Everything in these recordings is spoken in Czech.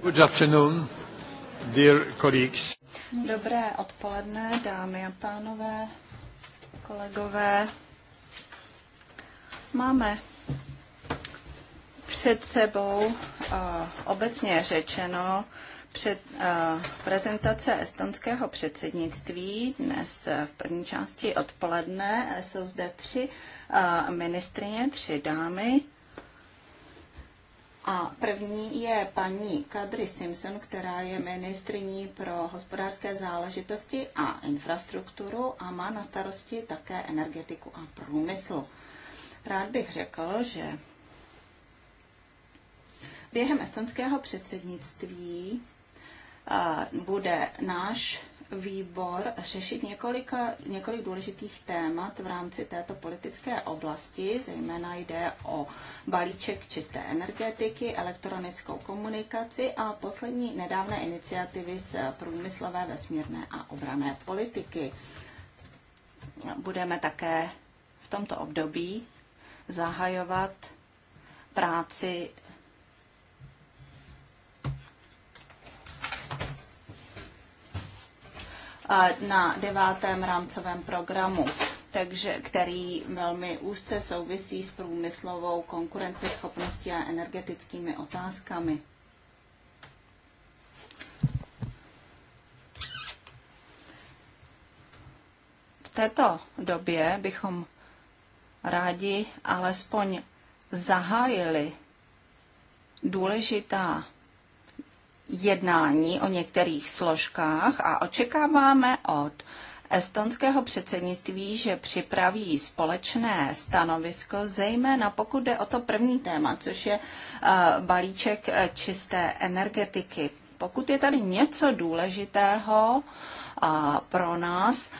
Good afternoon, dear colleagues. Dobré odpoledne, dámy a pánové, kolegové. Máme před sebou uh, obecně řečeno před, uh, prezentace estonského předsednictví dnes eh, v první části odpoledne. Jsou zde tři uh, ministrině, tři dámy. A první je paní Kadri Simpson, která je ministriní pro hospodářské záležitosti a infrastrukturu a má na starosti také energetiku a průmysl. Rád bych řekl, že během estonského předsednictví eh, bude náš výbor řešit několika, několik důležitých témat v rámci této politické oblasti. Zejména jde o balíček čisté energetiky, elektronickou komunikaci a poslední nedávné iniciativy z průmyslové, vesmírné a obrané politiky. Budeme také v tomto období zahajovat práci na devátém rámcovém programu, takže, který velmi úzce souvisí s průmyslovou konkurenceschopností a energetickými otázkami. V této době bychom rádi alespoň zahájili důležitá jednání o některých složkách a očekáváme od estonského předsednictví, že připraví společné stanovisko, zejména pokud jde o to první téma, což je eh, balíček eh, čisté energetiky. Pokud je tady něco důležitého, pro nás,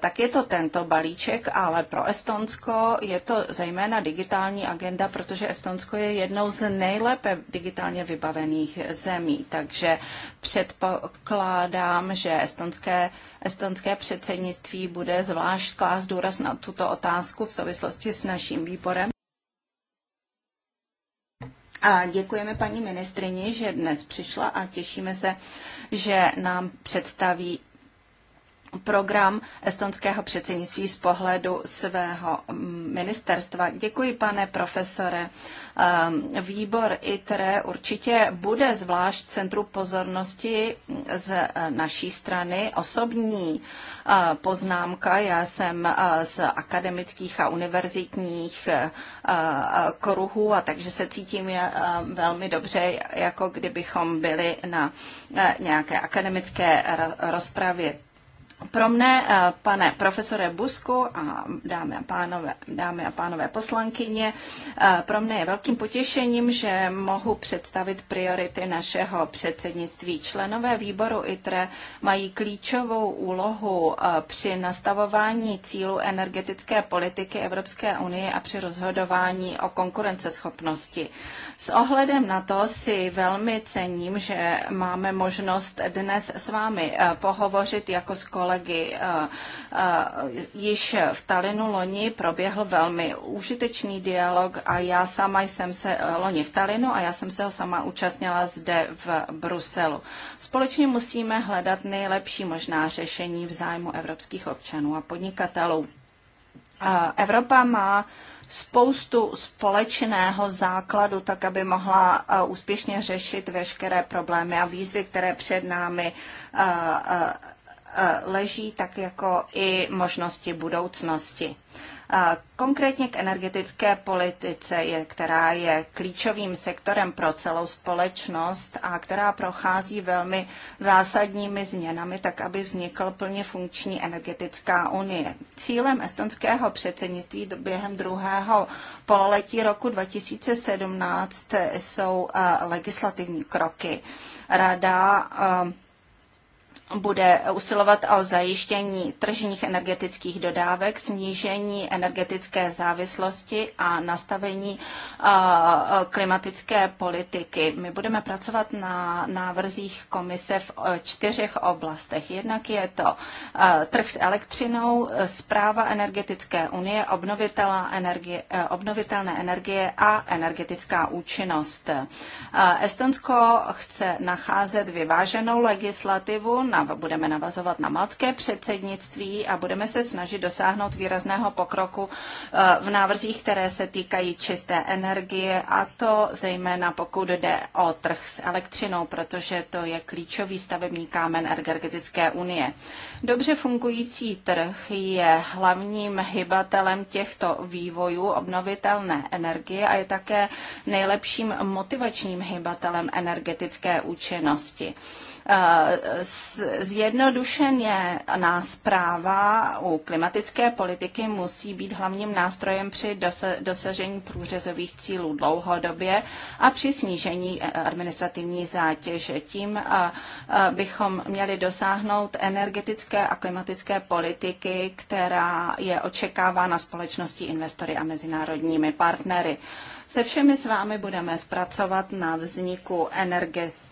tak je to tento balíček, ale pro Estonsko je to zejména digitální agenda, protože Estonsko je jednou z nejlépe digitálně vybavených zemí. Takže předpokládám, že estonské, estonské předsednictví bude zvlášť klást důraz na tuto otázku v souvislosti s naším výborem. A děkujeme paní ministrině, že dnes přišla a těšíme se, že nám představí program estonského předsednictví z pohledu svého ministerstva. Děkuji, pane profesore. Ehm, výbor ITRE určitě bude zvlášť centru pozornosti z eh, naší strany. Osobní eh, poznámka, já jsem eh, z akademických a univerzitních kruhů, a takže se cítím velmi dobře, jako kdybychom byli na nějaké akademické rozpravě pro mne, eh, pane profesore Busku a dámy a pánové, dámy a pánové poslankyně, eh, pro mne je velkým potěšením, že mohu představit priority našeho předsednictví. Členové výboru ITRE mají klíčovou úlohu eh, při nastavování cílu energetické politiky Evropské unie a při rozhodování o konkurenceschopnosti. S ohledem na to si velmi cením, že máme možnost dnes s vámi pohovořit jako s kolegy kolegy. Eh, eh, již v Talinu loni proběhl velmi užitečný dialog a já sama jsem se eh, loni v Talinu a já jsem se ho sama účastnila zde v Bruselu. Společně musíme hledat nejlepší možná řešení v zájmu evropských občanů a podnikatelů. Evropa má spoustu společného základu, tak aby mohla úspěšně řešit veškeré problémy a výzvy, které před námi Eh, leží, tak jako i možnosti budoucnosti. Eh, konkrétně k energetické politice, která je klíčovým sektorem pro celou společnost a která prochází velmi zásadními změnami, tak aby vznikl plně funkční energetická unie. Cílem estonského předsednictví během druhého pololetí roku 2017 jsou eh, legislativní kroky. Rada bude usilovat o zajištění tržních energetických dodávek, snížení energetické závislosti a nastavení klimatické politiky. My budeme pracovat na návrzích komise v čtyřech oblastech. Jednak je to trh s elektřinou, zpráva energetické unie, e, obnovitelné energie a energetická účinnost. Estonsko chce nacházet vyváženou legislativu na budeme navazovat na maltské předsednictví a budeme se snažit dosáhnout výrazného pokroku eh, v návrzích, které se týkají čisté energie a to zejména pokud jde o trh s elektřinou, protože to je klíčový stavební kámen energetické unie. Dobře fungující trh je hlavním hybatelem těchto vývojů obnovitelné energie a je také nejlepším motivačním hybatelem energetické účinnosti. Eh, zjednodušeně nás práva u klimatické politiky musí být hlavním nástrojem při dosažení průřezových cílů dlouhodobě a při snížení eh, administrativní zátěže. Tím eh, bychom měli dosáhnout energetické a klimatické politiky, která je očekávána společností investory a mezinárodními partnery. Se všemi s vámi budeme zpracovat na vzniku energetické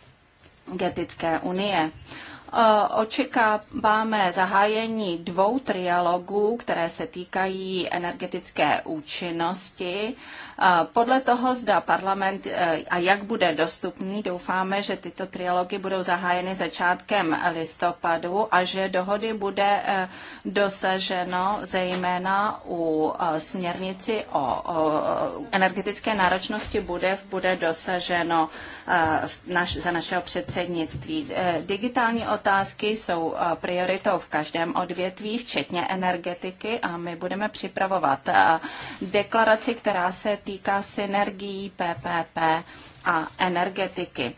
energetické unie eh, očekáváme zahájení dvou trialogů, které se týkají energetické účinnosti. Eh, podle toho, zda parlament eh, a jak bude dostupný, doufáme, že tyto trialogy budou zahájeny začátkem listopadu a že dohody bude dosaženo zejména u směrnici o energetické náročnosti bude, bude dosaženo Eh, naš, za našeho předsednictví. Eh, digitální otázky jsou eh, prioritou v každém odvětví, včetně energetiky a my budeme připravovat deklaraci, která se týká synergií PPP a energetiky.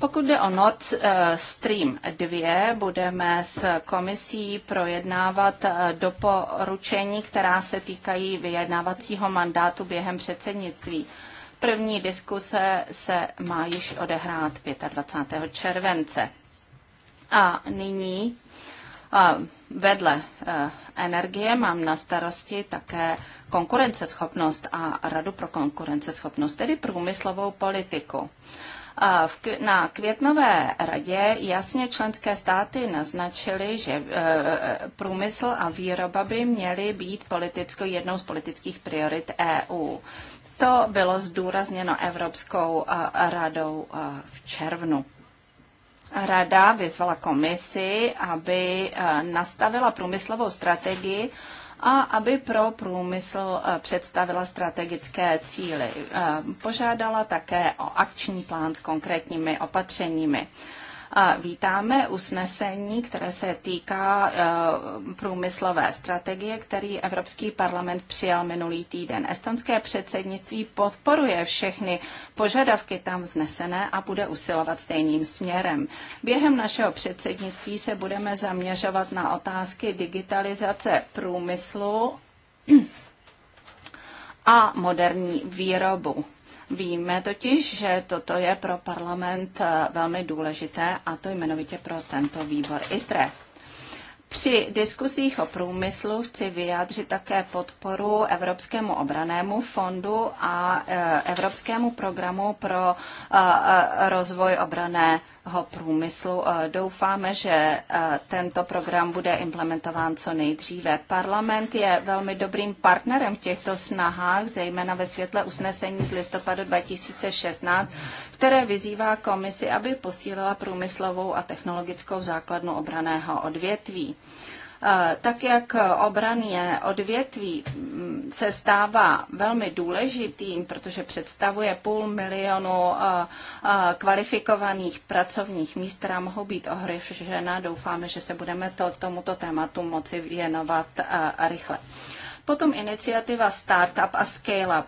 Pokud jde o Nord Stream 2, budeme s komisí projednávat doporučení, která se týkají vyjednávacího mandátu během předsednictví. První diskuse se má již odehrát 25. července. A nyní vedle eh, energie mám na starosti také konkurenceschopnost a Radu pro konkurenceschopnost, tedy průmyslovou politiku. Na květnové radě jasně členské státy naznačily, že eh, průmysl a výroba by měly být politickou jednou z politických priorit EU. To bylo zdůrazněno Evropskou eh, radou eh, v červnu. Rada vyzvala komisi, aby eh, nastavila průmyslovou strategii a aby pro průmysl představila strategické cíly. Požádala také o akční plán s konkrétními opatřeními vítáme usnesení, které se týká eh, průmyslové strategie, který Evropský parlament přijal minulý týden. Estonské předsednictví podporuje všechny požadavky tam vznesené a bude usilovat stejným směrem. Během našeho předsednictví se budeme zaměřovat na otázky digitalizace průmyslu a moderní výrobu. Víme totiž, že toto je pro parlament eh, velmi důležité a to jmenovitě pro tento výbor ITRE. Při diskusích o průmyslu chci vyjádřit také podporu Evropskému obranému fondu a e, Evropskému programu pro e, e, rozvoj obraného průmyslu. Doufáme, že tento program bude implementován co nejdříve. Parlament je velmi dobrým partnerem v těchto snahách, zejména ve světle usnesení z listopadu 2016, které vyzývá komisi, aby posílila průmyslovou a technologickou základnu obraného odvětví eh, tak jak obrané odvětví mm, se stává velmi důležitým, protože představuje půl milionu eh, eh, kvalifikovaných pracovních míst, která mohou být ohrožena, doufáme, že se budeme to, tomuto tématu moci věnovat rychle. Potom iniciativa Startup a Scale-up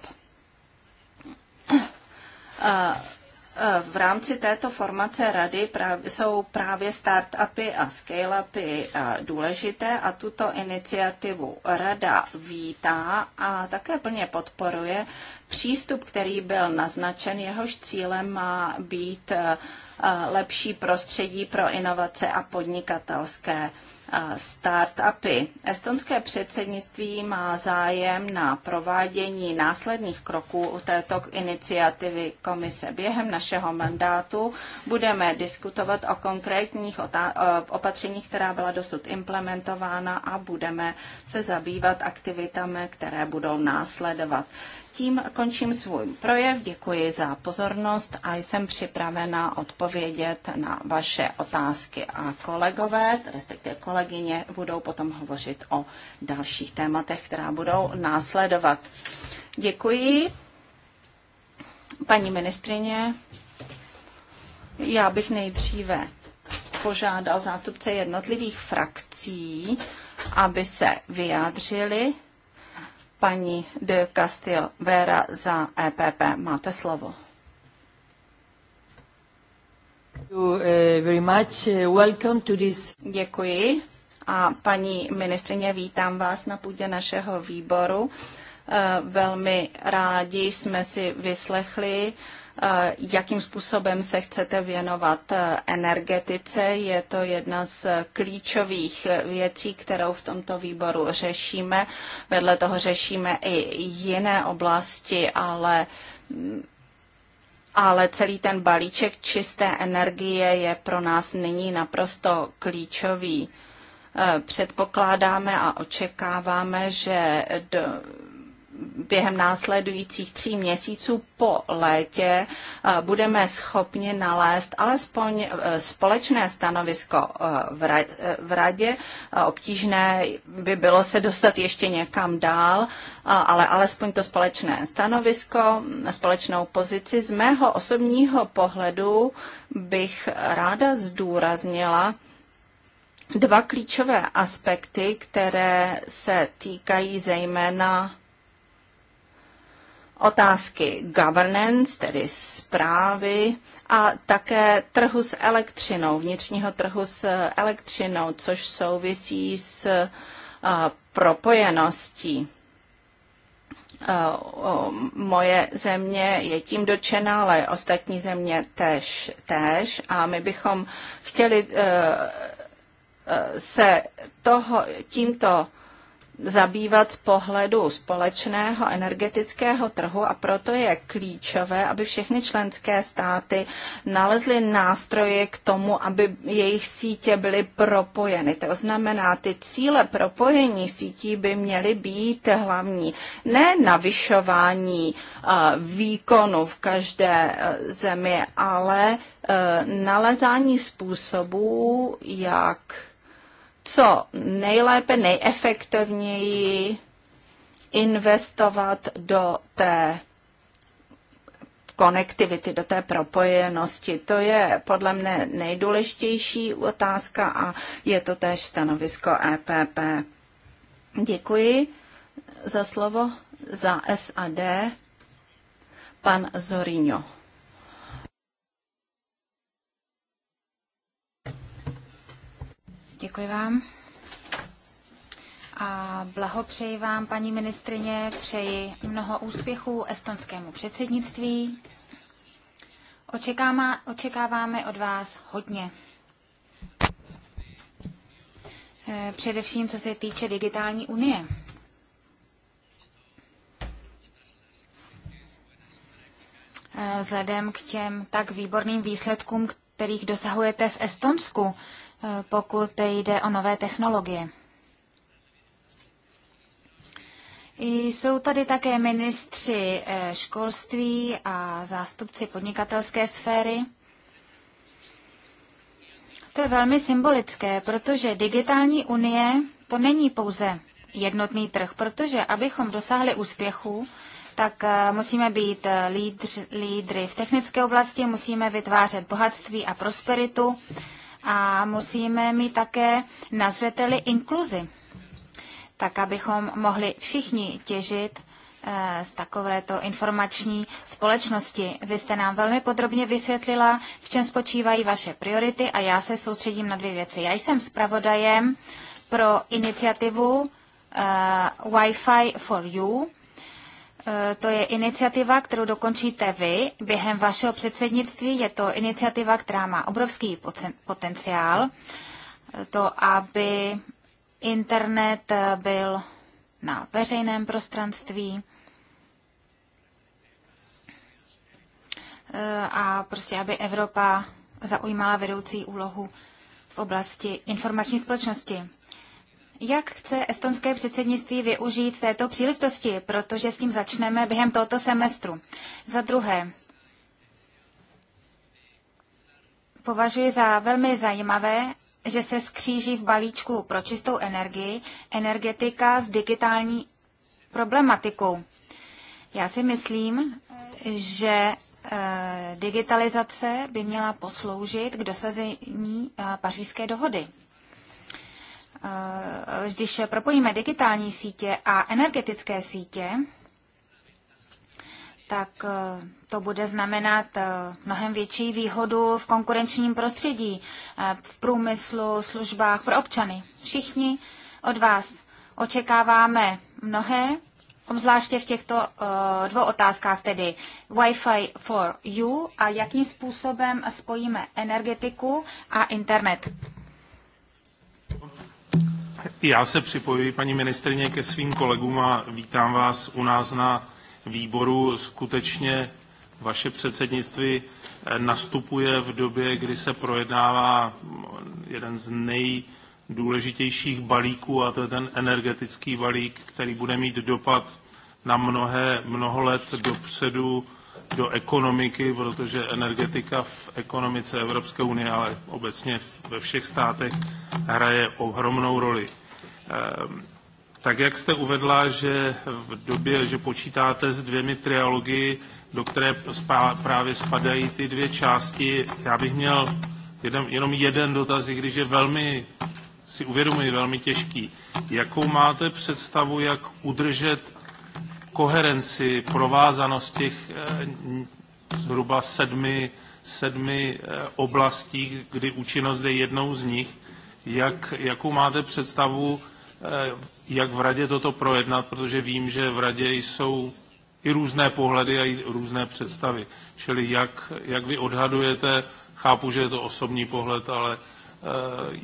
Eh, v rámci této formace rady jsou právě startupy a scale-upy eh, důležité a tuto iniciativu rada vítá a také plně podporuje přístup, který byl naznačen, jehož cílem má být eh, lepší prostředí pro inovace a podnikatelské startupy. Estonské předsednictví má zájem na provádění následných kroků u této iniciativy komise. Během našeho mandátu budeme diskutovat o konkrétních opatřeních, která byla dosud implementována a budeme se zabývat aktivitami, které budou následovat. Tím končím svůj projev. Děkuji za pozornost a jsem připravena odpovědět na vaše otázky. A kolegové, respektive kolegyně, budou potom hovořit o dalších tématech, která budou následovat. Děkuji. Paní ministrině, já bych nejdříve požádal zástupce jednotlivých frakcí, aby se vyjádřili paní de Castillo Vera za EPP. Máte slovo. Eh, eh, Děkuji. A paní ministrině, vítám vás na půdě našeho výboru. Eh, velmi rádi jsme si vyslechli uh, Eh, jakým způsobem se chcete věnovat eh, energetice. Je to jedna z klíčových věcí, kterou v tomto výboru řešíme. Vedle toho řešíme i jiné oblasti, ale mm, ale celý ten balíček čisté energie je pro nás nyní naprosto klíčový. Eh, předpokládáme a očekáváme, že do, během následujících tří měsíců po létě eh, budeme schopni nalézt alespoň eh, společné stanovisko eh, v radě. Obtížné by bylo se dostat ještě někam dál, ale alespoň to společné stanovisko, mm, společnou pozici. Z mého osobního pohledu bych ráda zdůraznila, dva klíčové aspekty, které se týkají zejména otázky governance, tedy zprávy a také trhu s elektřinou, vnitřního trhu s elektřinou, což souvisí s eh, propojeností. Eh, moje země je tím dočená, ale ostatní země tež, tež. A my bychom chtěli eh, se toho tímto zabývat z pohledu společného energetického trhu a proto je klíčové, aby všechny členské státy nalezly nástroje k tomu, aby jejich sítě byly propojeny. To znamená, ty cíle propojení sítí by měly být hlavní. Ne navyšování eh, výkonu v každé eh, zemi, ale eh, nalezání způsobů, jak co nejlépe, nejefektivněji investovat do té konektivity, do té propojenosti. To je podle mne nejdůležitější otázka a je to též stanovisko EPP. Děkuji za slovo za SAD, pan Zorino. Děkuji vám. A blahopřeji vám, paní ministrině, přeji mnoho úspěchů estonskému předsednictví. Očekáma, očekáváme od vás hodně. Eh, především co se týče digitální unie. Eh, vzhledem k těm tak výborným výsledkům, kterých dosahujete v Estonsku, pokud jde o nové technologie. Jsou tady také ministři eh, školství a zástupci podnikatelské sféry. To je velmi symbolické, protože digitální unie to není pouze jednotný trh, protože abychom dosáhli úspěchu, tak eh, musíme být eh, lídři, lídry v technické oblasti, musíme vytvářet bohatství a prosperitu a musíme mít také na zřeteli inkluzi, tak abychom mohli všichni těžit eh, z takovéto informační společnosti. Vy jste nám velmi podrobně vysvětlila, v čem spočívají vaše priority a já se soustředím na dvě věci. Já jsem zpravodajem pro iniciativu uh, Wi-Fi for You Eh, to je iniciativa, kterou dokončíte vy během vašeho předsednictví. Je to iniciativa, která má obrovský potenciál. Eh, to, aby internet eh, byl na veřejném prostranství a prostě, aby Evropa zaujímala vedoucí úlohu v oblasti informační společnosti. Jak chce estonské předsednictví využít této příležitosti, protože s tím začneme během tohoto semestru? Za druhé, považuji za velmi zajímavé, že se skříží v balíčku pro čistou energii energetika s digitální problematikou. Já si myslím, že eh, digitalizace by měla posloužit k dosazení eh, pařížské dohody. Eh, když propojíme digitální sítě a energetické sítě, tak eh, to bude znamenat eh, mnohem větší výhodu v konkurenčním prostředí, v průmyslu, službách pro občany. Všichni od vás očekáváme mnohé, obzvláště v těchto dvou otázkách, tedy Wi-Fi for you a jakým způsobem spojíme energetiku a internet. Já se připojuji, paní ministrině, ke svým kolegům a vítám vás u nás na výboru. Skutečně vaše předsednictví eh, nastupuje v době, kdy se projednává jeden z nejdůležitějších balíků, a to je ten energetický balík, který bude mít dopad na mnohé, mnoho let dopředu do ekonomiky, protože energetika v ekonomice Evropské unie, ale obecně ve všech státech, hraje ohromnou roli. Ehm, tak jak jste uvedla, že v době, že počítáte s dvěmi trialogy, do které spá, právě spadají ty dvě části, já bych měl jeden, jenom jeden dotaz, i když je velmi, si uvědomuji, velmi těžký. Jakou máte představu, jak udržet koherenci, provázanost těch eh, zhruba sedmi, sedmi eh, oblastí, kdy účinnost je jednou z nich, jak, jakou máte představu, eh, jak v radě toto projednat, protože vím, že v radě jsou i různé pohledy a i různé představy. Čili jak, jak vy odhadujete, chápu, že je to osobní pohled, ale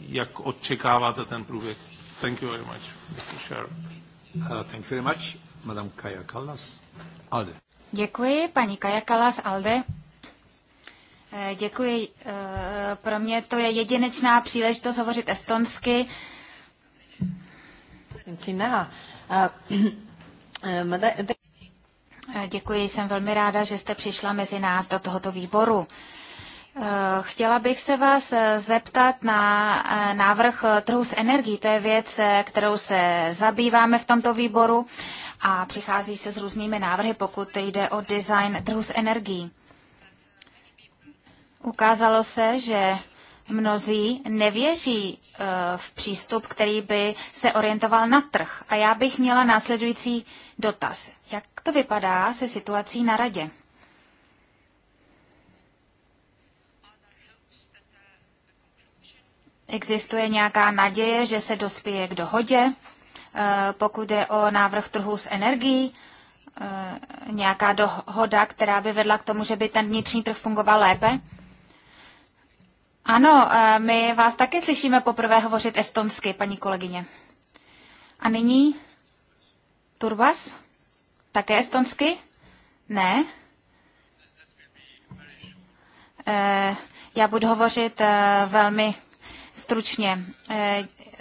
jak očekáváte ten průběh. Thank you very much, Mr. Chair. Uh, thank you very much. Madame Kaja Kallas, ALDE. Děkuji, paní Kaja Kallas, ALDE. Eh, děkuji. Eh, pro mě to je jedinečná příležitost hovořit estonsky. Eh, děkuji, jsem velmi ráda, že jste přišla mezi nás do tohoto výboru. Chtěla bych se vás zeptat na návrh trhu s energií. To je věc, kterou se zabýváme v tomto výboru a přichází se s různými návrhy, pokud jde o design trhu s energií. Ukázalo se, že mnozí nevěří eh, v přístup, který by se orientoval na trh. A já bych měla následující dotaz. Jak to vypadá se situací na radě? Existuje nějaká naděje, že se dospěje k dohodě? Eh, pokud je o návrh trhu s energií, eh, nějaká dohoda, která by vedla k tomu, že by ten vnitřní trh fungoval lépe? Ano, eh, my vás také slyšíme poprvé hovořit estonsky, paní kolegyně. A nyní Turbas? Také estonsky? Ne? Já budu hovořit velmi stručně.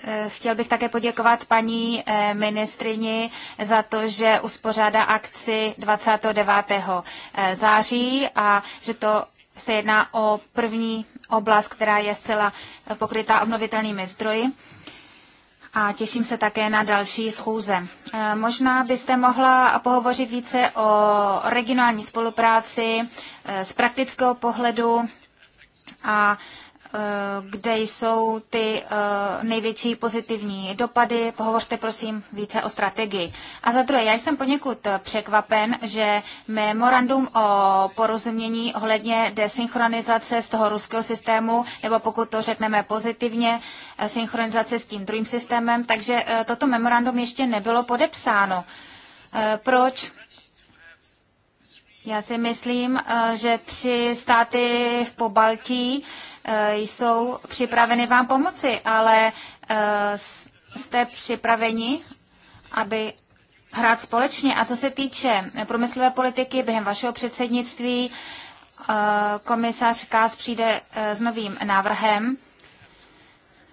Eh, chtěl bych také poděkovat paní eh, ministrini za to, že uspořádá akci 29. Eh, září a že to se jedná o první oblast, která je zcela pokrytá obnovitelnými zdroji. A těším se také na další schůze. Možná byste mohla pohovořit více o regionální spolupráci z praktického pohledu a Eh, kde jsou ty eh, největší pozitivní dopady. Pohovořte prosím více o strategii. A za druhé, já jsem poněkud eh, překvapen, že memorandum o porozumění ohledně desynchronizace z toho ruského systému, nebo pokud to řekneme pozitivně, synchronizace s tím druhým systémem, takže toto memorandum ještě nebylo podepsáno. Proč? Já si myslím, že tři státy v Pobaltí Eh, jsou připraveny vám pomoci, ale eh, jste připraveni, aby hrát společně. A co se týče eh, průmyslové politiky během vašeho předsednictví, komisař Kás přijde s novým návrhem.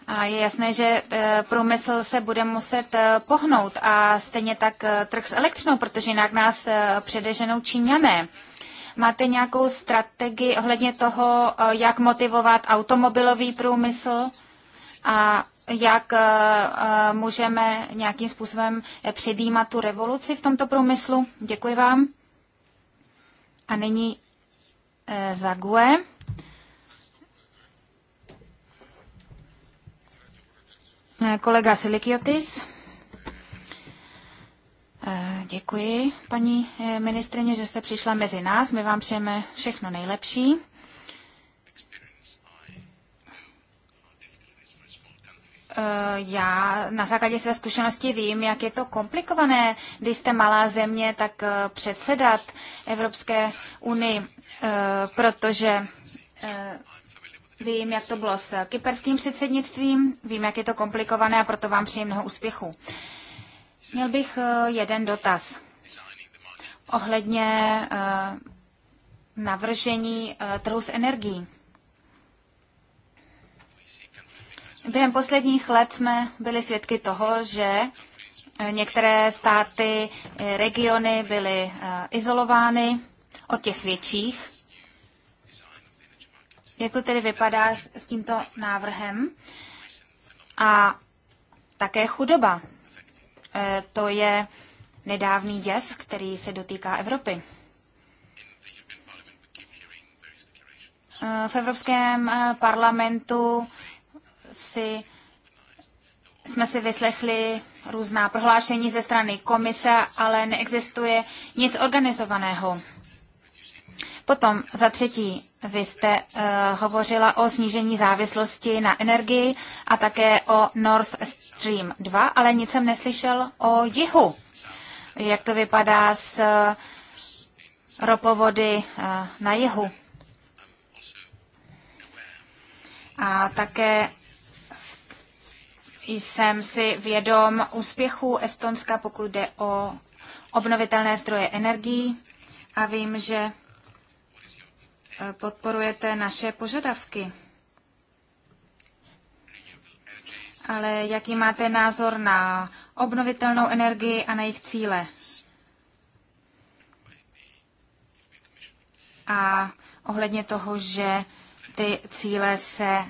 A je jasné, že průmysl se bude muset pohnout a stejně tak trh s elektřinou, protože jinak nás předeženou Číňané. Máte nějakou strategii ohledně toho, eh, jak motivovat automobilový průmysl a jak eh, eh, můžeme nějakým způsobem předjímat tu revoluci v tomto průmyslu? Děkuji vám. A nyní Zague. Kolega Silikiotis děkuji, paní eh, ministrině, že jste přišla mezi nás. My vám přejeme všechno nejlepší. Eh, já na základě své zkušenosti vím, jak je to komplikované, když jste malá země, tak eh, předsedat Evropské unii, protože vím, jak to bylo s kyperským předsednictvím, vím, jak je to komplikované a proto vám přeji mnoho úspěchů. Měl bych eh, jeden dotaz ohledně eh, navržení eh, trhu s energií. Během posledních let jsme byli svědky toho, že některé státy, regiony byly izolovány od těch větších. Jak to tedy vypadá s tímto návrhem? A také chudoba Eh, to je nedávný jev, který se dotýká Evropy. Eh, v Evropském eh, parlamentu si, jsme si vyslechli různá prohlášení ze strany komise, ale neexistuje nic organizovaného. Potom za třetí, vy jste uh, hovořila o snížení závislosti na energii a také o North Stream 2, ale nic jsem neslyšel o jihu. Jak to vypadá s uh, ropovody uh, na jihu? A také jsem si vědom úspěchu Estonska, pokud jde o obnovitelné zdroje energií. A vím, že podporujete naše požadavky. Ale jaký máte názor na obnovitelnou energii a na jejich cíle? A ohledně toho, že ty cíle se eh,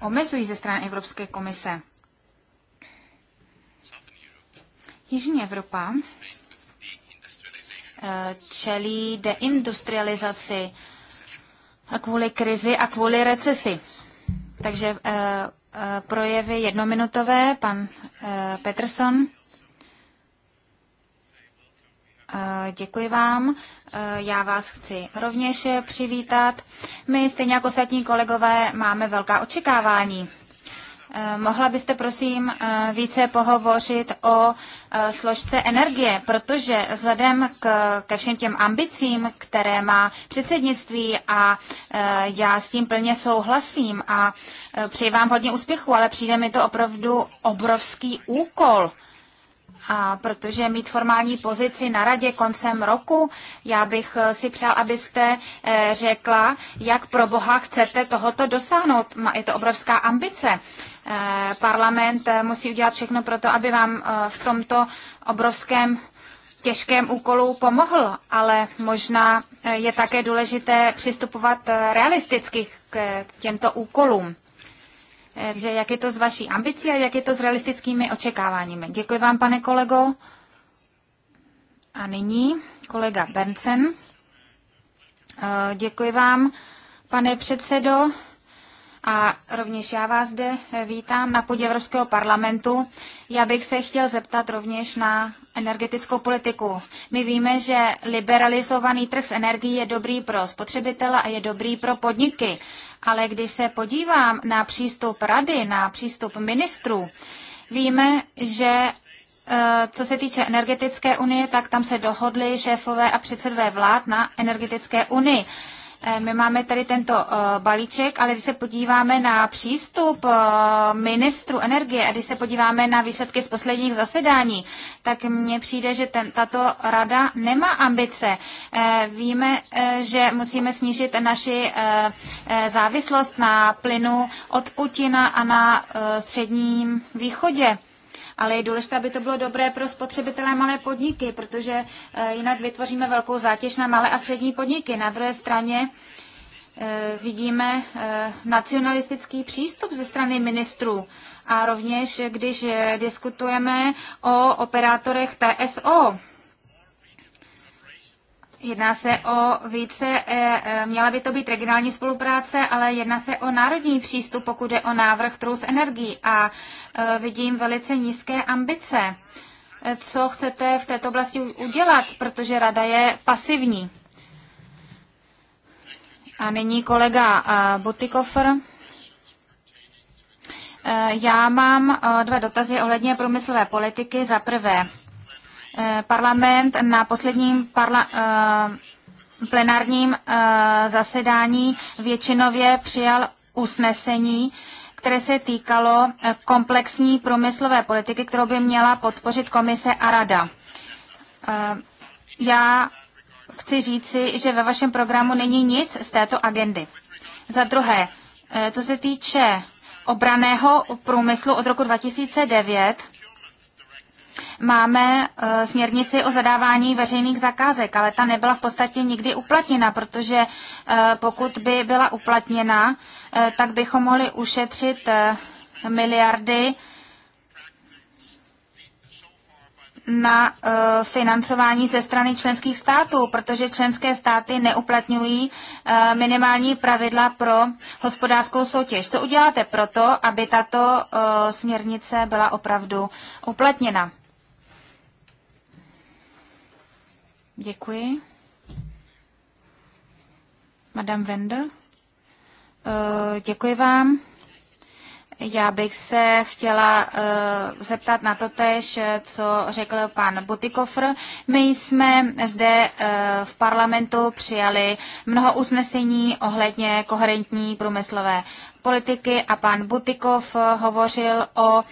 omezují ze strany Evropské komise. Jižní Evropa eh, čelí deindustrializaci kvůli krizi a kvůli recesi. Takže eh, eh, projevy jednominutové, pan eh, Peterson. Děkuji vám. Já vás chci rovněž přivítat. My, stejně jako ostatní kolegové, máme velká očekávání. Eh, mohla byste prosím eh, více pohovořit o eh, složce energie, protože vzhledem k, ke všem těm ambicím, které má předsednictví a já s tím plně souhlasím a přeji vám hodně úspěchu, ale přijde mi to opravdu obrovský úkol. A protože mít formální pozici na radě koncem roku, já bych si přál, abyste řekla, jak pro Boha chcete tohoto dosáhnout. Je to obrovská ambice. Eh, parlament eh, musí udělat všechno pro to, aby vám eh, v tomto obrovském těžkém úkolu pomohl, ale možná je také důležité přistupovat realisticky k těmto úkolům. Takže jak je to s vaší ambicí a jak je to s realistickými očekáváními. Děkuji vám, pane kolego. A nyní kolega Bernsen. Děkuji vám, pane předsedo. A rovněž já vás zde vítám na půdě Evropského parlamentu. Já bych se chtěl zeptat rovněž na energetickou politiku. My víme, že liberalizovaný trh s energií je dobrý pro spotřebitele a je dobrý pro podniky. Ale když se podívám na přístup rady, na přístup ministrů, víme, že eh, co se týče energetické unie, tak tam se dohodli šéfové a předsedové vlád na energetické unii. Eh, my máme tady tento eh, balíček, ale když se podíváme na přístup eh, ministru energie a když se podíváme na výsledky z posledních zasedání, tak mně přijde, že ten, tato rada nemá ambice. Víme, že musíme snížit naši závislost na plynu od Putina a na středním východě ale je důležité, aby to bylo dobré pro spotřebitele malé podniky, protože eh, jinak vytvoříme velkou zátěž na malé a střední podniky. Na druhé straně eh, vidíme eh, nacionalistický přístup ze strany ministrů. A rovněž, když diskutujeme o operátorech TSO, Jedná se o více, eh, eh, měla by to být regionální spolupráce, ale jedná se o národní přístup, pokud je o návrh trhu s energií a eh, vidím velice nízké ambice. Co chcete v této oblasti udělat, protože rada je pasivní? A nyní kolega Butikofer. Já mám dva dotazy ohledně průmyslové politiky. Za prvé, Eh, parlament na posledním parla, eh, plenárním eh, zasedání většinově přijal usnesení, které se týkalo komplexní průmyslové politiky, kterou by měla podpořit komise a rada. Já chci říci, že ve vašem programu není nic z této agendy. Za druhé, co se týče obraného průmyslu od roku 2009, máme eh, směrnici o zadávání veřejných zakázek, ale ta nebyla v podstatě nikdy uplatněna, protože eh, pokud by byla uplatněna, eh, tak bychom mohli ušetřit miliardy na financování ze strany členských států, protože členské státy neuplatňují minimální pravidla pro hospodářskou soutěž. Co uděláte proto, aby tato směrnice byla opravdu uplatněna? Děkuji. Madame Wendel. Eh, děkuji vám. Já bych se chtěla uh, zeptat na to tež, co řekl pan Butikofr. My jsme zde uh, v parlamentu přijali mnoho usnesení ohledně koherentní průmyslové politiky a pan Butikov hovořil o uh,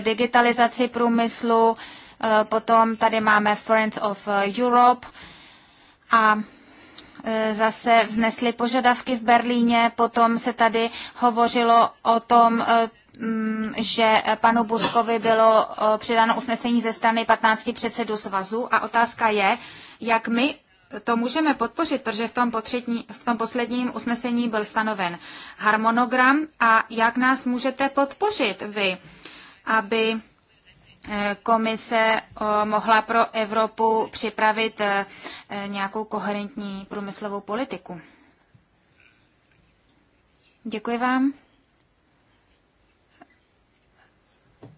digitalizaci průmyslu, uh, Eh, potom tady máme Friends of eh, Europe a eh, zase vznesli požadavky v Berlíně. Potom se tady hovořilo o tom, mm, že panu Buskovi bylo přidáno usnesení ze strany 15 předsedů svazu a otázka je, jak my to můžeme podpořit, protože v tom, potřední, v tom posledním usnesení byl stanoven harmonogram a jak nás můžete podpořit vy, aby Eh, komise eh, mohla pro Evropu připravit eh, nějakou koherentní průmyslovou politiku. Děkuji vám.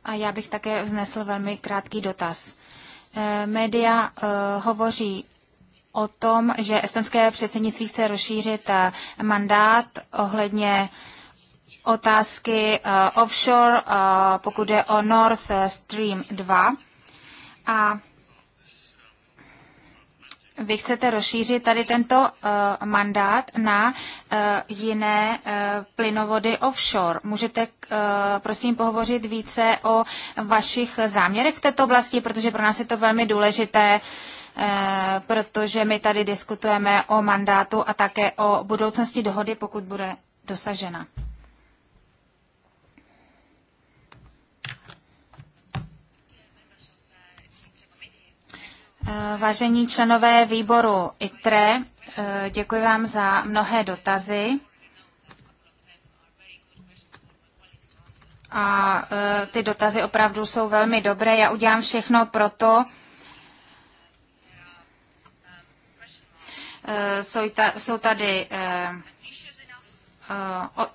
A já bych také vznesl velmi krátký dotaz. Média hovoří o tom, že estonské předsednictví chce rozšířit mandát ohledně otázky eh, offshore, eh, pokud je o North Stream 2. A vy chcete rozšířit tady tento uh, mandát na uh, jiné uh, plynovody offshore. Můžete, uh, prosím, pohovořit více o vašich záměrech v této oblasti, protože pro nás je to velmi důležité, uh, protože my tady diskutujeme o mandátu a také o budoucnosti dohody, pokud bude dosažena. Eh, vážení členové výboru ITRE, eh, děkuji vám za mnohé dotazy. A eh, ty dotazy opravdu jsou velmi dobré. Já udělám všechno pro to, jsou tady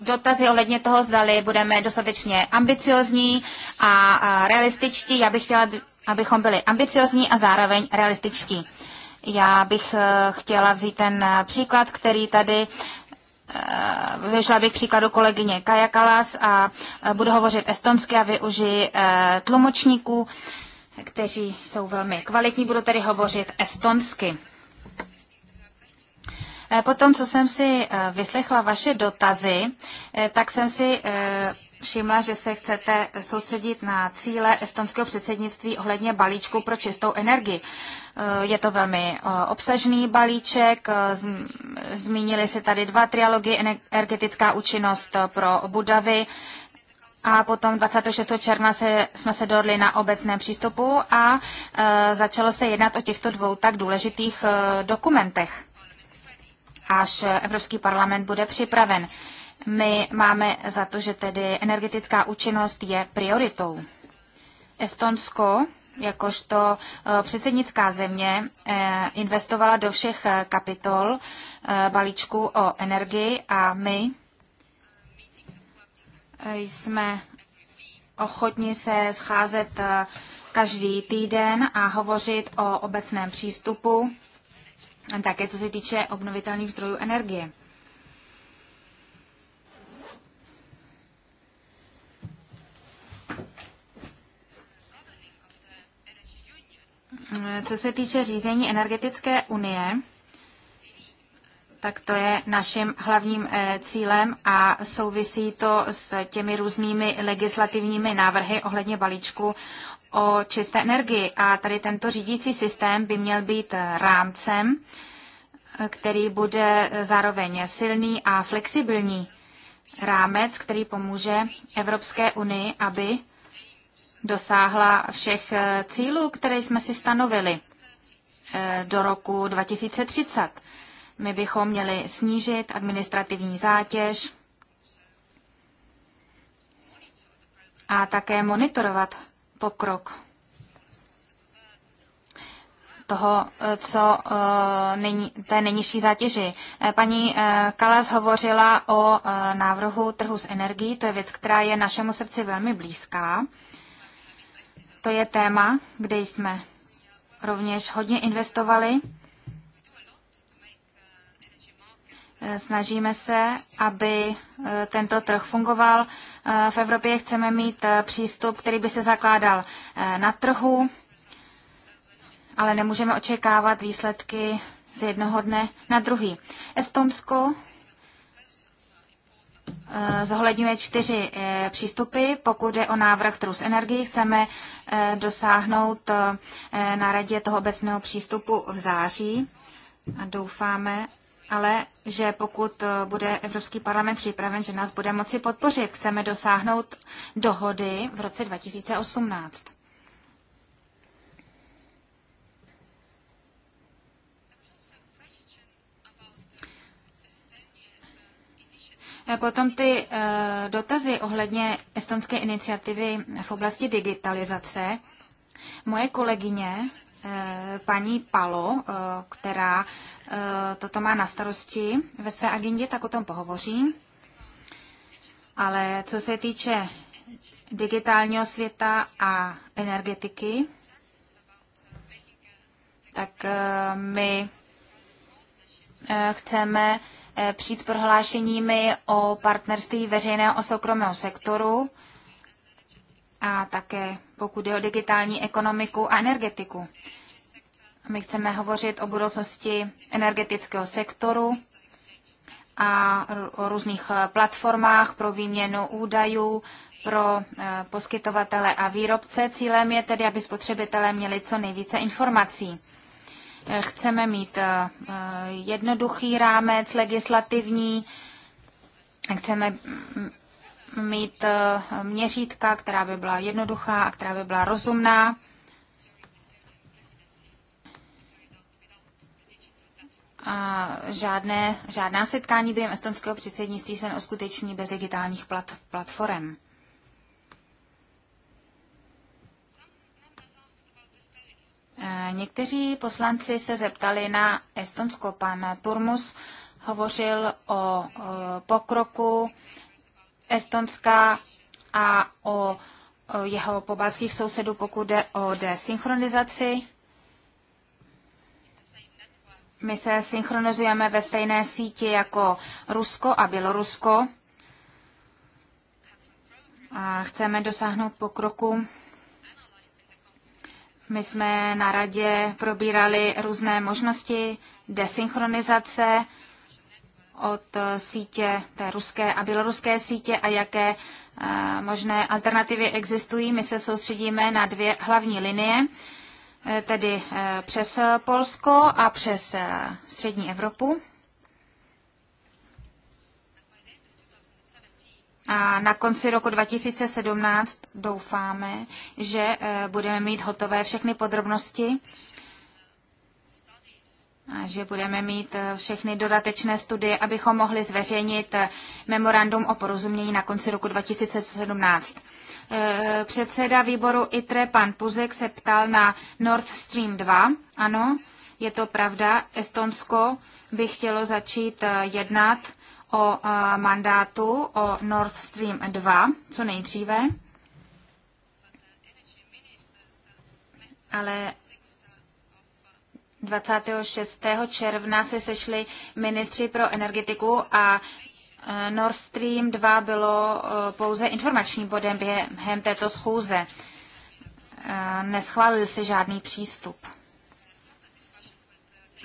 dotazy ohledně toho, zdali budeme dostatečně ambiciozní a realističtí. Já bych chtěla abychom byli ambiciozní a zároveň realističtí. Já bych eh, chtěla vzít ten eh, příklad, který tady eh, vyšla bych příkladu kolegyně Kajakalas a budu hovořit estonsky a využiji tlumočníků, kteří jsou velmi kvalitní, budu tedy hovořit estonsky. Potom, co jsem si vyslechla vaše dotazy, tak jsem si všimla, že se chcete soustředit na cíle estonského předsednictví ohledně balíčku pro čistou energii. Eh, je to velmi eh, obsažný balíček, eh, zmínili se tady dva trialogy, energetická účinnost pro budovy, a potom 26. června se, jsme se dohodli na obecném přístupu a začalo se jednat o těchto dvou tak důležitých dokumentech, až Evropský parlament bude připraven. My máme za to, že tedy energetická účinnost je prioritou. Estonsko jakožto e, předsednická země e, investovala do všech e, kapitol balíčku o energii a my jsme ochotni se scházet každý týden a hovořit o obecném přístupu, také co se týče obnovitelných zdrojů energie. co se týče řízení energetické unie, tak to je naším hlavním eh, cílem a souvisí to s těmi různými legislativními návrhy ohledně balíčku o čisté energii. A tady tento řídící systém by měl být rámcem, který bude zároveň silný a flexibilní rámec, který pomůže Evropské unii, aby dosáhla všech eh, cílů, které jsme si stanovili eh, do roku 2030. My bychom měli snížit administrativní zátěž a také monitorovat pokrok toho, eh, co té nejnižší zátěži. Paní Kalas hovořila o návrhu trhu s energií, to je věc, která je našemu srdci velmi blízká. To je téma, kde jsme rovněž hodně investovali. Snažíme se, aby eh, tento trh fungoval. Eh, v Evropě chceme mít eh, přístup, který by se zakládal na trhu, ale nemůžeme očekávat výsledky z jednoho dne na druhý. Estonsko Eh, zohledňuje čtyři eh, přístupy. Pokud je o návrh trhu s energií, chceme eh, dosáhnout na radě toho obecného přístupu v září a doufáme, ale že pokud bude Evropský parlament připraven, že nás bude moci podpořit, chceme dosáhnout dohody v roce 2018. Eh, potom ty eh, dotazy ohledně estonské iniciativy v oblasti digitalizace. Moje kolegyně, eh, paní Palo, která toto má na starosti ve své agendě, tak o tom pohovoří. Ale co se týče digitálního světa a energetiky, tak my chceme Eh, přijít s prohlášeními o partnerství veřejného a soukromého sektoru a také pokud je o digitální ekonomiku a energetiku. My chceme hovořit o budoucnosti energetického sektoru a o různých eh, platformách pro výměnu údajů pro eh, poskytovatele a výrobce. Cílem je tedy, aby spotřebitelé měli co nejvíce informací. Chceme mít eh, eh, jednoduchý rámec legislativní, chceme mít eh, měřítka, která by byla jednoduchá a která by byla rozumná. A žádné, žádná setkání během estonského předsednictví se neuskuteční bez digitálních plat, platform. Eh, někteří poslanci se zeptali na Estonsko. Pan Turmus hovořil o pokroku Estonska a o jeho pobalských sousedů, pokud jde o desynchronizaci. My se synchronizujeme ve stejné síti jako Rusko a Bělorusko. A chceme dosáhnout pokroku my jsme na radě probírali různé možnosti desynchronizace od sítě té ruské a běloruské sítě a jaké eh, možné alternativy existují. My se soustředíme na dvě hlavní linie, eh, tedy eh, přes Polsko a přes střední Evropu. a na konci roku 2017 doufáme, že eh, budeme mít hotové všechny podrobnosti a že budeme mít eh, všechny dodatečné studie, abychom mohli zveřejnit eh, memorandum o porozumění na konci roku 2017. Předseda výboru ITRE, pan Puzek, se ptal na Nord Stream 2. Ano, je to pravda, Estonsko by chtělo začít jednat o e, mandátu o Nord Stream 2 co nejdříve, ale 26. června se sešli ministři pro energetiku a e, Nord Stream 2 bylo e, pouze informačním bodem během této schůze. Neschválil se žádný přístup.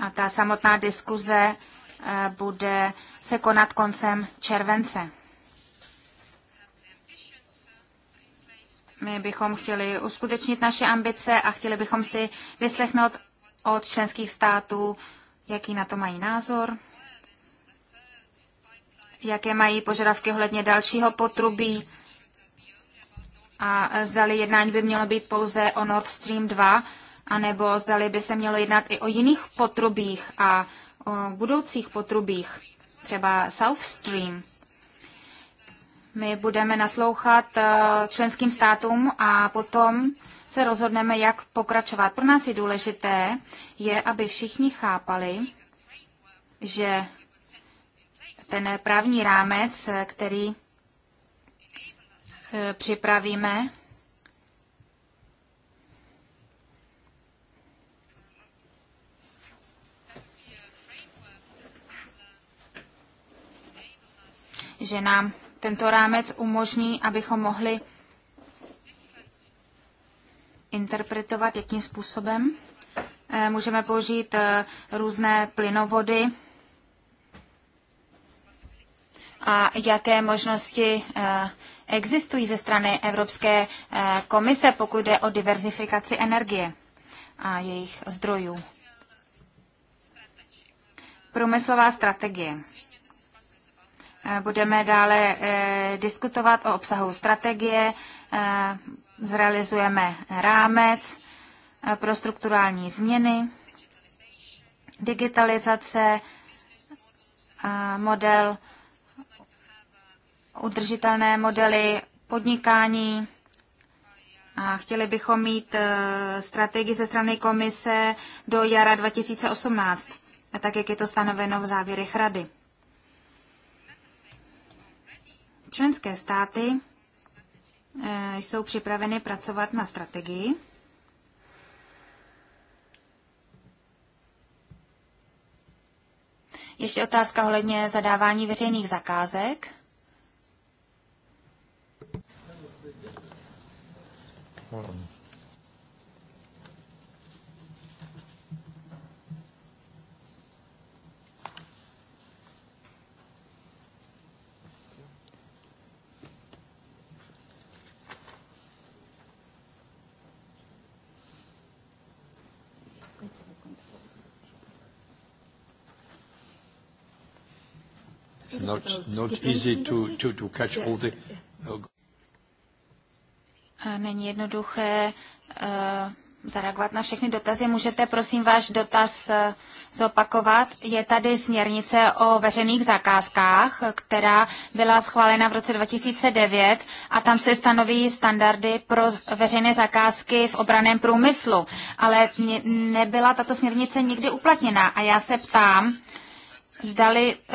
A ta samotná diskuze Eh, bude se konat koncem července. My bychom chtěli uskutečnit naše ambice a chtěli bychom si vyslechnout od členských států, jaký na to mají názor, jaké mají požadavky ohledně dalšího potrubí a zdali jednání by mělo být pouze o Nord Stream 2, anebo zdali by se mělo jednat i o jiných potrubích a budoucích potrubích, třeba South Stream. My budeme naslouchat eh, členským státům a potom se rozhodneme, jak pokračovat. Pro nás je důležité, je, aby všichni chápali, že ten právní rámec, eh, který eh, připravíme, že nám tento rámec umožní, abychom mohli interpretovat, jakým způsobem eh, můžeme použít eh, různé plynovody a jaké možnosti eh, existují ze strany Evropské komise, pokud jde o diverzifikaci energie a jejich zdrojů. Průmyslová strategie. Budeme dále eh, diskutovat o obsahu strategie, eh, zrealizujeme rámec eh, pro strukturální změny, digitalizace, model, udržitelné modely podnikání. A chtěli bychom mít strategii ze strany komise do jara 2018, tak jak je to stanoveno v závěrech rady. Členské státy eh, jsou připraveny pracovat na strategii. Ještě otázka ohledně zadávání veřejných zakázek. Hold not, not easy to, to, to catch all the... Oh, není jednoduché eh, zareagovat na všechny dotazy. Můžete prosím váš dotaz eh, zopakovat? Je tady směrnice o veřejných zakázkách, která byla schválena v roce 2009 a tam se stanoví standardy pro veřejné zakázky v obraném průmyslu, ale nebyla tato směrnice nikdy uplatněna. A já se ptám, zdali uh,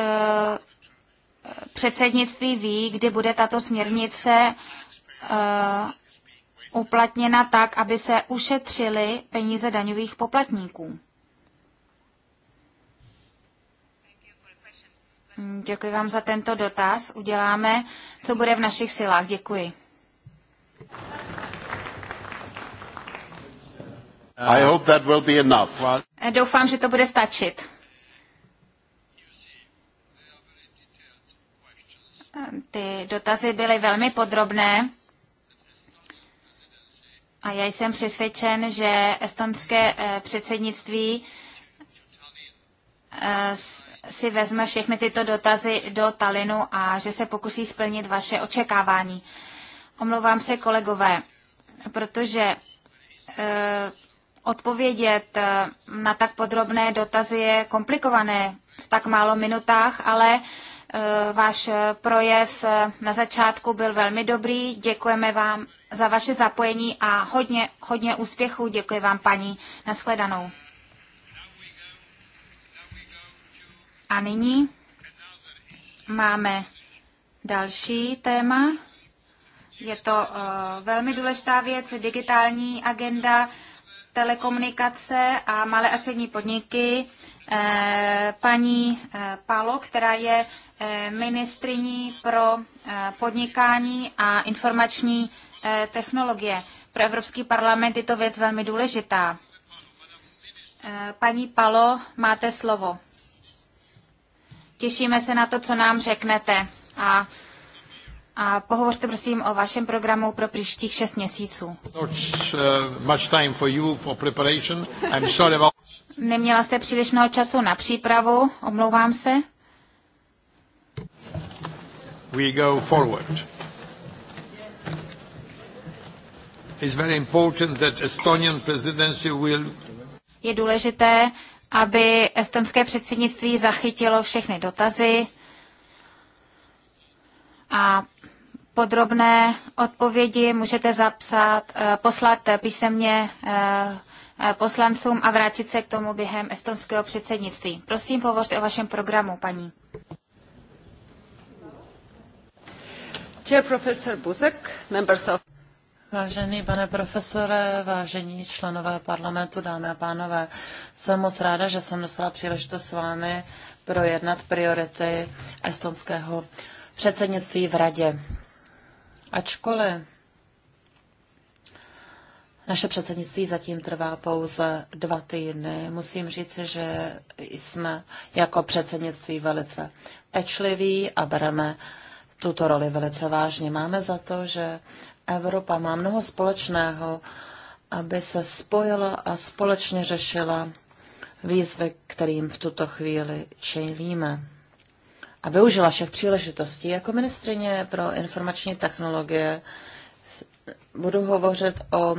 předsednictví ví, kdy bude tato směrnice eh, uplatněna tak, aby se ušetřily peníze daňových poplatníků? Děkuji vám za tento dotaz. Uděláme, co bude v našich silách. Děkuji. I hope that will be enough. Doufám, že to bude stačit. Ty dotazy byly velmi podrobné a já jsem přesvědčen, že estonské eh, předsednictví eh, si vezme všechny tyto dotazy do Talinu a že se pokusí splnit vaše očekávání. Omlouvám se, kolegové, protože eh, odpovědět na tak podrobné dotazy je komplikované v tak málo minutách, ale Eh, váš eh, projev eh, na začátku byl velmi dobrý. Děkujeme vám za vaše zapojení a hodně, hodně úspěchů. Děkuji vám, paní. Naschledanou. A nyní máme další téma. Je to uh, velmi důležitá věc, digitální agenda telekomunikace a malé a střední podniky eh, paní eh, Palo, která je eh, ministriní pro podnikání a informační technologie. Pro Evropský parlament je to věc velmi důležitá. Paní Palo, máte slovo. Těšíme se na to, co nám řeknete a a pohovořte prosím o vašem programu pro příštích šest měsíců. Eh, Neměla jste příliš mnoho času na přípravu, omlouvám se. We go forward. It's very important that Estonian presidency will... Je důležité, aby estonské předsednictví zachytilo všechny dotazy a podrobné odpovědi můžete zapsat, eh, poslat písemně eh, eh, poslancům a vrátit se k tomu během estonského předsednictví. Prosím, povořte o vašem programu, paní. Buzek, Vážený pane profesore, vážení členové parlamentu, dámy a pánové, jsem moc ráda, že jsem dostala příležitost s vámi projednat priority estonského předsednictví v Radě. Ačkoliv naše předsednictví zatím trvá pouze dva týdny. Musím říct, že jsme jako předsednictví velice pečliví a bereme tuto roli velice vážně. Máme za to, že Evropa má mnoho společného, aby se spojila a společně řešila výzvy, kterým v tuto chvíli čelíme a využila všech příležitostí. Jako ministrině pro informační technologie budu hovořit o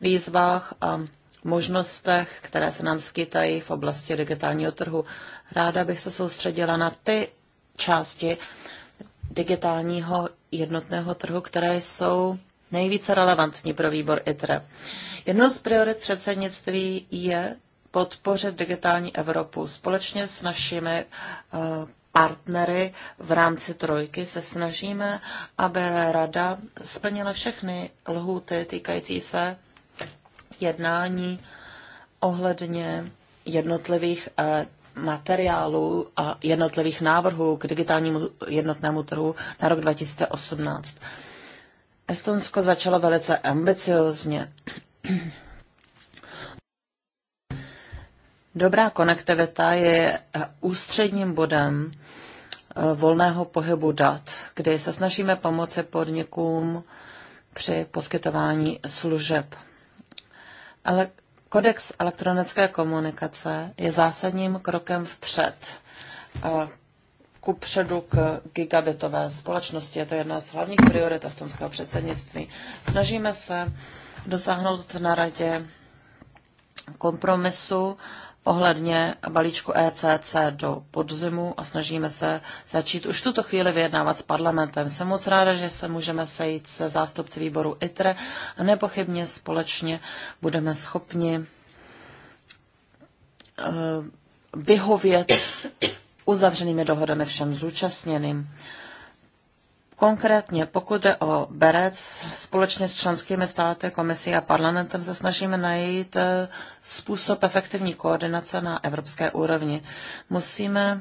výzvách a možnostech, které se nám skýtají v oblasti digitálního trhu. Ráda bych se soustředila na ty části digitálního jednotného trhu, které jsou nejvíce relevantní pro výbor ITRE. Jednou z priorit předsednictví je podpořit digitální Evropu společně s našimi eh, partnery v rámci trojky se snažíme, aby rada splnila všechny lhůty týkající se jednání ohledně jednotlivých eh, materiálů a jednotlivých návrhů k digitálnímu jednotnému trhu na rok 2018. Estonsko začalo velice ambiciozně. Dobrá konektivita je ústředním bodem eh, volného pohybu dat, kdy se snažíme pomoci podnikům při poskytování služeb. Ale kodex elektronické komunikace je zásadním krokem vpřed eh, ku předu k gigabitové společnosti. Je to jedna z hlavních priorit estonského předsednictví. Snažíme se dosáhnout na radě kompromisu ohledně balíčku ECC do podzimu a snažíme se začít už tuto chvíli vyjednávat s parlamentem. Jsem moc ráda, že se můžeme sejít se zástupci výboru ITRE a nepochybně společně budeme schopni eh, vyhovět uzavřenými dohodami všem zúčastněným. Konkrétně, pokud jde o Berec, společně s členskými státy, komisí a parlamentem se snažíme najít eh, způsob efektivní koordinace na evropské úrovni. Musíme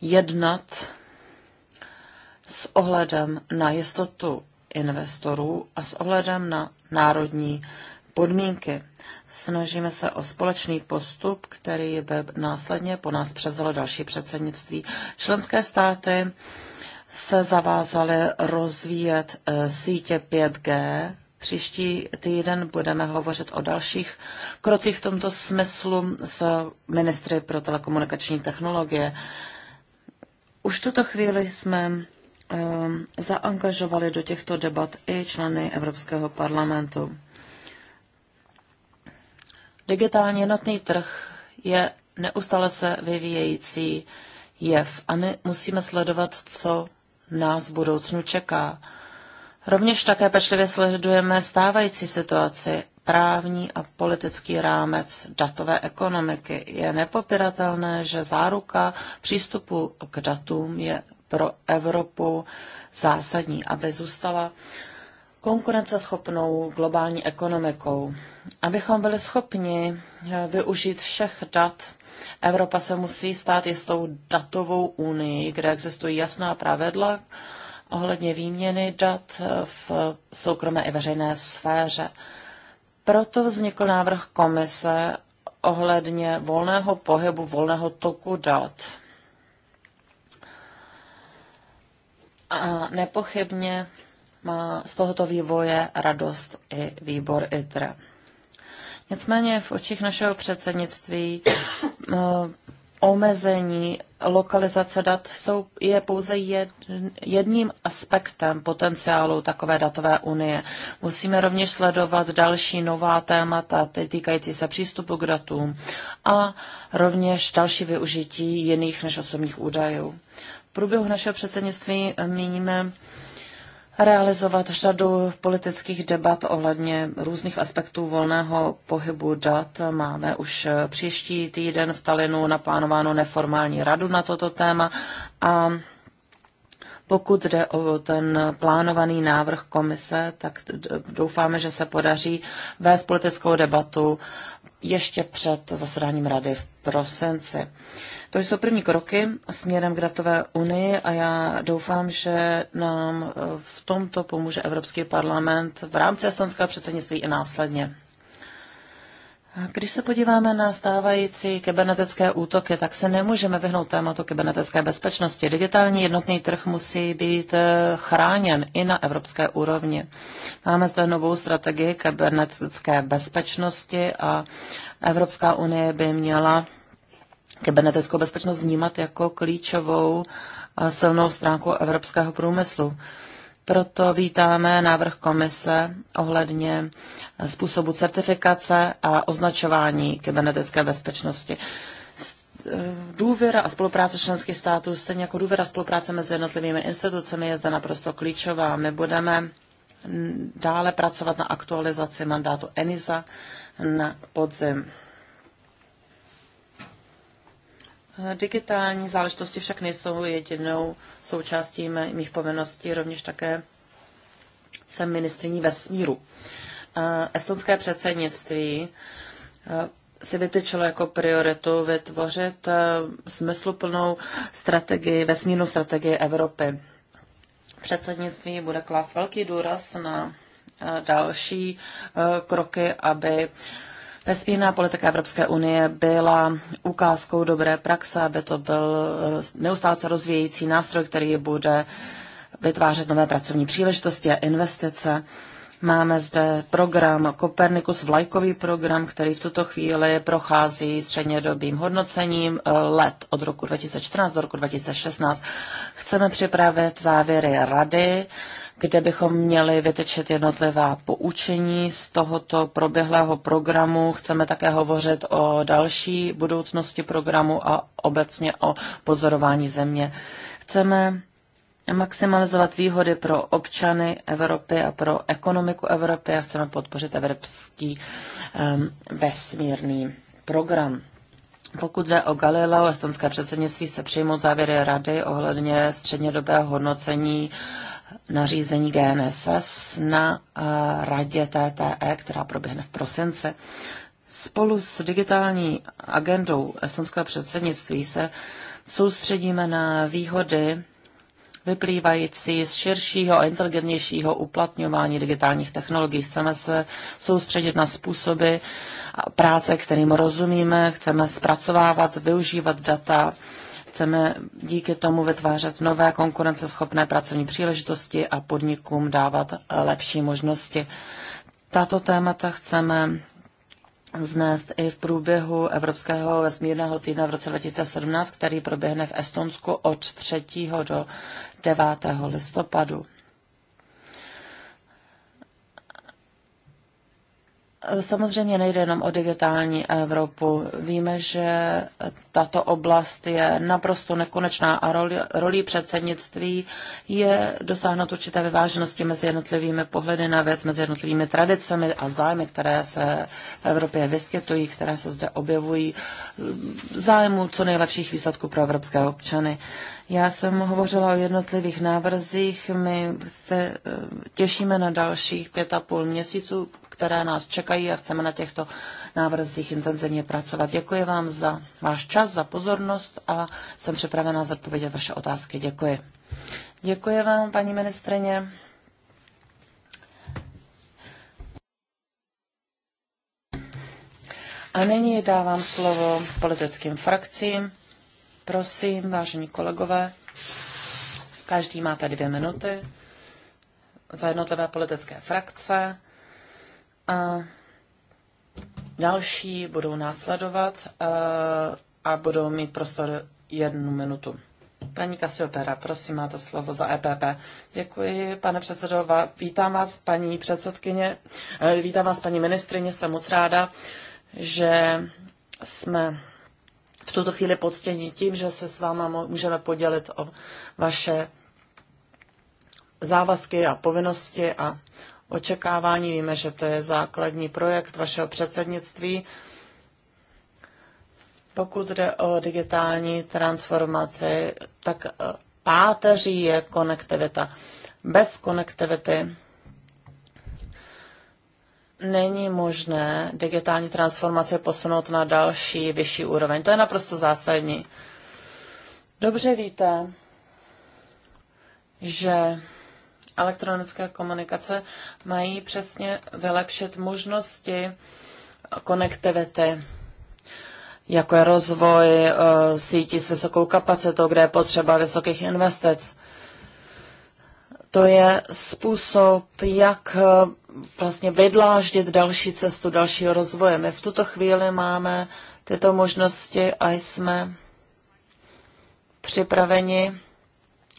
jednat s ohledem na jistotu investorů a s ohledem na národní podmínky. Snažíme se o společný postup, který by následně po nás převzalo další předsednictví. Členské státy se zavázali rozvíjet eh, sítě 5G. Příští týden budeme hovořit o dalších krocích v tomto smyslu s ministry pro telekomunikační technologie. Už tuto chvíli jsme eh, zaangažovali do těchto debat i členy Evropského parlamentu. Digitální jednotný trh je neustále se vyvíjející jev a my musíme sledovat, co nás v budoucnu čeká. Rovněž také pečlivě sledujeme stávající situaci. Právní a politický rámec datové ekonomiky je nepopiratelné, že záruka přístupu k datům je pro Evropu zásadní, aby zůstala konkurenceschopnou globální ekonomikou. Abychom byli schopni využít všech dat Evropa se musí stát jistou datovou unii, kde existují jasná pravidla ohledně výměny dat v soukromé i veřejné sféře. Proto vznikl návrh komise ohledně volného pohybu, volného toku dat. A nepochybně má z tohoto vývoje radost i výbor ITRE. Nicméně v očích našeho předsednictví eh, omezení lokalizace dat jsou, je pouze jed, jedním aspektem potenciálu takové datové unie. Musíme rovněž sledovat další nová témata týkající se přístupu k datům a rovněž další využití jiných než osobních údajů. V průběhu našeho předsednictví eh, míníme realizovat řadu politických debat ohledně různých aspektů volného pohybu dat. Máme už příští týden v Talinu naplánováno neformální radu na toto téma a pokud jde o ten plánovaný návrh komise, tak doufáme, že se podaří vést politickou debatu ještě před zasedáním rady v prosince. To jsou první kroky směrem k datové unii a já doufám, že nám v tomto pomůže Evropský parlament v rámci estonského předsednictví i následně. Když se podíváme na stávající kybernetické útoky, tak se nemůžeme vyhnout tématu kybernetické bezpečnosti. Digitální jednotný trh musí být eh, chráněn i na evropské úrovni. Máme zde novou strategii kybernetické bezpečnosti a Evropská unie by měla kybernetickou bezpečnost vnímat jako klíčovou silnou stránku evropského průmyslu. Proto vítáme návrh komise ohledně způsobu certifikace a označování kybernetické bezpečnosti důvěra a spolupráce členských států, stejně jako důvěra a spolupráce mezi jednotlivými institucemi je zde naprosto klíčová. My budeme dále pracovat na aktualizaci mandátu ENISA na podzim. Digitální záležitosti však nejsou jedinou součástí mých povinností, rovněž také jsem ministriní vesmíru. Estonské předsednictví e, si vytyčilo jako prioritu vytvořit e, smysluplnou strategii, vesmírnou strategii Evropy. Předsednictví bude klást velký důraz na e, další kroky, aby Vesmírná politika Evropské unie byla ukázkou dobré praxe, aby to byl neustále se rozvíjející nástroj, který bude vytvářet nové pracovní příležitosti a investice. Máme zde program Kopernikus, vlajkový program, který v tuto chvíli prochází střednědobým hodnocením eh, let od roku 2014 do roku 2016. Chceme připravit závěry rady kde bychom měli vytečet jednotlivá poučení z tohoto proběhlého programu. Chceme také hovořit o další budoucnosti programu a obecně o pozorování země. Chceme maximalizovat výhody pro občany Evropy a pro ekonomiku Evropy a chceme podpořit evropský um, vesmírný program. Pokud jde o Galileo, estonské předsednictví se přijmou závěry rady ohledně střednědobého hodnocení nařízení GNSS na eh, radě TTE, která proběhne v prosinci. Spolu s digitální agendou estonského předsednictví se soustředíme na výhody vyplývající z širšího a inteligentnějšího uplatňování digitálních technologií. Chceme se soustředit na způsoby práce, kterým rozumíme, chceme zpracovávat, využívat data Chceme díky tomu vytvářet nové konkurenceschopné pracovní příležitosti a podnikům dávat lepší možnosti. Tato témata chceme znést i v průběhu Evropského vesmírného týdne v roce 2017, který proběhne v Estonsku od 3. do 9. listopadu. Samozřejmě nejde jenom o digitální Evropu. Víme, že tato oblast je naprosto nekonečná a roli, rolí předsednictví je dosáhnout určité vyváženosti mezi jednotlivými pohledy na věc, mezi jednotlivými tradicemi a zájmy, které se v Evropě vyskytují, které se zde objevují, zájmu co nejlepších výsledků pro evropské občany. Já jsem hovořila o jednotlivých návrzích. My se eh, těšíme na dalších pět a půl měsíců které nás čekají a chceme na těchto návrzích intenzivně pracovat. Děkuji vám za váš čas, za pozornost a jsem připravena zodpovědět vaše otázky. Děkuji. Děkuji vám, paní ministrině. A nyní dávám slovo politickým frakcím. Prosím, vážení kolegové, každý máte dvě minuty za jednotlivé politické frakce. A další budou následovat a budou mít prostor jednu minutu. Paní Kasiopera, prosím, máte slovo za EPP. Děkuji, pane předsedo. Vítám vás, paní předsedkyně, e, vítám vás, paní ministrině. Jsem moc ráda, že jsme v tuto chvíli poctěni tím, že se s váma můžeme podělit o vaše závazky a povinnosti a očekávání. Víme, že to je základní projekt vašeho předsednictví. Pokud jde o digitální transformaci, tak eh, páteří je konektivita. Bez konektivity není možné digitální transformaci posunout na další vyšší úroveň. To je naprosto zásadní. Dobře víte, že elektronické komunikace mají přesně vylepšit možnosti konektivity jako je rozvoj eh, sítí s vysokou kapacitou, kde je potřeba vysokých investic. To je způsob, jak eh, vlastně vydláždit další cestu dalšího rozvoje. My v tuto chvíli máme tyto možnosti a jsme připraveni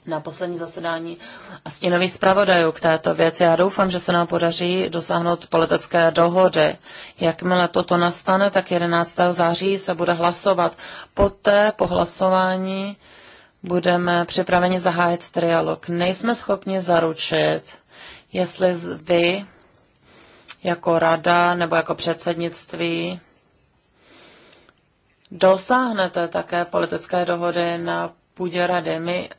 na poslední zasedání a stínových zpravodajů k této věci. Já doufám, že se nám podaří dosáhnout politické dohody. Jakmile toto nastane, tak 11. září se bude hlasovat. Poté po hlasování budeme připraveni zahájit trialog. Nejsme schopni zaručit, jestli vy jako rada nebo jako předsednictví dosáhnete také politické dohody na půdě rady. My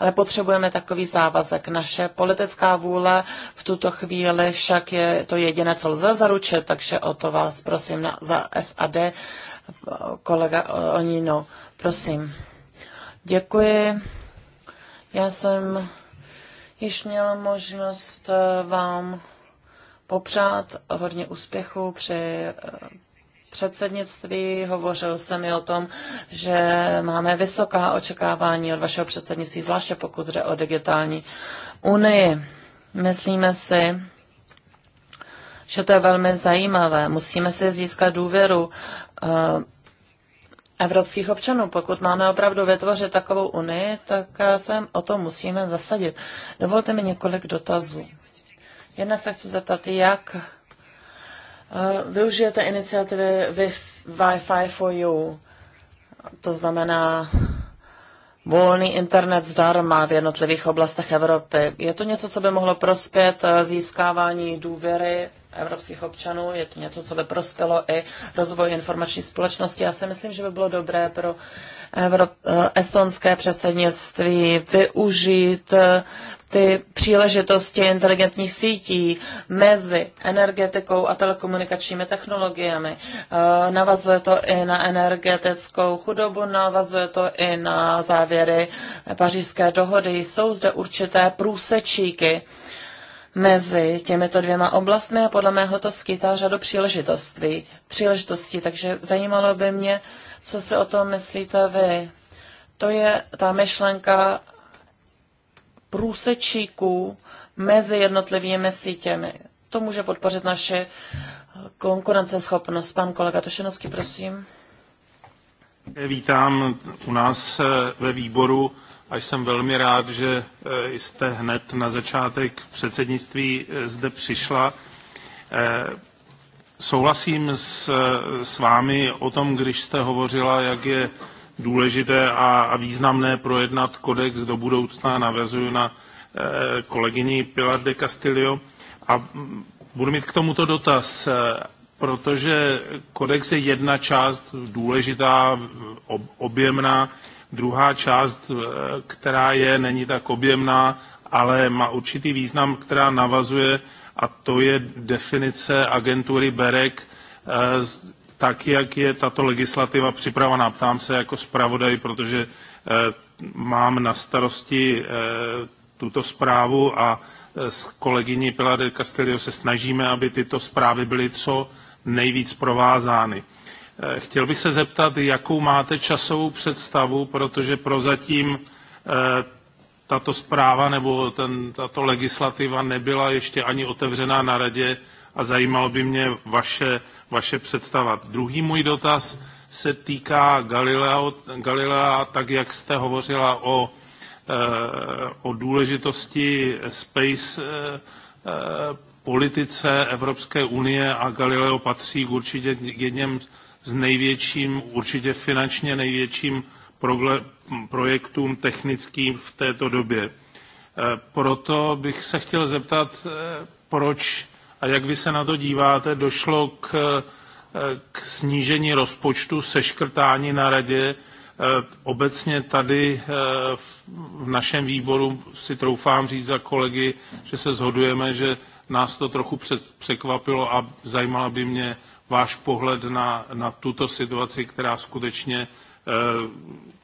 ale potřebujeme takový závazek. Naše politická vůle v tuto chvíli však je to jediné, co lze zaručit, takže o to vás prosím na, za SAD, kolega Onino, prosím. Děkuji. Já jsem již měla možnost eh, vám popřát hodně úspěchu při eh, předsednictví. Hovořil jsem i o tom, že máme vysoká očekávání od vašeho předsednictví, zvláště pokud jde o digitální unii. Myslíme si, že to je velmi zajímavé. Musíme si získat důvěru eh, evropských občanů. Pokud máme opravdu vytvořit takovou unii, tak eh, se o to musíme zasadit. Dovolte mi několik dotazů. Jedna se chci zeptat, jak Eh, využijete iniciativy Wi-Fi for You, to znamená volný internet zdarma v jednotlivých oblastech Evropy. Je to něco, co by mohlo prospět eh, získávání důvěry evropských občanů, je to něco, co by prospělo i rozvoji informační společnosti. Já si myslím, že by bylo dobré pro Evrop- eh, estonské předsednictví využít ty příležitosti inteligentních sítí mezi energetikou a telekomunikačními technologiemi. Eh, navazuje to i na energetickou chudobu, navazuje to i na závěry pařížské dohody. Jsou zde určité průsečíky mezi těmito dvěma oblastmi a podle mého to skýtá řadu příležitostí. příležitostí. Takže zajímalo by mě, co si o tom myslíte vy. To je ta myšlenka průsečíků mezi jednotlivými sítěmi. To může podpořit naše konkurenceschopnost. Pan kolega Tošenovský, prosím. Vítám u nás eh, ve výboru a jsem velmi rád, že eh, jste hned na začátek předsednictví eh, zde přišla. Souhlasím s, s vámi o tom, když jste hovořila, jak je důležité a, významné projednat kodex do budoucna. Navazuji na eh, kolegyni Pilar de Castillo a budu mít k tomuto dotaz, eh, protože kodex je jedna část důležitá, objemná, druhá část, eh, která je, není tak objemná, ale má určitý význam, která navazuje, a to je definice agentury BEREK, tak, jak je tato legislativa připravena. Ptám se jako zpravodaj, protože eh, mám na starosti eh, tuto zprávu a eh, s kolegyní Pilar del Castillo se snažíme, aby tyto zprávy byly co nejvíc provázány. Chtěl bych se zeptat, jakou máte časovou představu, protože prozatím tato zpráva nebo ten, tato legislativa nebyla ještě ani otevřená na radě a zajímalo by mě vaše, vaše představa. Druhý můj dotaz se týká Galileo, Galilea, tak jak jste hovořila o, eh, o důležitosti space eh, eh, politice Evropské unie a Galileo patří k určitě k jedním z největším, určitě finančně největším projektům technickým v této době. Proto bych se chtěl zeptat, proč a jak vy se na to díváte, došlo k, eh, k snížení rozpočtu, seškrtání na radě. Eh, obecně tady eh, v našem výboru si troufám říct za kolegy, že se zhodujeme, že nás to trochu překvapilo a zajímala by mě váš pohled na, na tuto situaci, která skutečně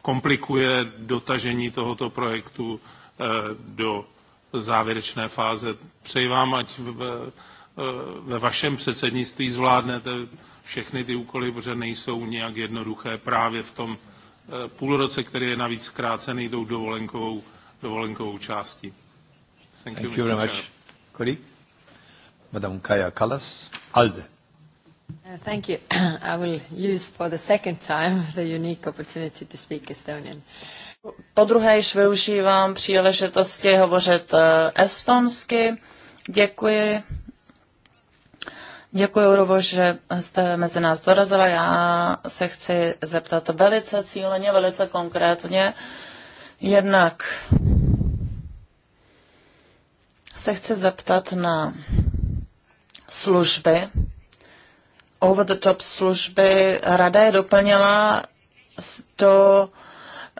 komplikuje dotažení tohoto projektu do závěrečné fáze. Přeji vám, ať Eh, ve vašem předsednictví zvládnete všechny ty úkoly, protože nejsou nějak jednoduché právě v tom eh, půlroce, který je navíc zkrácený tou dovolenkovou, dovolenkovou částí. Thank, Thank you very much. Kolik? Madame Kaya Kallas, ALDE. Uh, thank you. I will use for the second time the unique opportunity to speak Estonian. Po druhé již využívám příležitosti hovořit eh, estonsky. Děkuji Děkuji, Urovo, že jste mezi nás dorazila. Já se chci zeptat velice cíleně, velice konkrétně. Jednak se chci zeptat na služby, over the top služby. Rada je doplnila do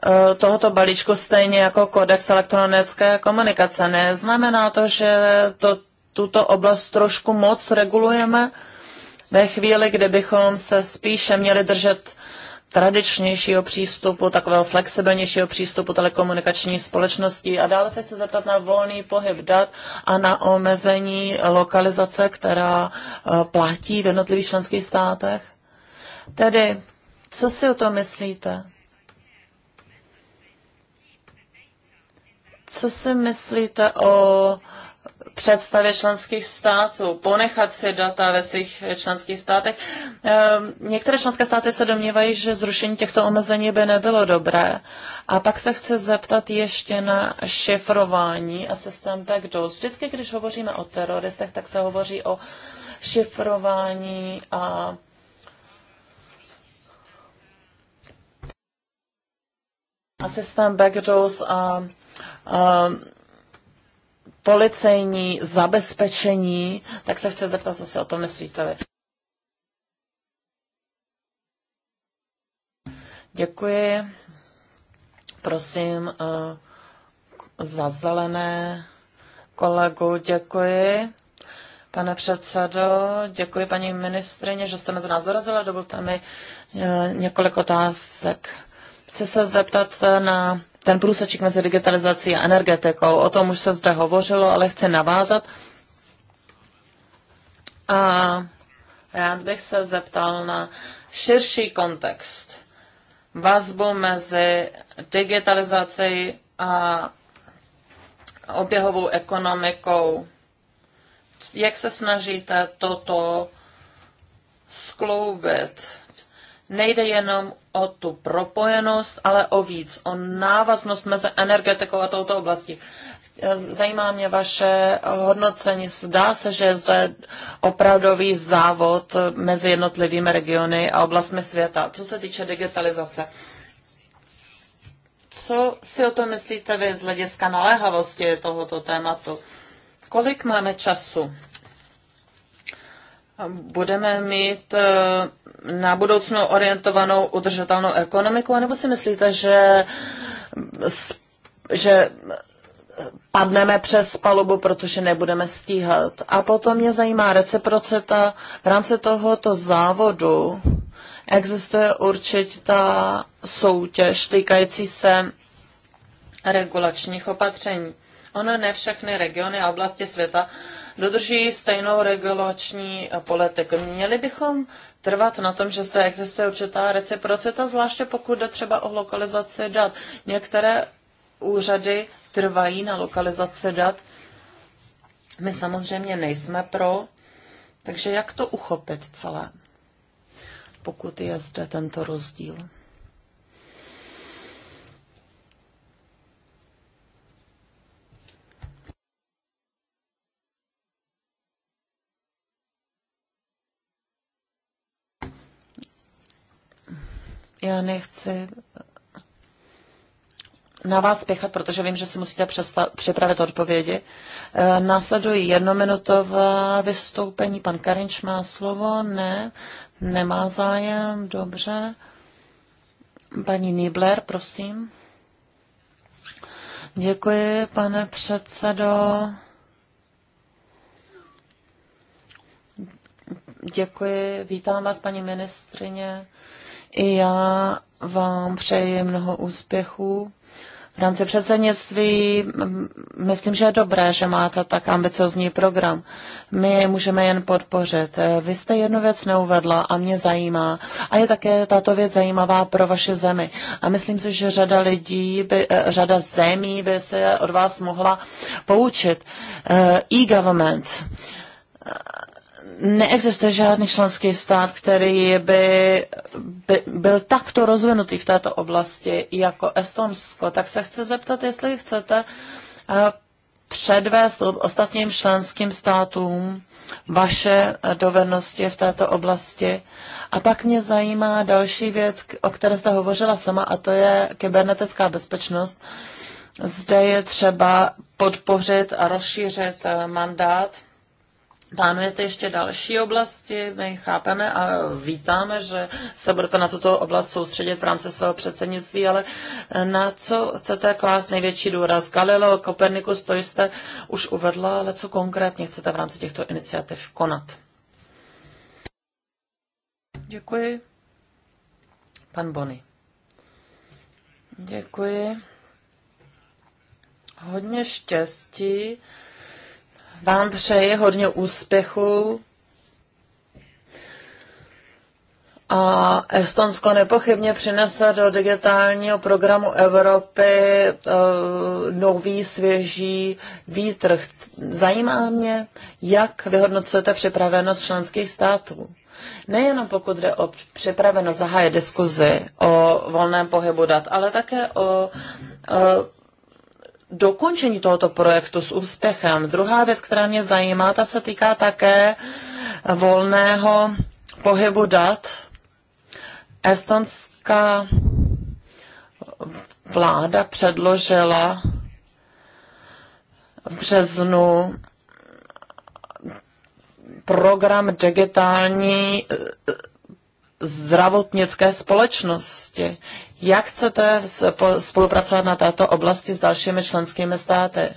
eh, tohoto balíčku stejně jako kodex elektronické komunikace. Neznamená to, že to tuto oblast trošku moc regulujeme ve chvíli, kdy bychom se spíše měli držet tradičnějšího přístupu, takového flexibilnějšího přístupu telekomunikační společnosti. A dále se chci zeptat na volný pohyb dat a na omezení lokalizace, která eh, platí v jednotlivých členských státech. Tedy, co si o tom myslíte? Co si myslíte o představy členských států, ponechat si data ve svých členských státech. Ehm, některé členské státy se domnívají, že zrušení těchto omezení by nebylo dobré. A pak se chci zeptat ještě na šifrování a systém backdoors. Vždycky, když hovoříme o teroristech, tak se hovoří o šifrování a a systém backdoors a, a policejní zabezpečení, tak se chce zeptat, co si o tom myslíte vy. Děkuji. Prosím eh, za zelené kolegu, děkuji. Pane předsedo, děkuji paní ministrině, že jste mezi nás dorazila. Dovolte mi eh, několik otázek. Chci se zeptat eh, na ten průsečík mezi digitalizací a energetikou. O tom už se zde hovořilo, ale chci navázat. A rád bych se zeptal na širší kontext. Vazbu mezi digitalizací a oběhovou ekonomikou. Jak se snažíte toto skloubit? Nejde jenom o tu propojenost, ale o víc, o návaznost mezi energetikou a touto oblastí. Zajímá mě vaše hodnocení. Zdá se, že je zde opravdový závod mezi jednotlivými regiony a oblastmi světa, co se týče digitalizace. Co si o to myslíte vy z hlediska naléhavosti tohoto tématu? Kolik máme času? Budeme mít eh, na budoucnu orientovanou udržitelnou ekonomiku, anebo si myslíte, že, že padneme přes palubu, protože nebudeme stíhat. A potom mě zajímá reciprocita. V rámci tohoto závodu existuje určitá soutěž týkající se regulačních opatření. Ono ne všechny regiony a oblasti světa dodržují stejnou regulační politiku. Měli bychom trvat na tom, že zde existuje určitá reciprocita, zvláště pokud jde třeba o lokalizaci dat. Některé úřady trvají na lokalizaci dat. My samozřejmě nejsme pro, takže jak to uchopit celé, pokud je zde tento rozdíl? Já nechci na vás spěchat, protože vím, že si musíte připravit odpovědi. E, následují jednominutová vystoupení. Pan Karinč má slovo? Ne, nemá zájem, dobře. Paní Nibler, prosím. Děkuji, pane předsedo. Děkuji, vítám vás, paní ministrině. I já vám přeji mnoho úspěchů v rámci předsednictví myslím, že je dobré, že máte tak ambiciozní program. My je můžeme jen podpořit. Vy jste jednu věc neuvedla a mě zajímá. A je také tato věc zajímavá pro vaše zemi. A myslím si, že řada lidí, by, eh, řada zemí by se od vás mohla poučit. Eh, e-government neexistuje žádný členský stát, který by, by byl takto rozvinutý v této oblasti jako Estonsko. Tak se chci zeptat, jestli chcete eh, předvést ostatním členským státům vaše dovednosti v této oblasti. A pak mě zajímá další věc, o které jste hovořila sama, a to je kybernetická bezpečnost. Zde je třeba podpořit a rozšířit eh, mandát Plánujete ještě další oblasti? My chápeme a vítáme, že se budete na tuto oblast soustředit v rámci svého předsednictví, ale na co chcete klást největší důraz? Galileo, Kopernikus, to jste už uvedla, ale co konkrétně chcete v rámci těchto iniciativ konat? Děkuji. Pan Bony. Děkuji. Hodně štěstí vám přeji hodně úspěchů. A Estonsko nepochybně přinese do digitálního programu Evropy eh, nový, svěží vítr. Zajímá mě, jak vyhodnocujete připravenost členských států. Nejenom pokud jde o připravenost zahájit diskuzi o volném pohybu dat, ale také o, o eh, dokončení tohoto projektu s úspěchem. Druhá věc, která mě zajímá, ta se týká také volného pohybu dat. Estonská vláda předložila v březnu program digitální zdravotnické společnosti. Jak chcete spolupracovat na této oblasti s dalšími členskými státy?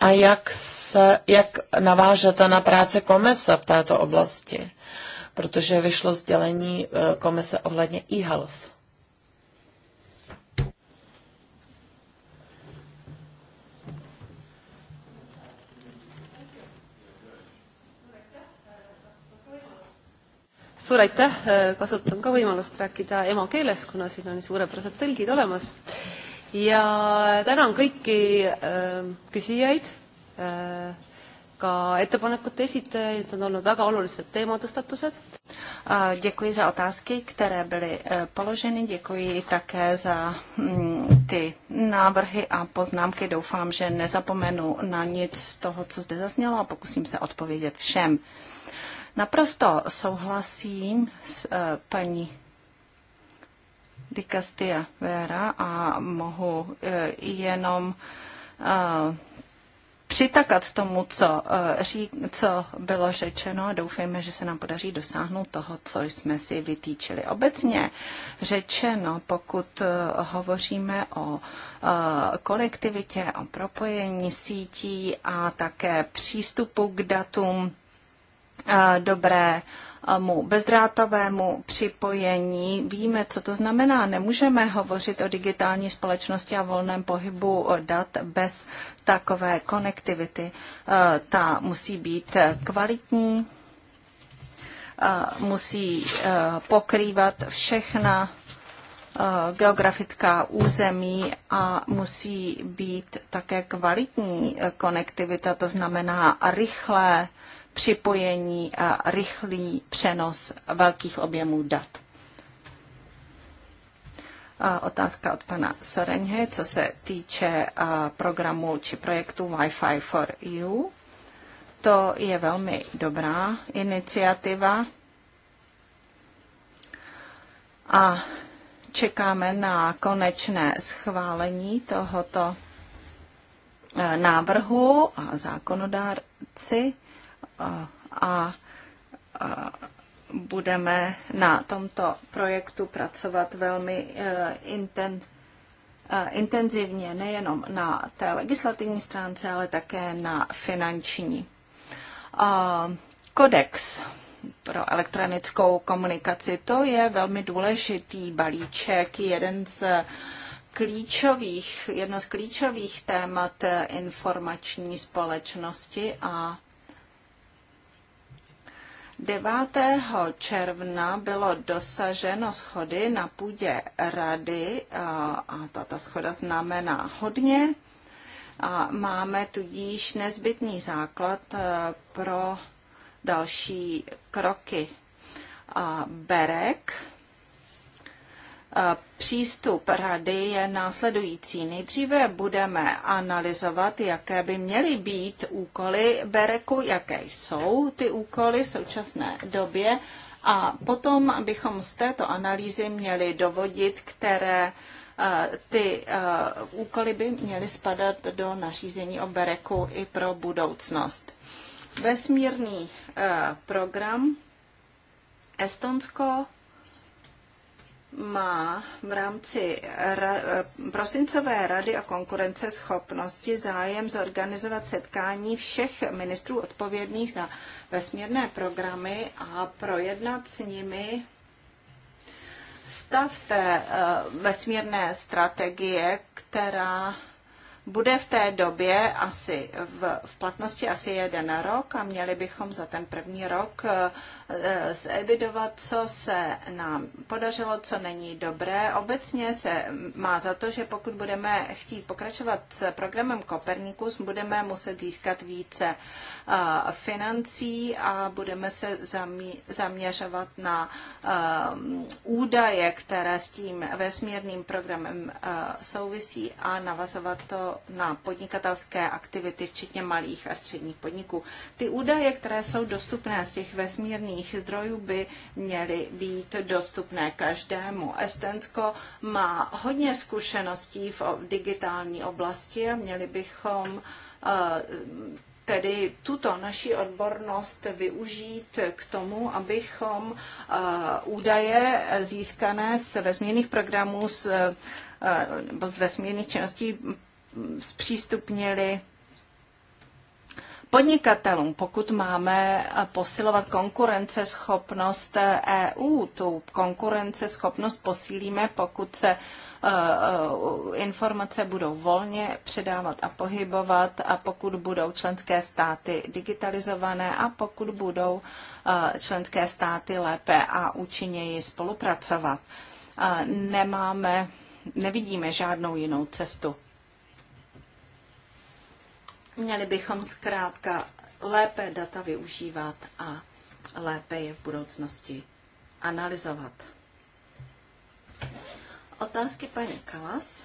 A jak, se, jak navážete na práce komise v této oblasti? Protože vyšlo sdělení eh, komise ohledně e-health. suur aitäh, äh, kasutan ka võimalust rääkida emakeeles, kuna siin on suurepärased tõlgid olemas. ja tänan kõiki äh, küsijaid äh, ka ettepanekute esitajaid, on olnud väga olulised teematõstatused. Děkuji za otázky, které byly položeny, děkuji také za mm, ty návrhy a poznámky. Doufám, že nezapomenu na nic z toho, co zde zaznělo a pokusím se odpovědět všem. Naprosto souhlasím s eh, paní Dikastia Vera a mohu eh, jenom eh, přitakat tomu, co, řík, co bylo řečeno a doufejme, že se nám podaří dosáhnout toho, co jsme si vytýčili. Obecně řečeno, pokud hovoříme o kolektivitě, o propojení sítí a také přístupu k datům, Eh, dobré eh, mu bezdrátovému připojení. Víme, co to znamená. Nemůžeme hovořit o digitální společnosti a volném pohybu dat bez takové konektivity. Eh, ta musí být kvalitní, musí pokrývat všechna geografická území a musí být také kvalitní konektivita, to znamená rychlé připojení a rychlý přenos velkých objemů dat. Otázka od pana Sorenhe, co se týče programu či projektu Wi-Fi for EU. To je velmi dobrá iniciativa a čekáme na konečné schválení tohoto e, návrhu a zákonodárci a, budeme na tomto projektu pracovat velmi eh, inten, eh, intenzivně, nejenom na té legislativní stránce, ale také na finanční. Kodex pro elektronickou komunikaci, to je velmi důležitý balíček, jeden z klíčových, jedno z klíčových témat eh, informační společnosti a 9. června bylo dosaženo schody na půdě rady a tato schoda znamená hodně. A máme tudíž nezbytný základ e, pro další kroky. A Berek Přístup rady je následující. Nejdříve budeme analyzovat, jaké by měly být úkoly Bereku, jaké jsou ty úkoly v současné době a potom bychom z této analýzy měli dovodit, které eh, ty eh, úkoly by měly spadat do nařízení o Bereku i pro budoucnost. Vesmírný eh, program Estonsko má v rámci ra- prosincové rady konkurence konkurenceschopnosti zájem zorganizovat setkání všech ministrů odpovědných za vesmírné programy a projednat s nimi stav té eh, vesmírné strategie, která bude v té době asi v, v platnosti asi jeden rok a měli bychom za ten první rok eh, Eh, zevidovat, co se nám podařilo, co není dobré. Obecně se má za to, že pokud budeme chtít pokračovat s programem Kopernikus, budeme muset získat více eh, financí a budeme se zaměřovat na eh, údaje, které s tím vesmírným programem souvisí a navazovat to na podnikatelské aktivity, včetně malých a středních podniků. Ty údaje, které jsou dostupné z těch vesmírných veřejných zdrojů by měly být dostupné každému. Estensko má hodně zkušeností v digitální oblasti a měli bychom eh, tedy tuto naši odbornost využít k tomu, abychom eh, údaje získané z vesmírných programů, z, eh, nebo z vesmírných činností hm, zpřístupnili podnikatelům. Pokud máme eh, posilovat konkurenceschopnost EU, eh, e tu konkurenceschopnost posílíme, pokud se eh, informace budou volně předávat a pohybovat a pokud budou členské státy digitalizované a pokud budou členské státy lépe a účinněji spolupracovat. Nemáme, nevidíme žádnou jinou cestu. Měli bychom zkrátka lépe data využívat a lépe je v budoucnosti analyzovat. Otázky paní Kalas.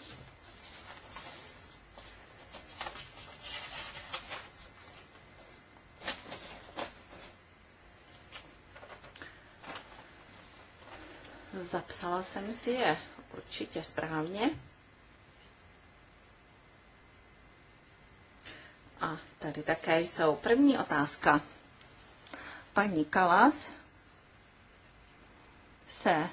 Zapsala jsem si je určitě správně. A tady také jsou první otázka. Paní Kalas se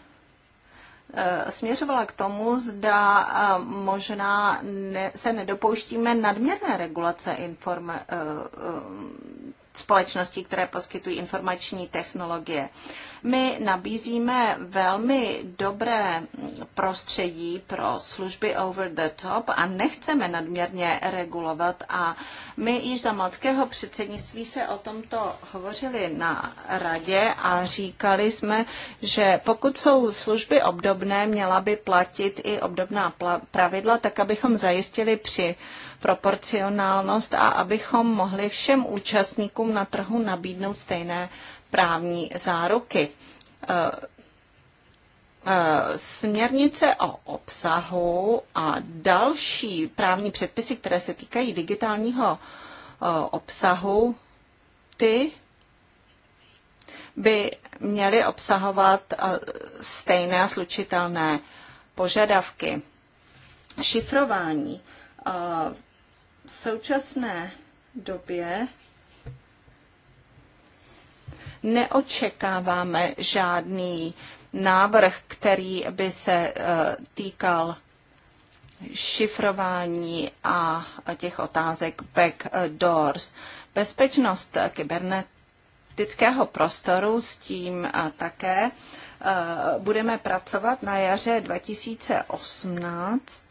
eh, směřovala k tomu, zda eh, možná ne, se nedopouštíme nadměrné regulace informa, eh, společností, které poskytují informační technologie. My nabízíme velmi dobré prostředí pro služby over the top a nechceme nadměrně regulovat a my již za malckého předsednictví se o tomto hovořili na radě a říkali jsme, že pokud jsou služby obdobné, měla by platit i obdobná pravidla, tak abychom zajistili při uh, proporcionálnost a abychom mohli všem účastníkům na trhu nabídnout stejné právní záruky. Eh, eh, směrnice o obsahu a další právní předpisy, které se týkají digitálního eh, obsahu, ty by měly obsahovat stejné a slučitelné požadavky. Šifrování v současné době neočekáváme žádný návrh, který by se eh, týkal šifrování a těch otázek backdoors. Bezpečnost kybernetického prostoru s tím eh, také eh, budeme pracovat na jaře 2018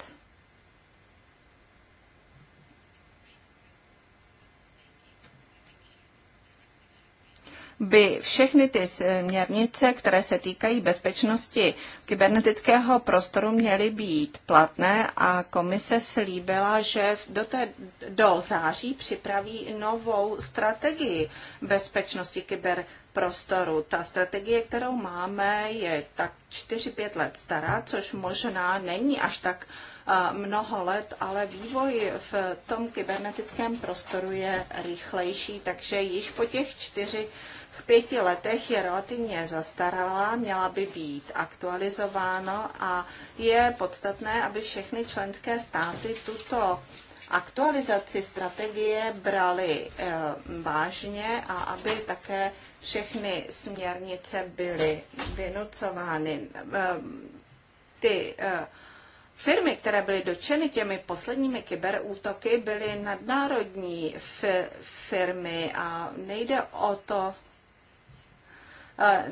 by všechny ty směrnice, které se týkají bezpečnosti kybernetického prostoru, měly být platné a komise slíbila, že do, té, do září připraví novou strategii bezpečnosti kyberprostoru. Ta strategie, kterou máme, je tak 4-5 let stará, což možná není až tak eh, mnoho let, ale vývoj v tom kybernetickém prostoru je rychlejší, takže již po těch čtyři pěti letech je relativně zastaralá, měla by být aktualizováno a je podstatné, aby všechny členské státy tuto aktualizaci strategie brali eh, vážně a aby také všechny směrnice byly vynucovány. Eh, ty eh, Firmy, které byly dočeny těmi posledními kyberútoky, byly nadnárodní firmy a nejde o to, Eh,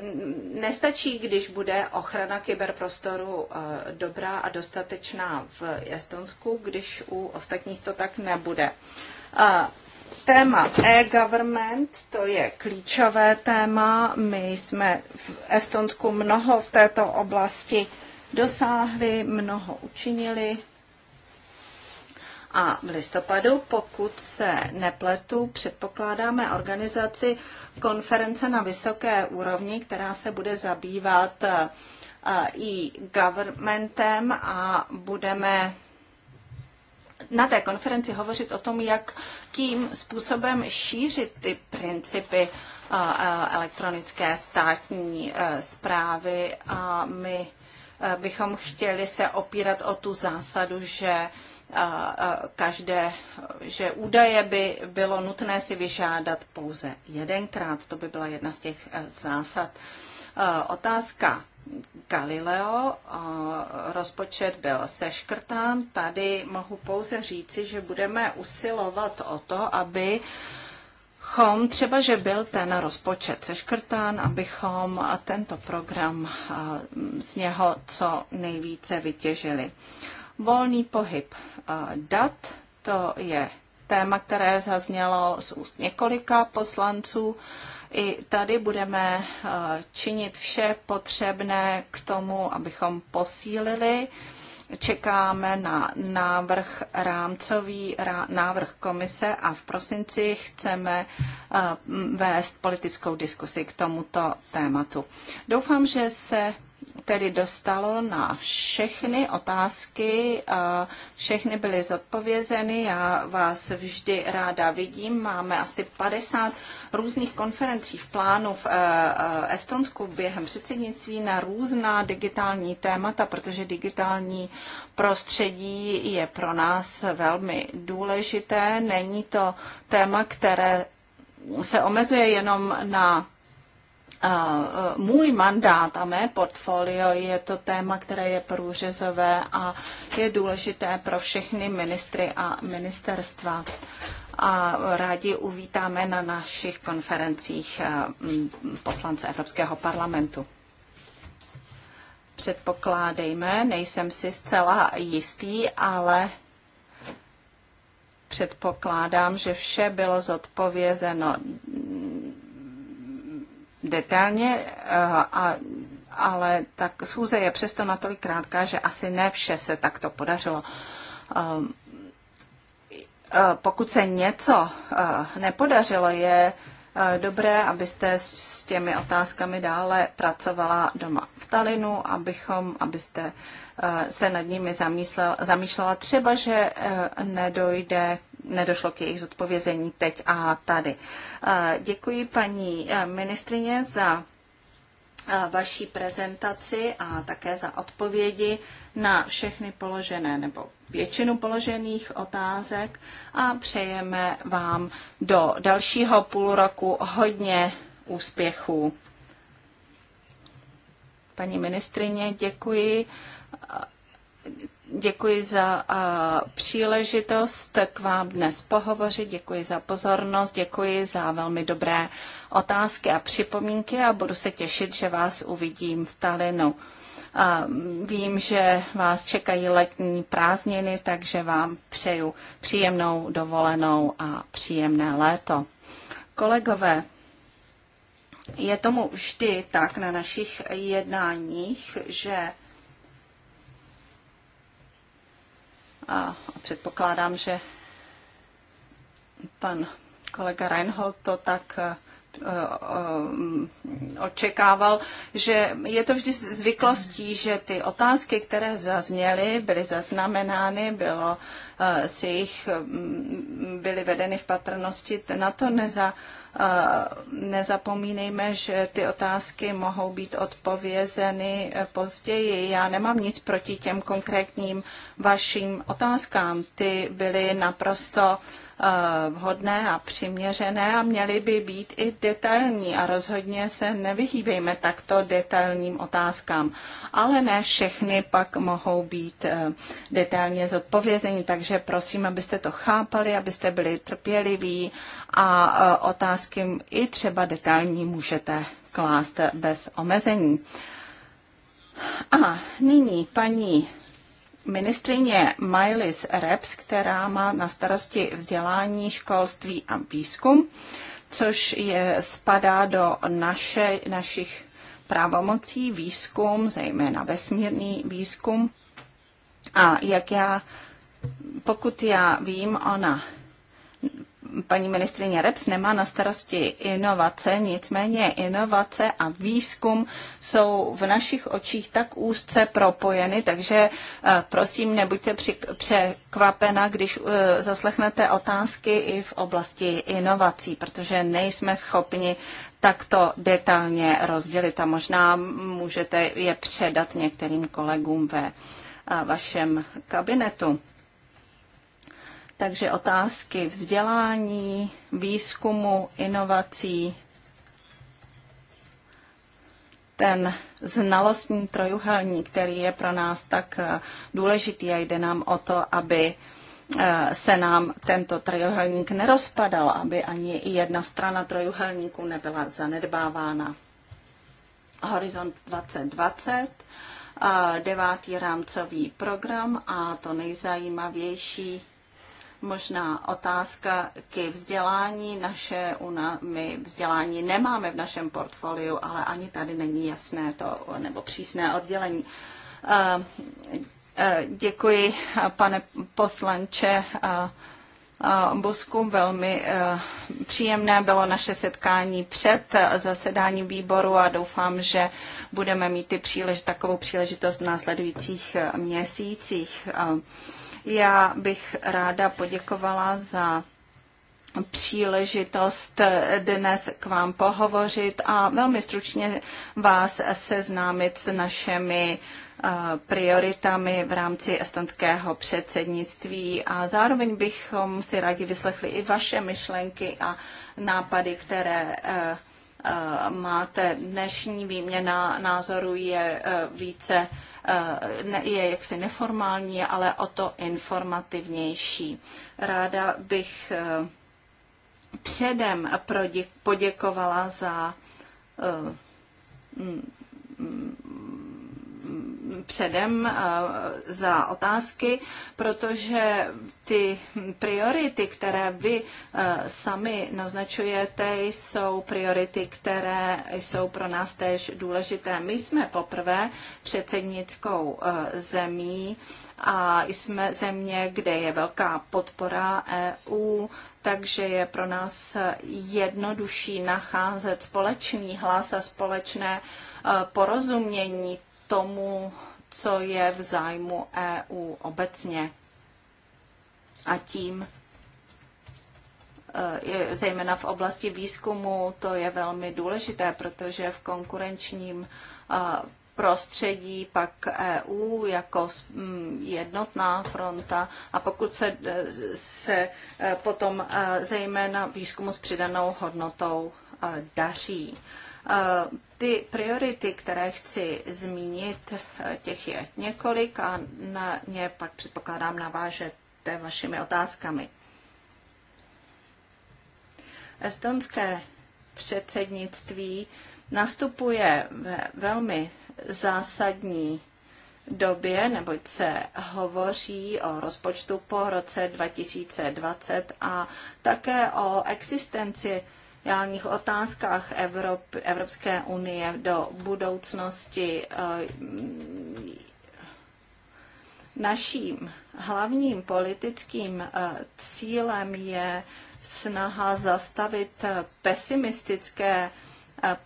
nestačí, když bude ochrana kyberprostoru eh, dobrá a dostatečná v Estonsku, když u ostatních to tak nebude. Eh, téma e-government, to je klíčové téma. My jsme v Estonsku mnoho v této oblasti dosáhli, mnoho učinili a v listopadu, pokud se nepletu, předpokládáme organizaci konference na vysoké úrovni, která se bude zabývat eh, i governmentem a budeme na té konferenci hovořit o tom, jak tím způsobem šířit ty principy eh, eh, elektronické státní zprávy a my bychom chtěli se opírat o tu zásadu, že každé, že údaje by bylo nutné si vyžádat pouze jedenkrát. To by byla jedna z těch eh, zásad. Eh, otázka Galileo, eh, rozpočet byl seškrtán. Tady mohu pouze říci, že budeme usilovat o to, aby chom třeba, že byl ten rozpočet seškrtán, abychom tento program z něho co nejvíce vytěžili. Volný pohyb eh, dat, to je téma, které zaznělo z úst několika poslanců. I tady budeme eh, činit vše potřebné k tomu, abychom posílili. Čekáme na návrh rámcový, návrh komise a v prosinci chceme eh, vést politickou diskusi k tomuto tématu. Doufám, že se tedy dostalo na všechny otázky, všechny byly zodpovězeny, já vás vždy ráda vidím, máme asi 50 různých konferencí v plánu v e, e, Estonsku během předsednictví na různá digitální témata, protože digitální prostředí je pro nás velmi důležité. Není to téma, které se omezuje jenom na E, můj mandát a mé portfolio je to téma, které je průřezové a je důležité pro všechny ministry a ministerstva. A rádi uvítáme na našich konferencích e, poslance Evropského parlamentu předpokládejme, nejsem si zcela jistý, ale předpokládám, že vše bylo zodpovězeno detailně, eh, a, ale tak schůze je přesto natolik krátká, že asi ne vše se takto podařilo ehm, eh, pokud se něco eh, nepodařilo, je dobré, abyste s těmi otázkami dále pracovala doma v Talinu, abychom, abyste se nad nimi zamýšlela, třeba, že nedojde nedošlo k jejich zodpovězení teď a tady. Eh, děkuji paní eh, ministrině za eh, vaší prezentaci a také za odpovědi na všechny položené nebo většinu položených otázek a přejeme vám do dalšího půl roku hodně úspěchů. Paní ministrině, děkuji Děkuji za příležitost k vám dnes pohovořit, děkuji za pozornost, děkuji za velmi dobré otázky a připomínky a budu se těšit, že vás uvidím v Talinu. Vím, že vás čekají letní prázdniny, takže vám přeju příjemnou dovolenou a příjemné léto. Kolegové, je tomu vždy tak na našich jednáních, že A předpokládám, že pan kolega Reinhold to tak eh, eh, očekával, že je to vždy zvyklostí, že ty otázky, které zazněly, byly zaznamenány, bylo eh, si jich, mm, byly vedeny v patrnosti, na to neza, nezapomínejme, že ty otázky mohou být odpovězeny eh, později. Já nemám nic proti těm konkrétním vašim otázkám. Ty byly naprosto uh, Eh, vhodné a přiměřené a měly by být i detailní a rozhodně se nevyhýbejme takto detailním otázkám. Ale ne všechny pak mohou být eh, detailně zodpovězeny, takže prosím, abyste to chápali, abyste byli trpěliví a eh, otázky i třeba detailní můžete klást bez omezení. A nyní paní ministrině Milis Reps, která má na starosti vzdělání, školství a výzkum, což je, spadá do naše, našich právomocí výzkum, zejména vesmírný výzkum. A jak já, pokud já vím, ona paní ministrině Reps nemá na starosti inovace, nicméně inovace a výzkum jsou v našich očích tak úzce propojeny, takže eh, prosím, nebuďte překvapena, když eh, zaslechnete otázky i v oblasti inovací, protože nejsme schopni takto detailně rozdělit a možná můžete je předat některým kolegům ve eh, vašem kabinetu. Takže otázky vzdělání, výzkumu, inovací, ten znalostní trojuhelník, který je pro nás tak eh, důležitý a jde nám o to, aby eh, se nám tento trojuhelník nerozpadal, aby ani jedna strana trojuhelníku nebyla zanedbávána. Horizont 2020, eh, devátý rámcový program a to nejzajímavější Možná otázka k vzdělání naše, una, my vzdělání nemáme v našem portfoliu, ale ani tady není jasné to, nebo přísné oddělení. Eh, eh, děkuji, pane poslanče. Eh, Busku. Velmi příjemné bylo naše setkání před zasedáním výboru a doufám, že budeme mít ty přílež, takovou příležitost v následujících měsících. Já bych ráda poděkovala za příležitost dnes k vám pohovořit a velmi stručně vás seznámit s našimi eh, prioritami v rámci estonského předsednictví a zároveň bychom si rádi vyslechli i vaše myšlenky a nápady, které eh, eh, máte. Dnešní výměna názorů je více Eh, je jaksi neformální, ale o to informativnější. Ráda bych eh, předem poděkovala za eh, předem eh, za otázky, protože ty priority, které vy eh, sami naznačujete, jsou priority, které jsou pro nás též důležité. My jsme poprvé předsednickou eh, zemí a jsme země, kde je velká podpora EU, takže je pro nás jednodušší nacházet společný hlas a společné porozumění tomu, co je v zájmu EU obecně. A tím eh, zejména v oblasti výzkumu, to je velmi důležité, protože v konkurenčním eh, prostředí pak EU jako mm, jednotná fronta a pokud se, eh, se potom zejména výzkumu s přidanou hodnotou daří. Ty priority, které chci zmínit, těch je několik a na ně pak předpokládám navážete vašimi otázkami. Estonské předsednictví nastupuje ve velmi zásadní době, neboť se hovoří o rozpočtu po roce 2020 a také o existenci reálních otázkách Evropy, Evropské unie do budoucnosti. Eh, naším hlavním politickým eh, cílem je snaha zastavit eh, pesimistické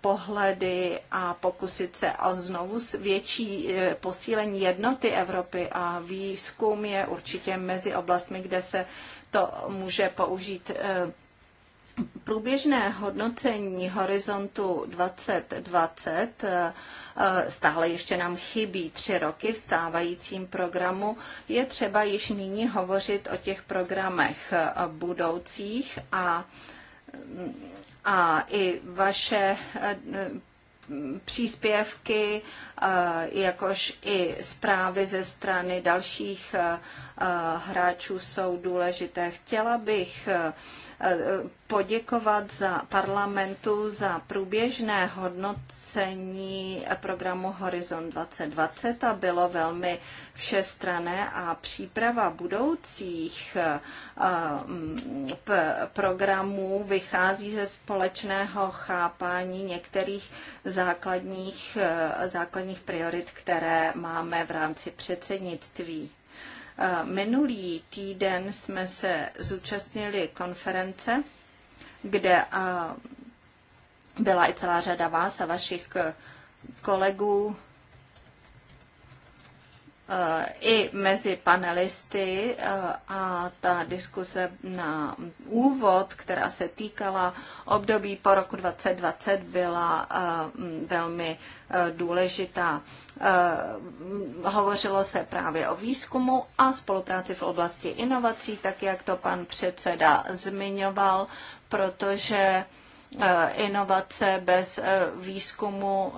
pohledy a pokusit se o znovu větší posílení jednoty Evropy a výzkum je určitě mezi oblastmi, kde se to může použít průběžné hodnocení horizontu 2020 eh, eh, stále ještě nám chybí tři roky v stávajícím programu, je třeba již nyní hovořit o těch programech eh, budoucích a, a i vaše příspěvky, jakož i zprávy ze strany dalších hráčů jsou důležité. Chtěla bych poděkovat za parlamentu za průběžné hodnocení programu Horizon 2020 a bylo velmi všestrané a příprava budoucích eh, mm, programů vychází ze společného chápání některých základních, eh, základních priorit, které máme v rámci předsednictví. Minulý týden jsme se zúčastnili konference, kde byla i celá řada vás a vašich eh, kolegů eh, i mezi panelisty eh, a ta diskuse na úvod, která se týkala období po roku 2020, byla velmi důležitá. Eh, hovořilo se právě o výzkumu a spolupráci v oblasti inovací, tak jak to pan předseda zmiňoval, protože eh, inovace bez eh, výzkumu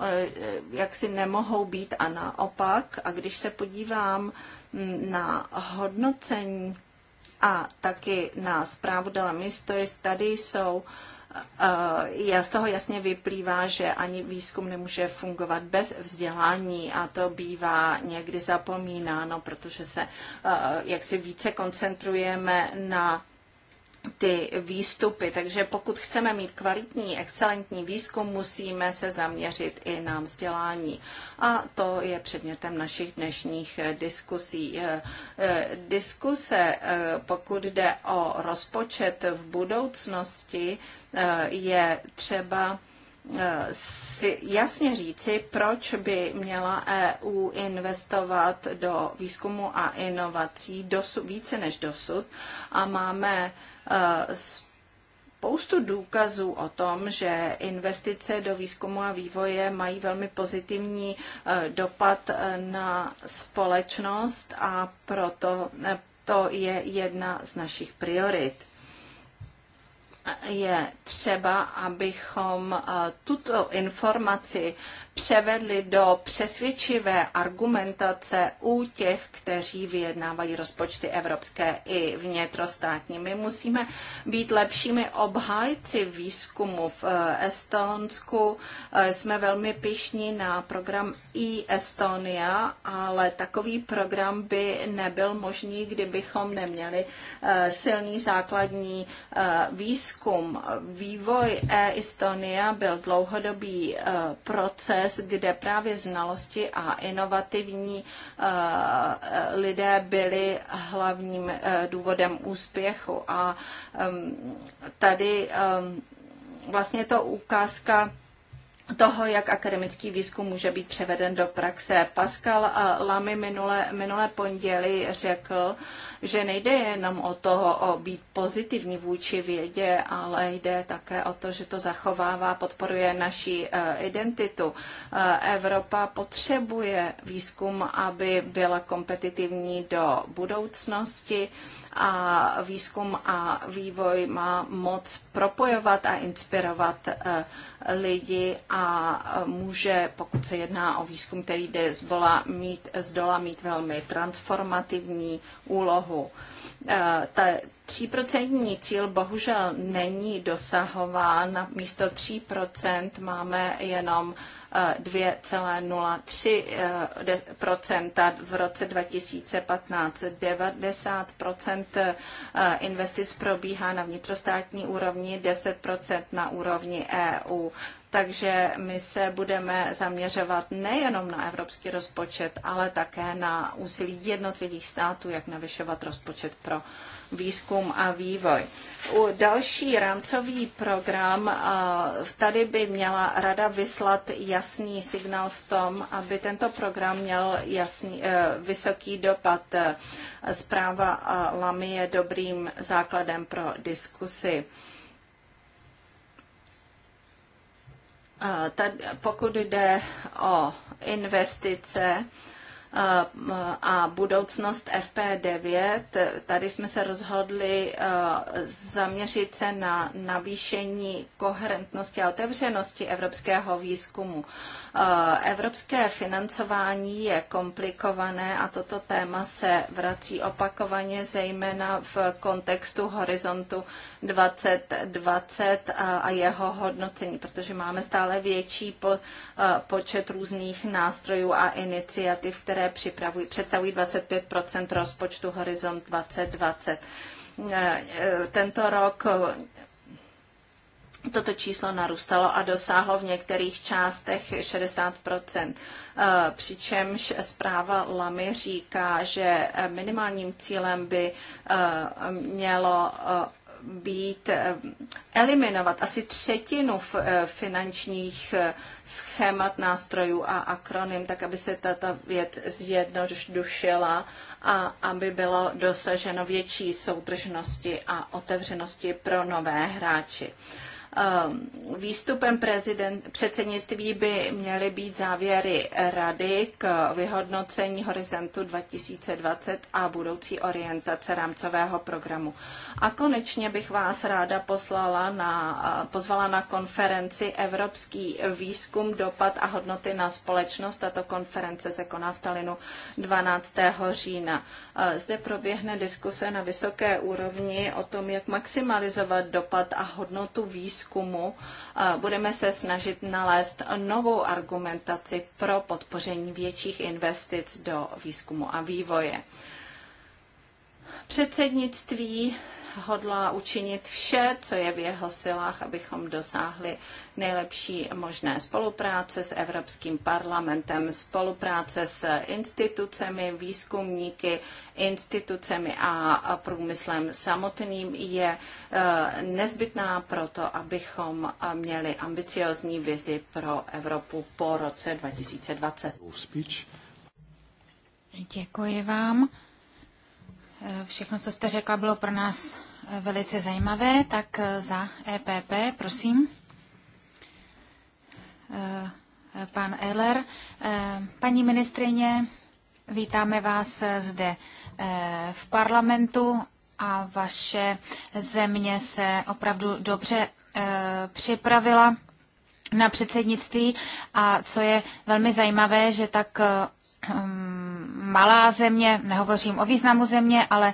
jaksi nemohou být a naopak. A když se podívám hm, na hodnocení a taky na zprávu Dela Misto, tady jsou uh, Eh, z toho jasně vyplývá, že ani výzkum nemůže fungovat bez vzdělání a to bývá někdy zapomínáno, protože se eh, jak si více koncentrujeme na ty výstupy. Takže pokud chceme mít kvalitní, excelentní výzkum, musíme se zaměřit i na vzdělání. A to je předmětem našich dnešních diskusí. Eh, eh, diskuse, eh, pokud jde o rozpočet v budoucnosti, je třeba si jasně říci, proč by měla EU investovat do výzkumu a inovací dosud, více než dosud. A máme spoustu důkazů o tom, že investice do výzkumu a vývoje mají velmi pozitivní eh, dopad eh, na společnost a proto eh, to je jedna z našich priorit je třeba, abychom tuto informaci převedli do přesvědčivé argumentace u těch, kteří vyjednávají rozpočty evropské i vnitrostátní. My musíme být lepšími obhájci výzkumu v eh, Estonsku. Eh, jsme velmi pišní na program e-Estonia, ale takový program by nebyl možný, kdybychom neměli eh, silný základní výzkum. Vývoj e-Estonia byl dlouhodobý proces, proces, kde právě znalosti a inovativní eh, eh, lidé byli hlavním eh, důvodem úspěchu. A ehm, tady ehm, vlastně to ukázka toho, jak akademický výzkum může být převeden do praxe. Pascal Lamy minulé, minulé pondělí řekl, že nejde jenom o to, o být pozitivní vůči vědě, ale jde také o to, že to zachovává, podporuje naši eh, identitu. Eh, Evropa potřebuje výzkum, aby byla kompetitivní do budoucnosti a výzkum a vývoj má moc propojovat a inspirovat eh, lidi a může, pokud se jedná o výzkum, který jde z, dola, mít, z dola mít velmi transformativní úlohu trhu. Eh, ta tříprocentní cíl bohužel není dosahován. Místo 3% máme jenom 2,03 eh, eh, v roce 2015. 90 investic probíhá na vnitrostátní úrovni, 10 na úrovni EU takže my se budeme zaměřovat nejenom na evropský rozpočet, ale také na úsilí jednotlivých států, jak navyšovat rozpočet pro výzkum a vývoj. U další rámcový program tady by měla rada vyslat jasný signál v tom, aby tento program měl jasný, e, vysoký dopad. E, zpráva Lamy je dobrým základem pro diskusi. Tady, pokud jde o investice a budoucnost FP9, tady jsme se rozhodli zaměřit se na navýšení koherentnosti a otevřenosti evropského výzkumu. Eh, evropské financování je komplikované a toto téma se vrací opakovaně, zejména v kontextu horizontu 2020 eh, a jeho hodnocení, protože máme stále větší eh, počet různých nástrojů a iniciativ, které připravují, představují 25 rozpočtu horizont 2020 tento rok Toto číslo narůstalo a dosáhlo v některých částech 60 eh, Přičemž zpráva Lamy říká, že minimálním cílem by eh, mělo eh, být, eliminovat asi třetinu finančních schémat, nástrojů a akronym, tak aby se tato věc zjednodušila a aby bylo dosaženo větší soudržnosti a otevřenosti pro nové hráči. Ehm, výstupem prezident, předsednictví by měly být závěry rady k vyhodnocení horizontu 2020 a budoucí orientace rámcového programu. A konečně bych vás ráda poslala na, eh, pozvala na konferenci Evropský výzkum, dopad a hodnoty na společnost. Tato konference se koná v Talinu 12. října. Eh, zde proběhne diskuse na vysoké úrovni o tom, jak maximalizovat dopad a hodnotu výzkumu výzkumu budeme se snažit nalézt novou argumentaci pro podpoření větších investic do výzkumu a vývoje. Předsednictví hodlá učinit vše, co je v jeho silách, abychom dosáhli nejlepší možné spolupráce s Evropským parlamentem, spolupráce s institucemi, výzkumníky, institucemi a průmyslem samotným je eh, nezbytná proto, abychom eh, měli ambiciozní vizi pro Evropu po roce 2020. Děkuji vám. Všechno, co jste řekla, bylo pro nás eh, velice zajímavé, tak eh, za EPP, prosím. Eh, pan Eller, paní ministrině, vítáme vás zde v parlamentu a vaše země se opravdu dobře připravila na předsednictví a co je velmi zajímavé, že tak malá země, nehovořím o významu země, ale eh,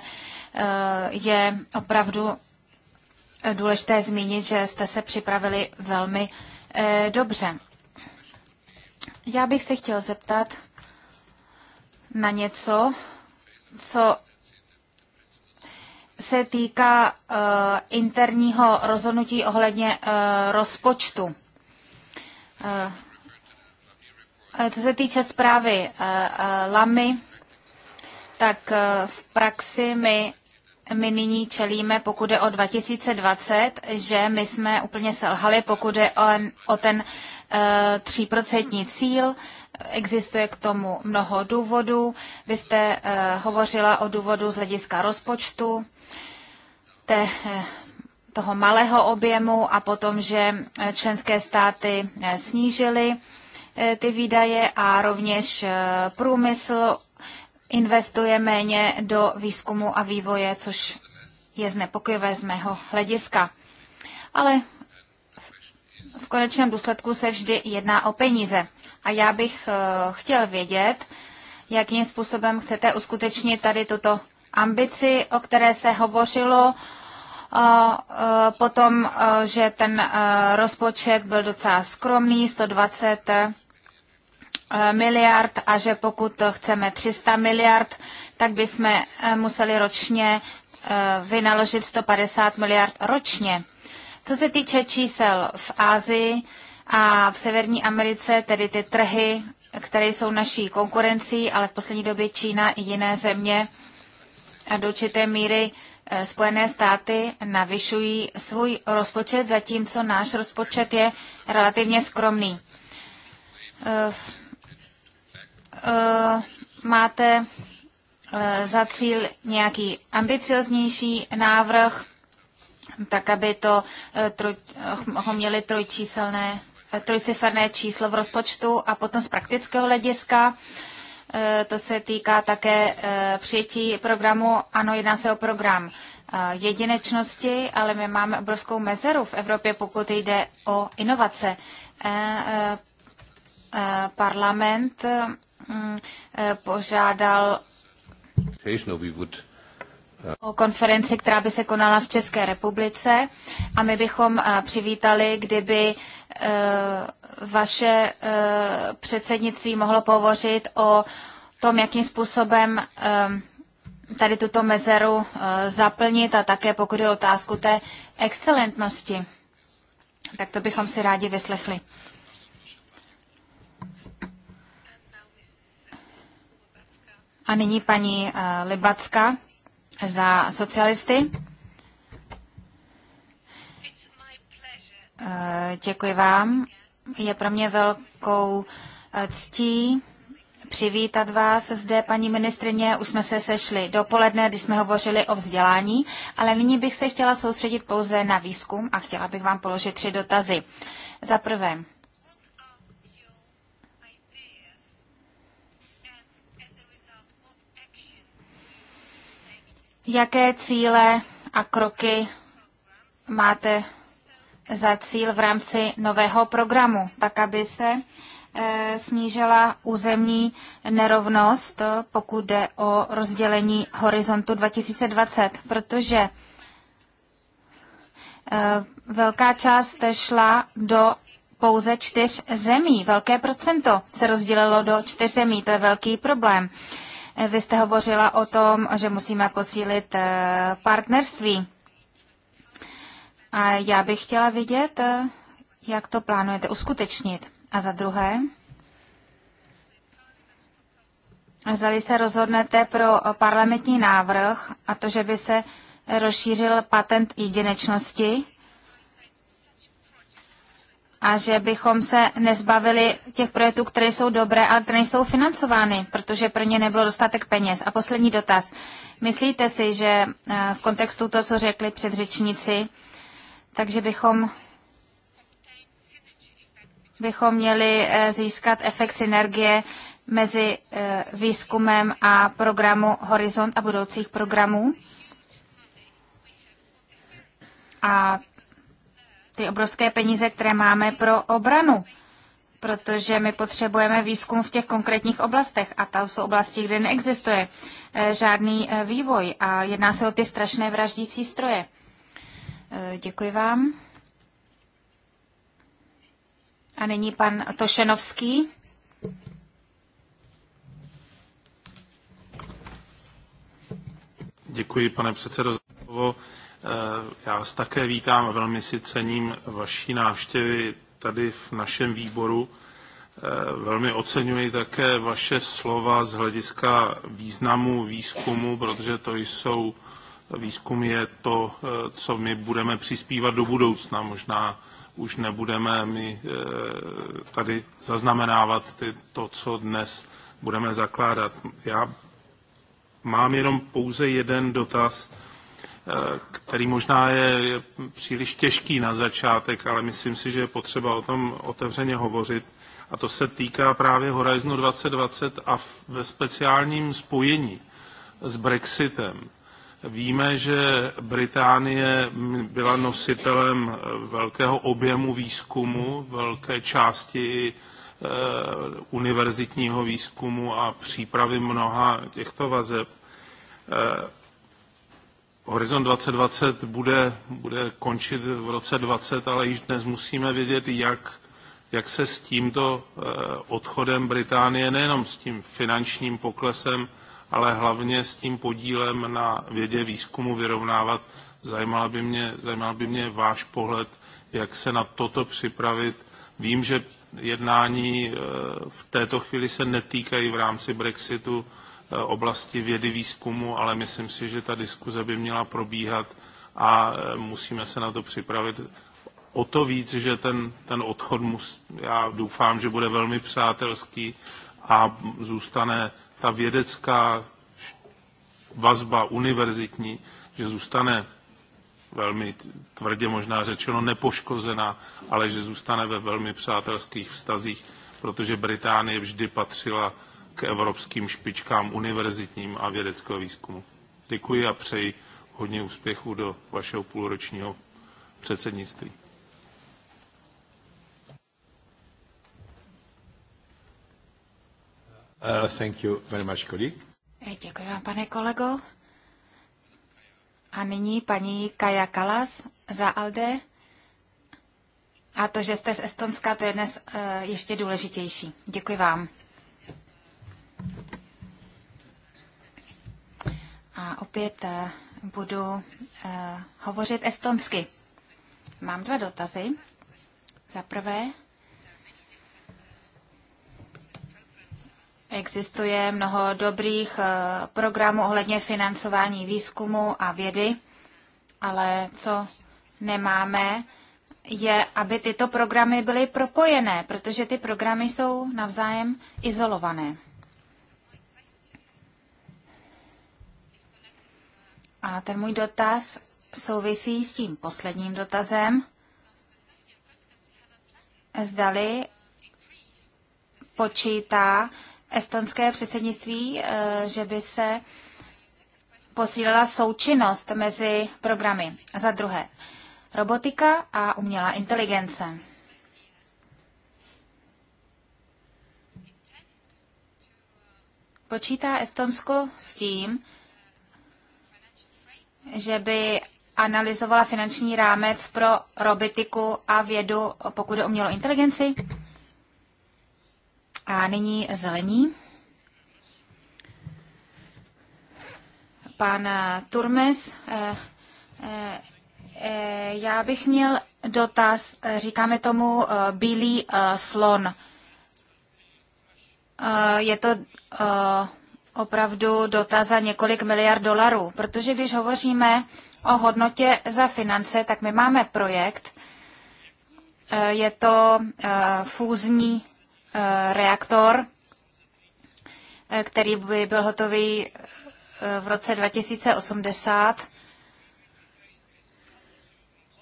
je opravdu eh, důležité zmínit, že jste se připravili velmi eh, dobře. Já bych se chtěl zeptat na něco, co se týká uh, interního rozhodnutí ohledně uh, rozpočtu. Uh, co se týče zprávy uh, uh, LAMY, tak eh, v praxi my, my nyní čelíme, pokud je o 2020, že my jsme úplně selhali, pokud je o, o ten eh, tříprocentní cíl. Existuje k tomu mnoho důvodů. Vy jste eh, hovořila o důvodu z hlediska rozpočtu, uh, toho malého objemu a potom, že členské státy snížily ty výdaje a rovněž průmysl investuje méně do výzkumu a vývoje, což je znepokojivé z mého hlediska. Ale v konečném důsledku se vždy jedná o peníze. A já bych eh, chtěl vědět, jakým způsobem chcete uskutečnit tady tuto ambici, o které se hovořilo, eh, potom, eh, že ten rozpočet byl docela skromný, 120 Eh, miliard a že pokud chceme 300 miliard, tak bychom eh, museli ročně eh, vynaložit 150 miliard ročně. Co se týče čísel v Ázii a v Severní Americe, tedy ty trhy, které jsou naší konkurencí, ale v poslední době Čína i jiné země a do určité míry Spojené státy navyšují svůj rozpočet, zatímco náš rozpočet je relativně skromný. Eh, máte eh, za cíl nějaký ambicioznější návrh, tak aby to eh, troj, ho měli trojčíselné, trojciferné číslo v rozpočtu a potom z praktického hlediska. To se týká také přijetí programu. Ano, jedná se o program jedinečnosti, ale my máme obrovskou mezeru v Evropě, pokud jde o inovace. Parlament Hmm, eh, požádal o konferenci, která by se konala v České republice a my bychom eh, přivítali, kdyby eh, vaše předsednictví mohlo povořit o tom, jakým způsobem tady tuto mezeru zaplnit a také pokud je otázku té excelentnosti. Tak to bychom si rádi vyslechli. A nyní paní eh, Libacka za socialisty. Eh, děkuji vám. Je pro mě velkou eh, ctí přivítat vás zde, paní ministrině. Už jsme se sešli dopoledne, když jsme hovořili o vzdělání, ale nyní bych se chtěla soustředit pouze na výzkum a chtěla bych vám položit tři dotazy. Za prvé, Jaké cíle a kroky máte za cíl v rámci nového programu, tak aby se eh, snížila územní nerovnost, pokud jde o rozdělení horizontu 2020, protože eh, velká část šla do pouze čtyř zemí. Velké procento se rozdělilo do čtyř zemí, to je velký problém. Eh, vy jste hovořila o tom, že musíme posílit eh, partnerství. A já bych chtěla vidět, eh, jak to plánujete uskutečnit. A za druhé, zali se rozhodnete pro parlamentní návrh a to, že by se rozšířil patent jedinečnosti a že bychom se nezbavili těch projektů, které jsou dobré, ale které nejsou financovány, protože pro ně nebylo dostatek peněz. A poslední dotaz. Myslíte si, že eh, v kontextu to, co řekli předřečníci, takže bychom bychom měli eh, získat efekt synergie mezi eh, výzkumem a programu Horizont a budoucích programů. A ty obrovské peníze, které máme pro obranu, protože my potřebujeme výzkum v těch konkrétních oblastech a tam jsou oblasti, kde neexistuje eh, žádný eh, vývoj a jedná se o ty strašné vraždící stroje. Eh, děkuji vám. A nyní pan Tošenovský. Děkuji, pane předsedo, za slovo. Eh, já vás také vítám a velmi si cením vaší návštěvy tady v našem výboru. Eh, velmi oceňuji také vaše slova z hlediska významu výzkumu, protože to jsou, výzkum je to, eh, co my budeme přispívat do budoucna. Možná už nebudeme my tady zaznamenávat ty, to, co dnes budeme zakládat. Já mám jenom pouze jeden dotaz Eh, který možná je příliš těžký na začátek, ale myslím si, že je potřeba o tom otevřeně hovořit. A to se týká právě Horizonu 2020 a ve speciálním spojení s Brexitem. Víme, že Británie byla nositelem velkého objemu výzkumu, velké části eh, univerzitního výzkumu a přípravy mnoha těchto vazeb. Eh, Horizont 2020 bude, bude končit v roce 20, ale již dnes musíme vědět, jak, jak se s tímto eh, odchodem Británie, nejenom s tím finančním poklesem, ale hlavně s tím podílem na vědě výzkumu vyrovnávat. Zajímal by mě, zajímal by mě váš pohled, jak se na toto připravit. Vím, že jednání eh, v této chvíli se netýkají v rámci Brexitu oblasti vědy výzkumu, ale myslím si, že ta diskuze by měla probíhat a e, musíme se na to připravit. O to víc, že ten, ten odchod, mus, já doufám, že bude velmi přátelský a zůstane ta vědecká vazba univerzitní, že zůstane velmi tvrdě možná řečeno nepoškozená, ale že zůstane ve velmi přátelských vztazích, protože Británie vždy patřila k evropským špičkám univerzitním a vědeckého výzkumu. Děkuji a přeji hodně úspěchů do vašeho půlročního předsednictví. Uh, thank you very much, eh, Děkuji vám, pane kolego. A nyní paní Kaja Kalas za ALDE. A to, že jste z Estonska, to je dnes uh, ještě důležitější. Děkuji vám. A opět eh, budu eh, hovořit estonsky. Mám dva dotazy. Za prvé, existuje mnoho dobrých eh, programů ohledně financování výzkumu a vědy, ale co nemáme, je, aby tyto programy byly propojené, protože ty programy jsou navzájem izolované. A ten můj dotaz souvisí s tím posledním dotazem. Zdali počítá estonské předsednictví, eh, že by se posílila součinnost mezi programy. A za druhé, robotika a umělá inteligence. Počítá Estonsko s tím, že by analyzovala finanční rámec pro robotiku a vědu, pokud o umělou inteligenci. A nyní zelení. Pan eh, Turmes, eh, eh, já bych měl dotaz, říkáme tomu bílý slon. Je to opravdu dotaz za několik miliard dolarů, protože když hovoříme o hodnotě za finance, tak my máme projekt, eh, je to eh, fúzní eh, reaktor, který by byl hotový v roce 2080.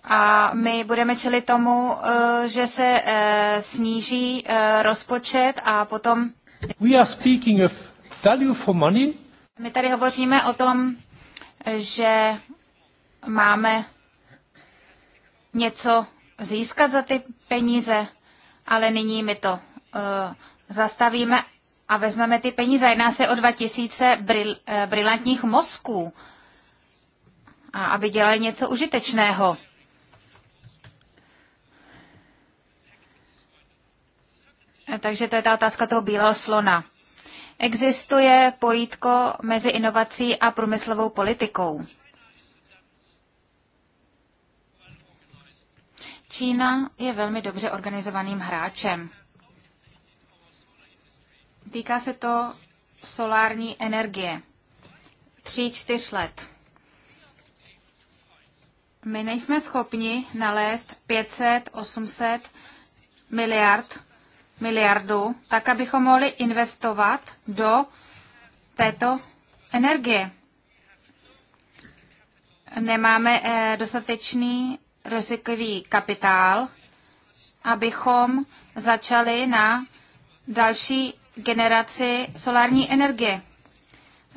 A my budeme čelit tomu, že se sníží rozpočet a potom. We are speaking of value for money. My tady hovoříme o tom, že máme něco získat za ty peníze, ale nyní my to uh, zastavíme a vezmeme ty peníze. Jedná se o 2000 bril, uh, brilantních mozků, a aby dělali něco užitečného. Eh, takže to je ta otázka toho bílého slona. Existuje pojítko mezi inovací a průmyslovou politikou. Čína je velmi dobře organizovaným hráčem. Týká se to solární energie. Tří, čtyř let. My nejsme schopni nalézt 500, 800 miliard miliardu, tak abychom mohli investovat do této energie. Nemáme eh, dostatečný rizikový kapitál, abychom začali na další generaci solární energie.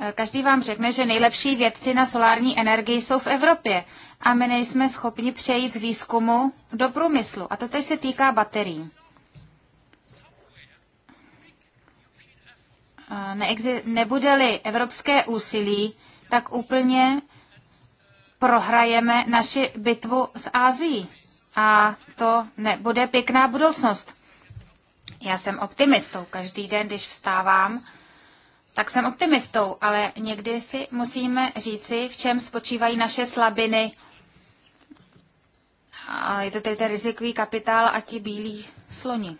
Eh, každý vám řekne, že nejlepší vědci na solární energii jsou v Evropě a my nejsme schopni přejít z výzkumu do průmyslu. A to teď se týká baterií. nebude-li evropské úsilí, tak úplně prohrajeme naši bitvu s Ázií. A to nebude pěkná budoucnost. Já jsem optimistou. Každý den, když vstávám, tak jsem optimistou, ale někdy si musíme říci, v čem spočívají naše slabiny. A je to tedy ten rizikový kapitál a ti bílí sloni.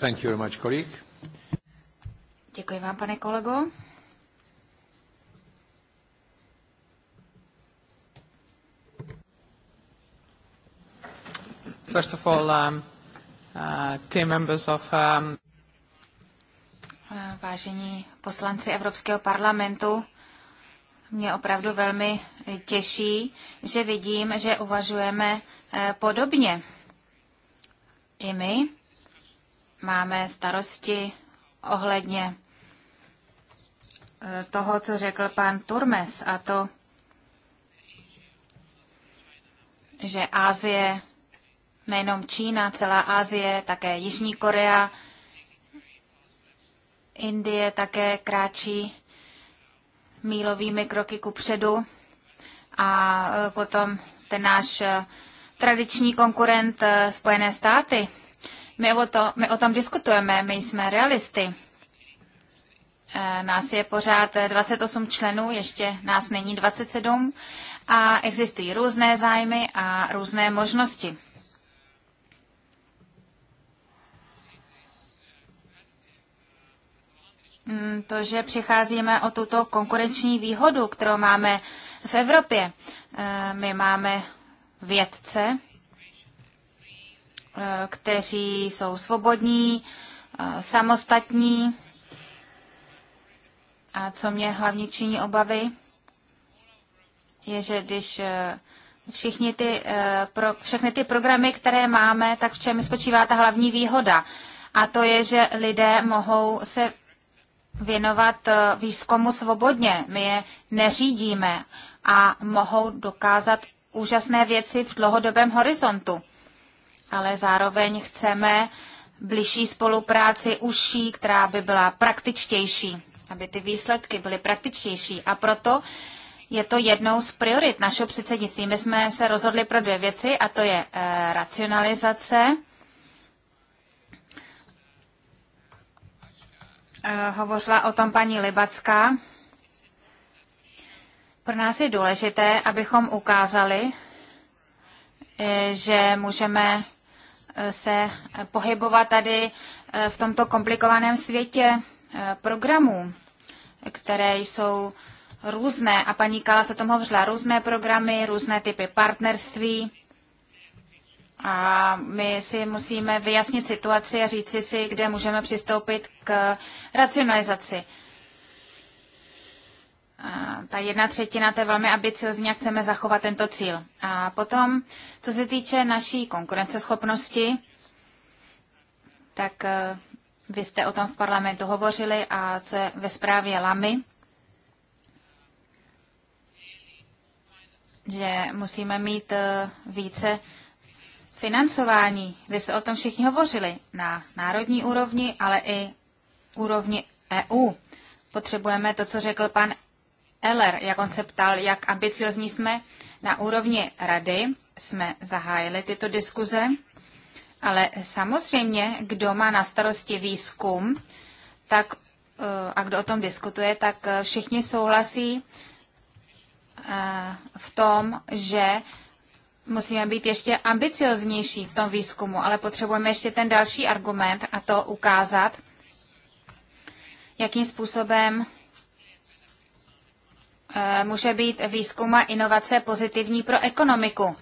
Thank you very much, colleague. Děkuji vám, pane kolego. First of all, um, uh, team members of um... Eh, vážení poslanci Evropského parlamentu, mě opravdu velmi těší, že vidím, že uvažujeme eh, podobně. I my máme starosti ohledně eh, toho, co řekl pan Turmes, a to, že Ázie, nejenom Čína, celá Ázie, také Jižní Korea, Indie také kráčí mílovými kroky ku předu a eh, potom ten náš eh, tradiční konkurent Spojené státy, my o, to, my o tom diskutujeme, my jsme realisty. E, nás je pořád 28 členů, ještě nás není 27 a existují různé zájmy a různé možnosti. Mm, to, že přicházíme o tuto konkurenční výhodu, kterou máme v Evropě. E, my máme vědce, Eh, kteří jsou svobodní, eh, samostatní. A co mě hlavně činí obavy, je, že když eh, všichni ty, pro, všechny ty programy, které máme, tak v čem spočívá ta hlavní výhoda. A to je, že lidé mohou se věnovat výzkumu svobodně. My je neřídíme a mohou dokázat úžasné věci v dlouhodobém horizontu ale zároveň chceme blížší spolupráci užší, která by byla praktičtější, aby ty výsledky byly praktičtější. A proto je to jednou z priorit našeho předsednictví. My jsme se rozhodli pro dvě věci, a to je e, racionalizace. E, hovořila o tom paní Libacká. Pro nás je důležité, abychom ukázali, e, že můžeme se pohybovat tady eh, v tomto komplikovaném světě eh, programů, které jsou různé, a paní Kala se tomu tom různé programy, různé typy partnerství. A my si musíme vyjasnit situaci a říci si, kde můžeme přistoupit k racionalizaci ta jedna třetina, to je velmi ambiciozní, a chceme zachovat tento cíl. A potom, co se týče naší konkurenceschopnosti, tak eh, vy jste o tom v parlamentu hovořili a co je ve zprávě LAMY, že musíme mít eh, více financování. Vy jste o tom všichni hovořili na národní úrovni, ale i úrovni EU. Potřebujeme to, co řekl pan Eller, jak on se ptal, jak ambiciozní jsme. Na úrovni rady jsme zahájili tyto diskuze, ale samozřejmě, kdo má na starosti výzkum, tak eh, a kdo o tom diskutuje, tak eh, všichni souhlasí eh, v tom, že musíme být ještě ambicioznější v tom výzkumu, ale potřebujeme ještě ten další argument a to ukázat, jakým způsobem Eh, může být výzkum a inovace pozitivní pro ekonomiku.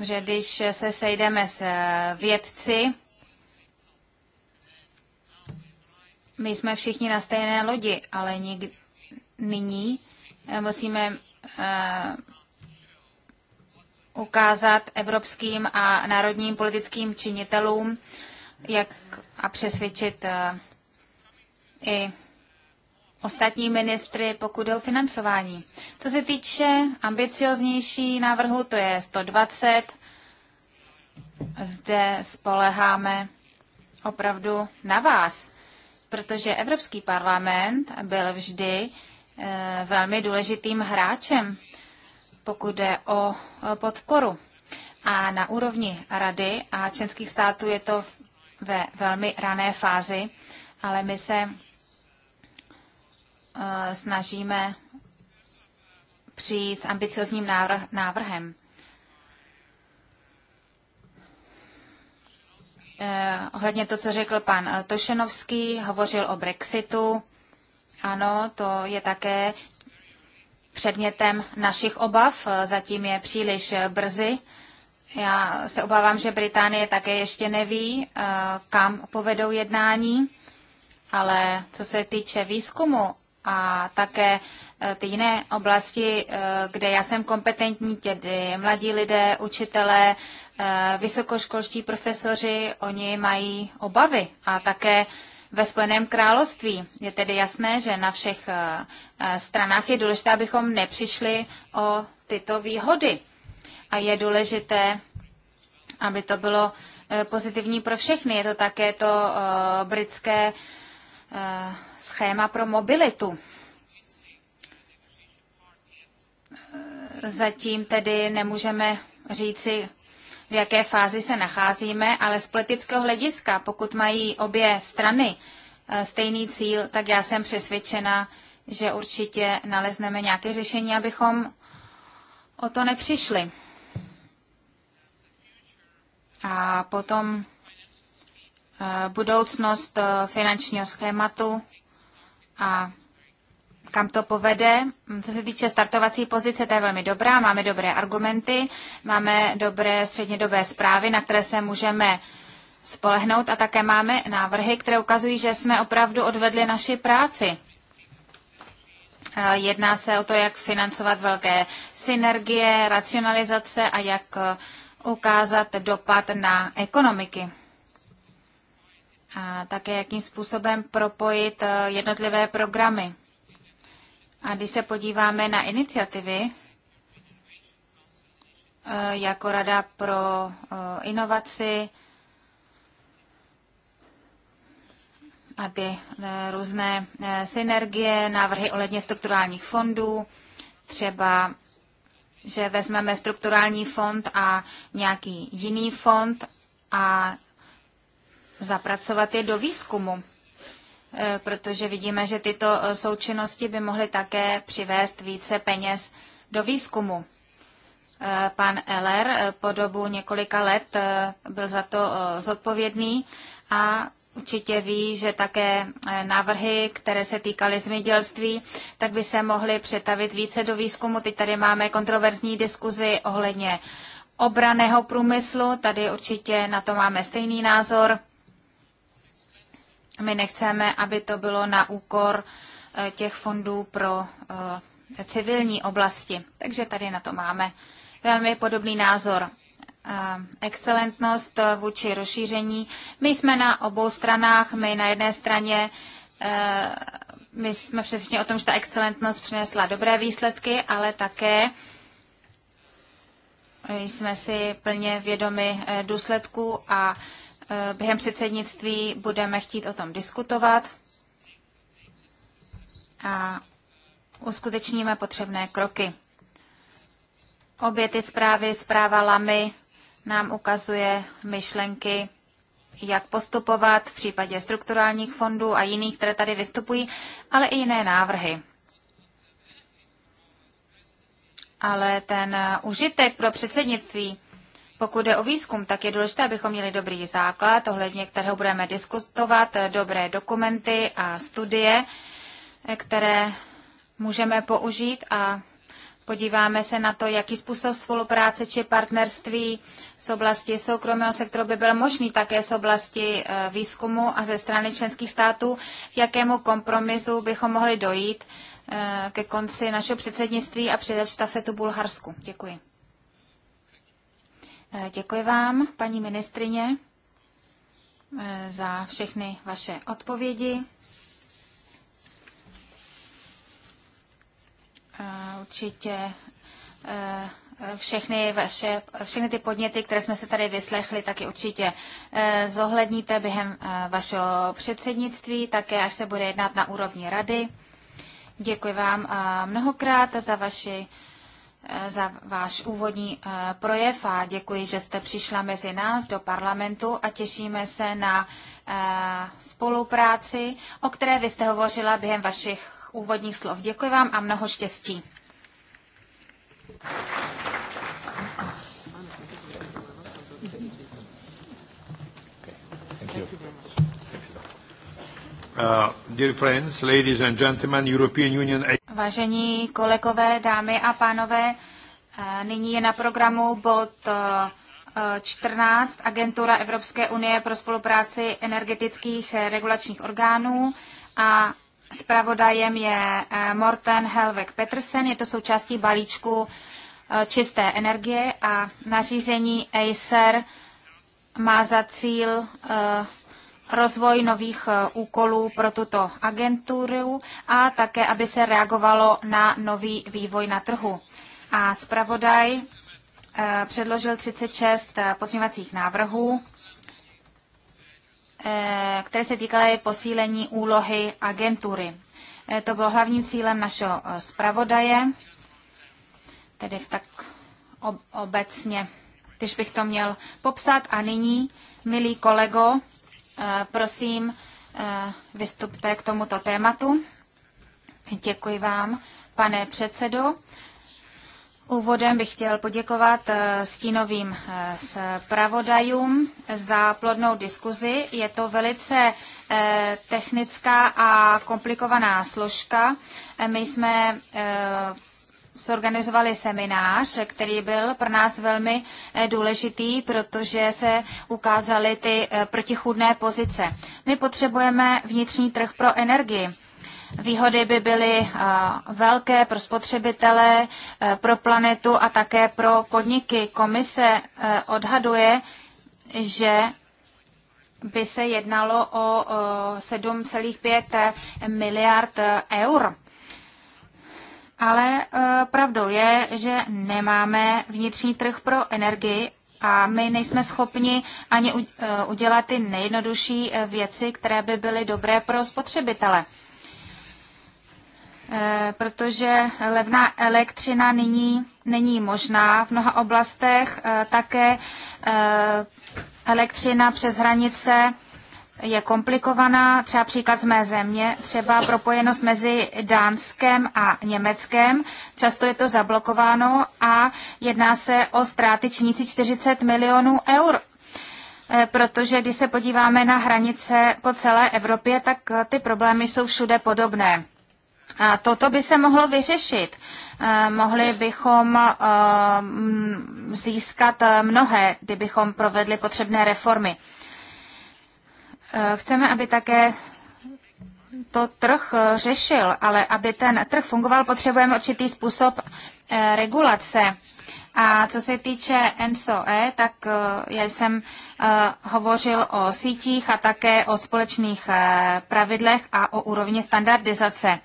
Že když se sejdeme s eh, vědci, my jsme všichni na stejné lodi, ale nik- nyní eh, musíme ukázat evropským a národním politickým činitelům, jak a přesvědčit i ostatní ministry, pokud o financování. Co se týče ambicioznější návrhu, to je 120. Zde spoleháme opravdu na vás, protože Evropský parlament byl vždy eh, velmi důležitým hráčem, pokud jde o podporu. A na úrovni rady a členských států je to ve velmi rané fázi, ale my se Eh, snažíme přijít s ambiciozním návrhem. Eh, ohledně to, co řekl pan eh, Tošenovský, hovořil o Brexitu. Ano, to je také předmětem našich obav. Zatím je příliš brzy. Já se obávám, že Británie také ještě neví, kam povedou jednání, ale co se týče výzkumu a také eh, ty jiné oblasti, eh, kde já jsem kompetentní, tedy mladí lidé, učitelé, eh, vysokoškolští profesoři, oni mají obavy a také ve Spojeném království. Je tedy jasné, že na všech stranách je důležité, abychom nepřišli o tyto výhody. A je důležité, aby to bylo pozitivní pro všechny. Je to také to britské Eh, schéma pro mobilitu. Eh, zatím tedy nemůžeme říci, v jaké fázi se nacházíme, ale z politického hlediska, pokud mají obě strany eh, stejný cíl, tak já jsem přesvědčena, že určitě nalezneme nějaké řešení, abychom o to nepřišli. A potom Eh, budoucnost eh, finančního schématu a kam to povede. Mm, co se týče startovací pozice, to je velmi dobrá, máme dobré argumenty, máme dobré střednědobé zprávy, na které se můžeme spolehnout a také máme návrhy, které ukazují, že jsme opravdu odvedli naši práci. Eh, jedná se o to, jak financovat velké synergie, racionalizace a jak ukázat dopad na ekonomiky a také jakým způsobem propojit eh, jednotlivé programy. A když se podíváme na iniciativy, eh, jako Rada pro eh, inovaci a ty různé synergie, návrhy ohledně strukturálních fondů, třeba že vezmeme strukturální fond a nějaký jiný fond a zapracovat je do výzkumu, e, protože vidíme, že tyto e, součinnosti by mohly také přivést více peněz do výzkumu. E, pan Eller po dobu několika let byl za to zodpovědný a určitě ví, že také návrhy, které se týkaly zemědělství, tak by se mohly přetavit více do výzkumu. Teď tady máme kontroverzní diskuzi ohledně obraného průmyslu. Tady určitě na to máme stejný názor. My nechceme, aby to bylo na úkor eh, těch fondů pro eh, civilní oblasti. Takže tady na to máme velmi podobný názor. Eh, excelentnost vůči rozšíření. My jsme na obou stranách. My na jedné straně my jsme přesně o tom, že ta excelentnost přinesla dobré výsledky, ale také jsme si plně vědomi důsledků a Eh, během předsednictví budeme chtít o tom diskutovat a uskutečníme potřebné kroky. Obě ty zprávy, zpráva LAMY, nám ukazuje myšlenky, jak postupovat v případě strukturálních fondů a jiných, které tady vystupují, ale i jiné návrhy. Ale ten eh, užitek pro předsednictví pokud jde o výzkum, tak je důležité, abychom měli dobrý základ, ohledně kterého budeme diskutovat, eh, dobré dokumenty a studie, eh, které můžeme použít a Podíváme se na to, jaký způsob spolupráce či partnerství z oblasti soukromého sektoru by byl možný také z oblasti eh, výzkumu a ze strany členských států, k jakému kompromisu bychom mohli dojít ke konci našeho předsednictví a předat štafetu Bulharsku. Děkuji. Eh, děkuji vám, paní ministrině, eh, za všechny vaše odpovědi. Eh, určitě všechny, vaše, všechny ty podněty, které jsme se tady vyslechli, taky určitě zohledníte během vašeho předsednictví, také až se bude jednat na úrovni rady. Děkuji vám mnohokrát za vaši Eh, za váš úvodní eh, projev a děkuji, že jste přišla mezi nás do parlamentu a těšíme se na eh, spolupráci, o které vy jste hovořila během vašich úvodních slov. Děkuji vám a mnoho štěstí. Uh, dear friends, ladies and gentlemen, European Union Vážení kolegové, dámy a pánové, eh, nyní je na programu bod 14 eh, Agentura Evropské unie pro spolupráci energetických eh, regulačních orgánů a zpravodajem je Morten Helvek Petersen. Je to součástí balíčku čisté energie a nařízení ACER má za cíl rozvoj nových eh, úkolů pro tuto agenturu a také, aby se reagovalo na nový vývoj na trhu. A zpravodaj eh, předložil 36 eh, pozměňovacích návrhů, které se týkaly posílení úlohy agentury. To bylo hlavním cílem našeho zpravodaje, tedy v tak obecně, když bych to měl popsat. A nyní, milý kolego, Eh, prosím, eh, vystupte k tomuto tématu. Děkuji vám, pane předsedo. Úvodem bych chtěl poděkovat eh, stínovým zpravodajům za plodnou diskuzi. Je to velice technická a komplikovaná složka. My jsme zorganizovali seminář, který byl pro nás velmi eh, důležitý, protože se ukázaly ty eh, protichůdné pozice. My potřebujeme vnitřní trh pro energii. Výhody by byly eh, velké pro spotřebitele, pro planetu a také pro podniky. Komise odhaduje, že by se jednalo o 7,5 miliard eur ale eh, pravdou je, že nemáme vnitřní trh pro energii a my nejsme schopni ani eh, udělat ty nejjednodušší eh, věci, které by byly dobré pro spotřebitele. Protože levná elektřina nyní není možná v mnoha oblastech, také elektřina přes hranice je komplikovaná. Třeba příklad z mé země, třeba propojenost mezi Dánskem a Německem. Často je to zablokováno a jedná se o ztráty činící 40 milionů eur. Eh, protože když se podíváme na hranice po celé Evropě, tak eh, ty problémy jsou všude podobné. A toto by se mohlo vyřešit. Eh, mohli bychom získat mnohé, kdybychom provedli potřebné reformy. Eh, chceme, aby také to trh eh, řešil, ale aby ten trh fungoval, potřebujeme určitý způsob eh, regulace. A co se týče NSOE, tak já jsem hovořil o sítích a také o společných pravidlech a o úrovni standardizace.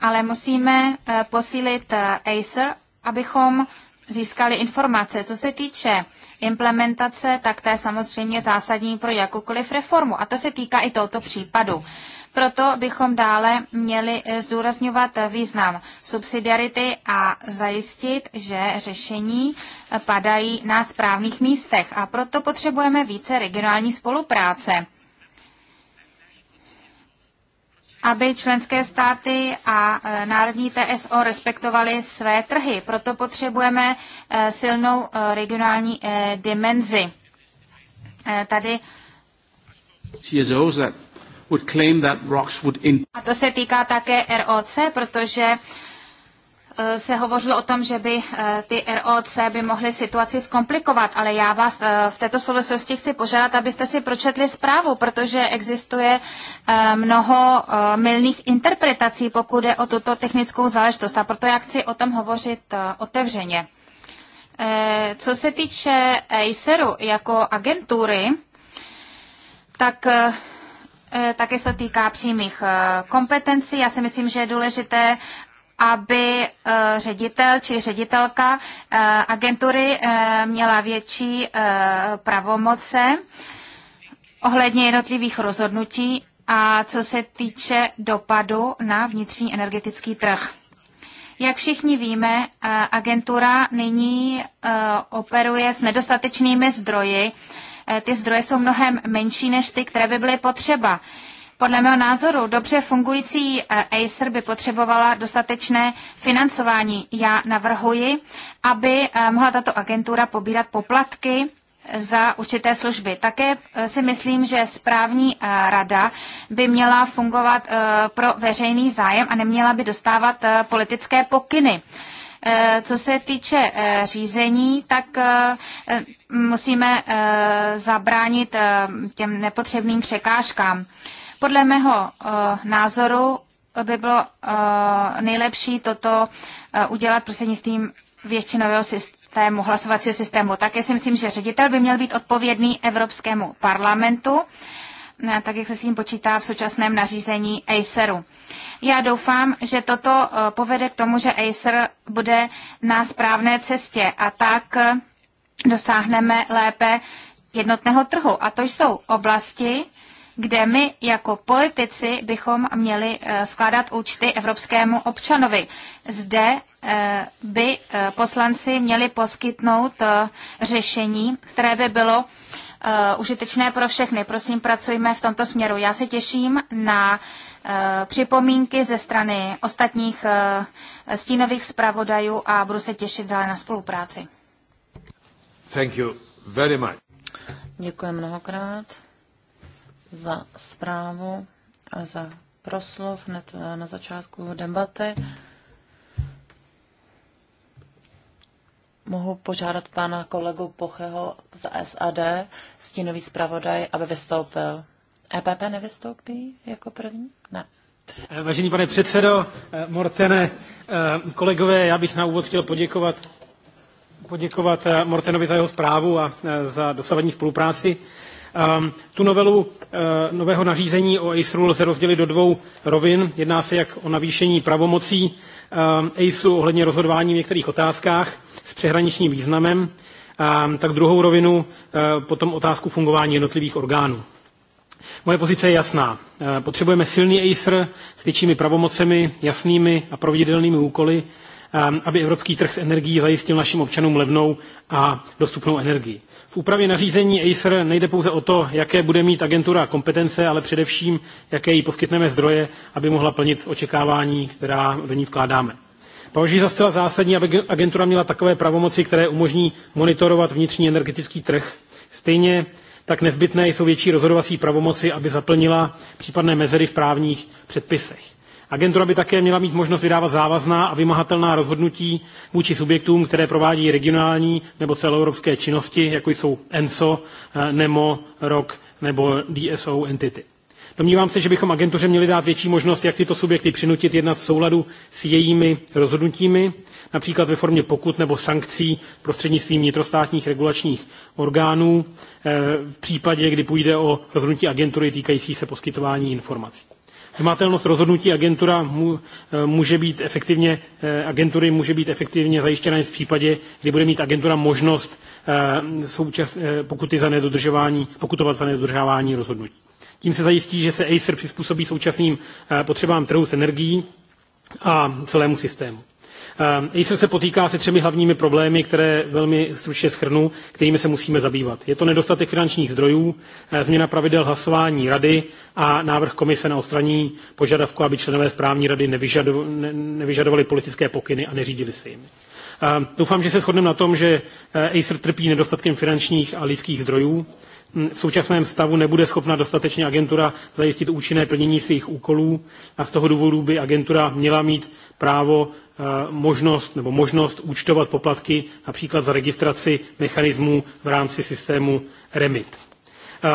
Ale musíme posílit ACER, abychom získali informace. Co se týče implementace, tak to je samozřejmě zásadní pro jakoukoliv reformu. A to se týká i tohoto případu. Proto bychom dále měli eh, zdůrazňovat význam subsidiarity a zajistit, že řešení eh, padají na správných místech. A proto potřebujeme více regionální spolupráce aby členské státy a e, národní TSO respektovaly své trhy. Proto potřebujeme e, silnou e, regionální dimenzi. Tady a to se týká také ROC, protože Eh, se hovořilo o tom, že by eh, ty ROC by mohly situaci zkomplikovat, ale já vás eh, v této souvislosti chci požádat, abyste si pročetli zprávu, protože existuje mnoho milných interpretací, pokud je o tuto technickou záležitost. A proto já chci o tom hovořit otevřeně. Co se týče ACERu jako agentury, tak také se to týká přímých kompetencí. Já si myslím, že je důležité, aby eh, ředitel či ředitelka eh, agentury eh, měla větší pravomoce ohledně jednotlivých rozhodnutí a co se týče dopadu na vnitřní energetický trh. Jak všichni víme, agentura nyní operuje s nedostatečnými zdroji. Ty zdroje jsou mnohem menší než ty, které by byly potřeba. Podle mého názoru dobře fungující eh, Acer by potřebovala dostatečné financování. Já navrhuji, aby eh, mohla tato agentura pobírat poplatky eh, za určité služby. Také si myslím, že správní rada by měla fungovat pro veřejný zájem a neměla by dostávat politické pokyny. Co se týče řízení, tak musíme zabránit těm nepotřebným překážkám. Podle mého eh, názoru by bylo eh, nejlepší toto eh, udělat prostřednictvím většinového systému, hlasovacího systému. Také si myslím, že ředitel by měl být odpovědný Evropskému parlamentu, tak jak se s ním počítá v současném nařízení ACERu. Já doufám, že toto povede k tomu, že Acer bude na správné cestě a tak dosáhneme lépe jednotného trhu. A to jsou oblasti, kde my jako politici bychom měli eh, skládat účty evropskému občanovi. Zde eh, by eh, poslanci měli poskytnout řešení, které by bylo užitečné pro všechny. Prosím, pracujme v tomto směru. Já se těším na připomínky ze strany ostatních stínových zpravodajů a budu se těšit dále na spolupráci. Thank you very much. Děkuji mnohokrát za zprávu a za proslov hned eh, na začátku debaty. Mohu požádat pana kolegu Pocheho za SAD, stínový zpravodaj, aby vystoupil. EPP nevystoupí jako první? Ne. Eh, vážený pane předsedo, eh, Mortene, kolegové, já bych na úvod chtěl poděkovat, poděkovat Mortenovi za jeho zprávu a za dosavadní spolupráci. Ehm, tu novelu eh, nového nařízení o ACERu lze rozdělit do dvou rovin. Jedná se jak o navýšení pravomocí ehm, ACERu ohledně rozhodování v některých otázkách s přehraničním významem, ehm, tak druhou rovinu eh, potom otázku fungování jednotlivých orgánů. Moje pozice je jasná. Eh, potřebujeme silný ACER s většími pravomocemi, jasnými a proveditelnými úkoly, aby evropský trh s energií zajistil našim občanům levnou a dostupnou energii. V úpravě nařízení ACER nejde pouze o to, jaké bude mít agentura kompetence, ale především, jaké jí poskytneme zdroje, aby mohla plnit očekávání, která do ní vkládáme. Považuji za zcela zásadní, aby agentura měla takové pravomoci, které umožní monitorovat vnitřní energetický trh. Stejně tak nezbytné jsou větší rozhodovací pravomoci, aby zaplnila případné mezery v právních předpisech. Agentura by také měla mít možnost vydávat závazná a vymahatelná rozhodnutí vůči subjektům, které provádí regionální nebo celoevropské činnosti, jako jsou ENSO, eh, NEMO, ROK nebo DSO entity. Domnívám se, že bychom agentuře měli dát větší možnost, jak tyto subjekty přinutit jednat v souladu s jejími rozhodnutími, například ve formě pokut nebo sankcí prostřednictvím vnitrostátních regulačních orgánů eh, v případě, kdy půjde o rozhodnutí agentury týkající se poskytování informací. Hmatelnost rozhodnutí agentura eh, může být efektivně, eh, agentury může být efektivně zajištěna v případě, kdy bude mít agentura možnost eh, součas, pokuty za nedodržování, pokutovat za nedodržování rozhodnutí. Tím se zajistí, že se Acer přizpůsobí současným potřebám trhu s energií a celému systému. Ehm, Acer se potýká se třemi hlavními problémy, které velmi stručně schrnu, kterými se musíme zabývat. Je to nedostatek finančních zdrojů, eh, změna pravidel hlasování rady a návrh komise na odstranění požadavku, aby členové správní rady nevyžadovali politické pokyny a neřídili se jimi. Ehm, doufám, že se shodneme na tom, že eh, Acer trpí nedostatkem finančních a lidských zdrojů v současném stavu nebude schopna dostatečně agentura zajistit účinné plnění svých úkolů a z toho důvodu by agentura měla mít právo e, možnost nebo možnost účtovat poplatky například za registraci mechanismů v rámci systému REMIT.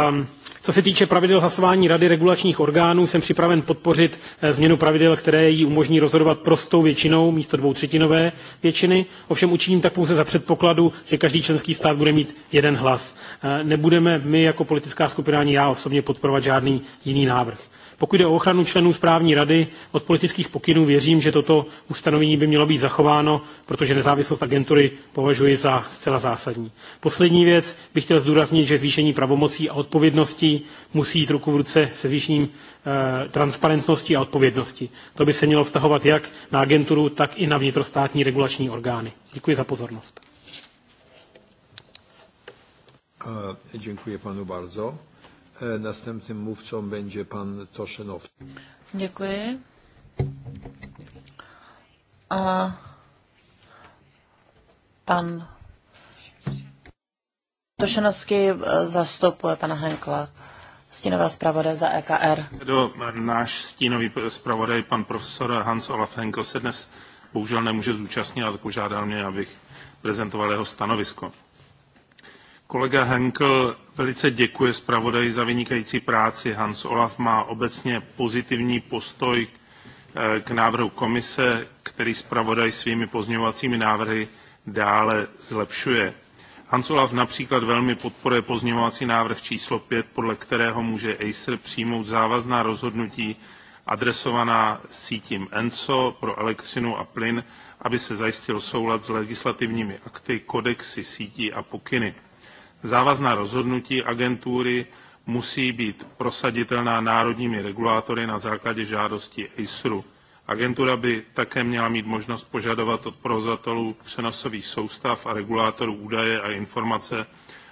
Um, co se týče pravidel hlasování Rady regulačních orgánů, jsem připraven podpořit eh, změnu pravidel, které jí umožní rozhodovat prostou většinou místo dvoutřetinové většiny. Ovšem učiním tak pouze za předpokladu, že každý členský stát bude mít jeden hlas. Eh, nebudeme my jako politická skupina ani já osobně podporovat žádný jiný návrh. Pokud je o ochranu členů správní rady od politických pokynů, věřím, že toto ustanovení by mělo být zachováno, protože nezávislost agentury považuji za zcela zásadní. Poslední věc bych chtěl zdůraznit, že zvýšení pravomocí a odpovědnosti musí jít ruku v ruce se zvýšením e, transparentnosti a odpovědnosti. To by se mělo vztahovat jak na agenturu, tak i na vnitrostátní regulační orgány. Děkuji za pozornost. Eh, děkuji panu bardzo. Eh, następnym mówcą będzie pan Toszenow. Děkuji. A pan Toszenowski zastupuje pana Henkla, stínová zpravodaj za EKR. náš stínový zpravodaj, pan profesor Hans Olaf Henkel, se dnes bohužel nemůže zúčastnit, ale požádal mě, abych prezentoval jeho stanovisko. Kolega Henkel velice děkuje zpravodaji za vynikající práci. Hans Olaf má obecně pozitivní postoj eh, k návrhu komise, který zpravodaj svými pozměňovacími návrhy dále zlepšuje. Hans Olaf například velmi podporuje pozměňovací návrh číslo 5, podle kterého může Acer přijmout závazná rozhodnutí adresovaná sítím ENSO pro elektřinu a plyn, aby se zajistil soulad s legislativními akty, kodexy sítí a pokyny. Závazná rozhodnutí agentury musí být prosaditelná národními regulátory na základě žádosti ACERu. Agentura by také měla mít možnost požadovat od provozovatelů přenosových soustav a regulátorů údaje a informace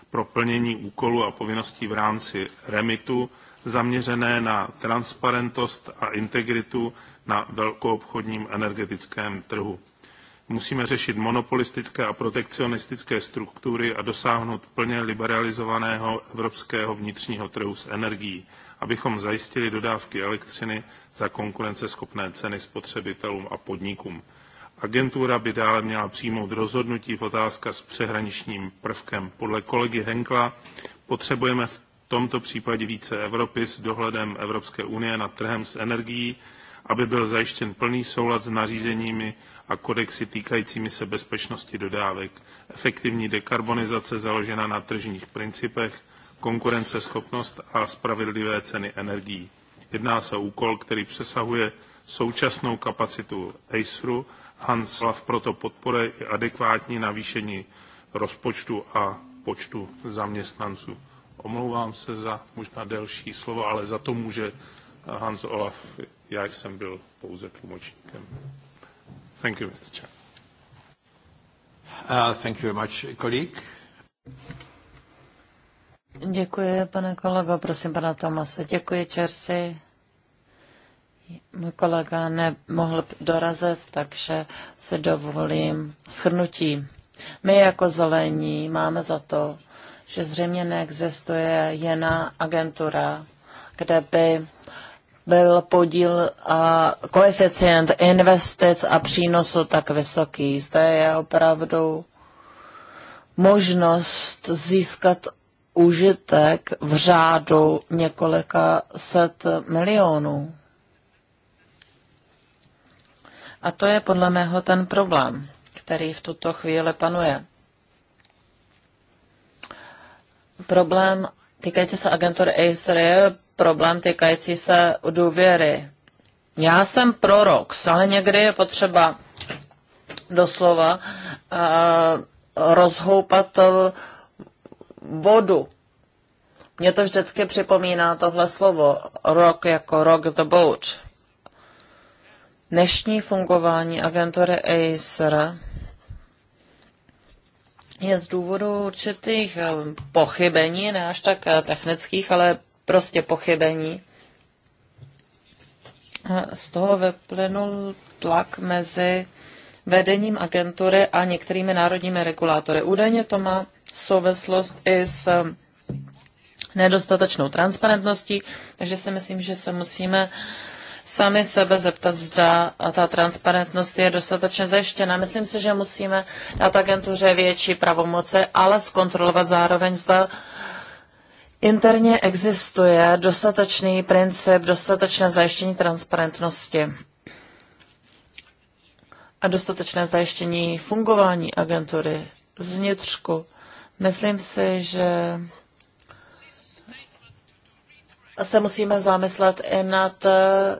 pro plnění úkolů a povinností v rámci REMITu zaměřené na transparentnost a integritu na velkoobchodním energetickém trhu musíme řešit monopolistické a protekcionistické struktury a dosáhnout plně liberalizovaného evropského vnitřního trhu s energií, abychom zajistili dodávky elektřiny za konkurenceschopné ceny spotřebitelům a podnikům. Agentura by dále měla přijmout rozhodnutí v otázka s přehraničním prvkem. Podle kolegy Henkla potřebujeme v tomto případě více Evropy s dohledem Evropské unie nad trhem s energií, aby byl zajištěn plný soulad s nařízeními a kodexy týkajícími se bezpečnosti dodávek, efektivní dekarbonizace založená na tržních principech, konkurenceschopnost a spravedlivé ceny energií. Jedná se o úkol, který přesahuje současnou kapacitu ACERu. Hans Lav proto podporuje i adekvátní navýšení rozpočtu a počtu zaměstnanců. Omlouvám se za možná delší slovo, ale za to může Hans Olaf. Já jsem byl pouze tlumočníkem. Thank you, Mr. Chair. Uh, thank you very much, colleague. Děkuji, pane kolego. Prosím pana Tomase. Děkuji, Čersi. Můj kolega nemohl dorazit, takže se dovolím shrnutí. My jako zelení máme za to, že zřejmě neexistuje jiná agentura, kde by byl podíl a koeficient investic a přínosu tak vysoký. Zde je opravdu možnost získat užitek v řádu několika set milionů. A to je podle mého ten problém, který v tuto chvíli panuje. Problém týkající se agentury ACER je problém týkající se důvěry. Já jsem prorok, ale někdy je potřeba doslova uh, rozhoupat vodu. Mě to vždycky připomíná tohle slovo, rock jako rock the boat. Dnešní fungování agentury ACER je z důvodu určitých eh, pochybení, ne až tak eh, technických, ale prostě pochybení. z toho vyplynul tlak mezi vedením agentury a některými národními regulátory. Údajně to má souvislost i s eh, nedostatečnou transparentností, takže si myslím, že se musíme uh, sami sebe zeptat, zda ta transparentnost je dostatečně zajištěna. Myslím si, že musíme dát agentuře větší pravomoce, ale zkontrolovat zároveň, zda interně existuje dostatečný princip, dostatečné zajištění transparentnosti a dostatečné zajištění fungování agentury zvnitřku. Myslím si, že se musíme zamyslet i nad eh,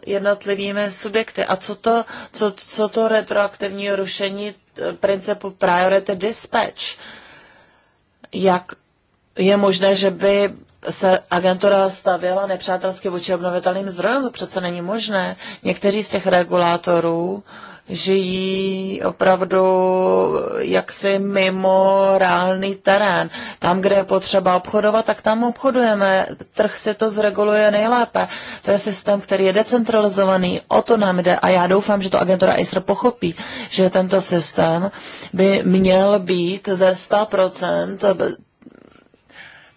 jednotlivými subjekty. A co to, co, co to retroaktivní rušení eh, principu priority dispatch? Jak je možné, že by se agentura stavěla nepřátelsky vůči obnovitelným zdrojům? To přece není možné. Někteří z těch regulátorů uh, žijí opravdu jaksi mimo reálný terén. Tam, kde je potřeba obchodovat, tak tam obchodujeme. Trh si to zreguluje nejlépe. To je systém, který je decentralizovaný, o to nám jde a já doufám, že to agentura ISR pochopí, že tento systém by měl být ze 100%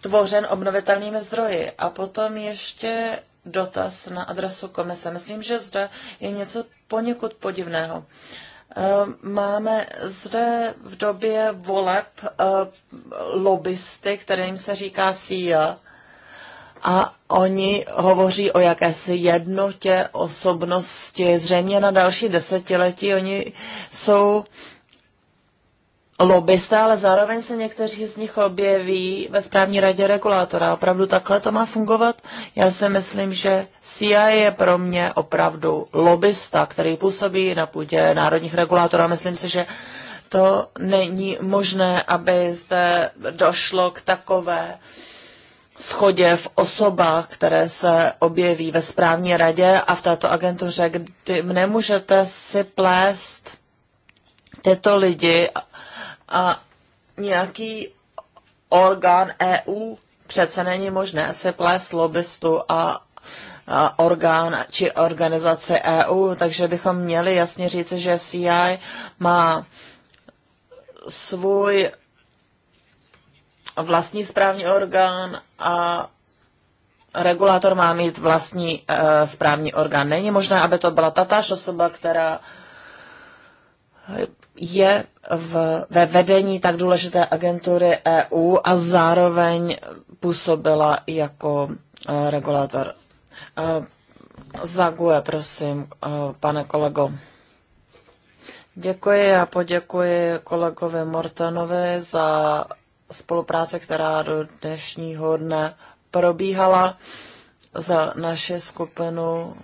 tvořen obnovitelnými zdroji. A potom ještě dotaz na adresu komise. Myslím, že zde je něco poněkud podivného. Eh, máme zde v době voleb eh, lobbysty, kterým se říká CIA, e a oni hovoří o jakési jednotě osobnosti. Zřejmě na další desetiletí oni jsou uh, lobbysta, ale zároveň se někteří z nich objeví ve správní radě regulátora. Opravdu takhle to má fungovat? Já si myslím, že CIA je pro mě opravdu lobbysta, který působí na půdě národních regulátorů. Myslím si, že to není možné, aby zde došlo k takové schodě v osobách, které se objeví ve správní radě a v této agentuře, kdy nemůžete si plést tyto lidi a nějaký orgán EU přece není možné se plést lobbystu a orgán či organizace EU, takže bychom měli jasně říci, že CI má svůj vlastní správní orgán a regulátor má mít vlastní uh, správní orgán. Není možné, aby to byla tatáž osoba, která je v, ve vedení tak důležité agentury EU a zároveň působila jako uh, regulátor. Uh, Zague, prosím, uh, pane kolego. Děkuji a poděkuji kolegovi Mortanovi za spolupráci, která do dnešního dne probíhala za naši skupinu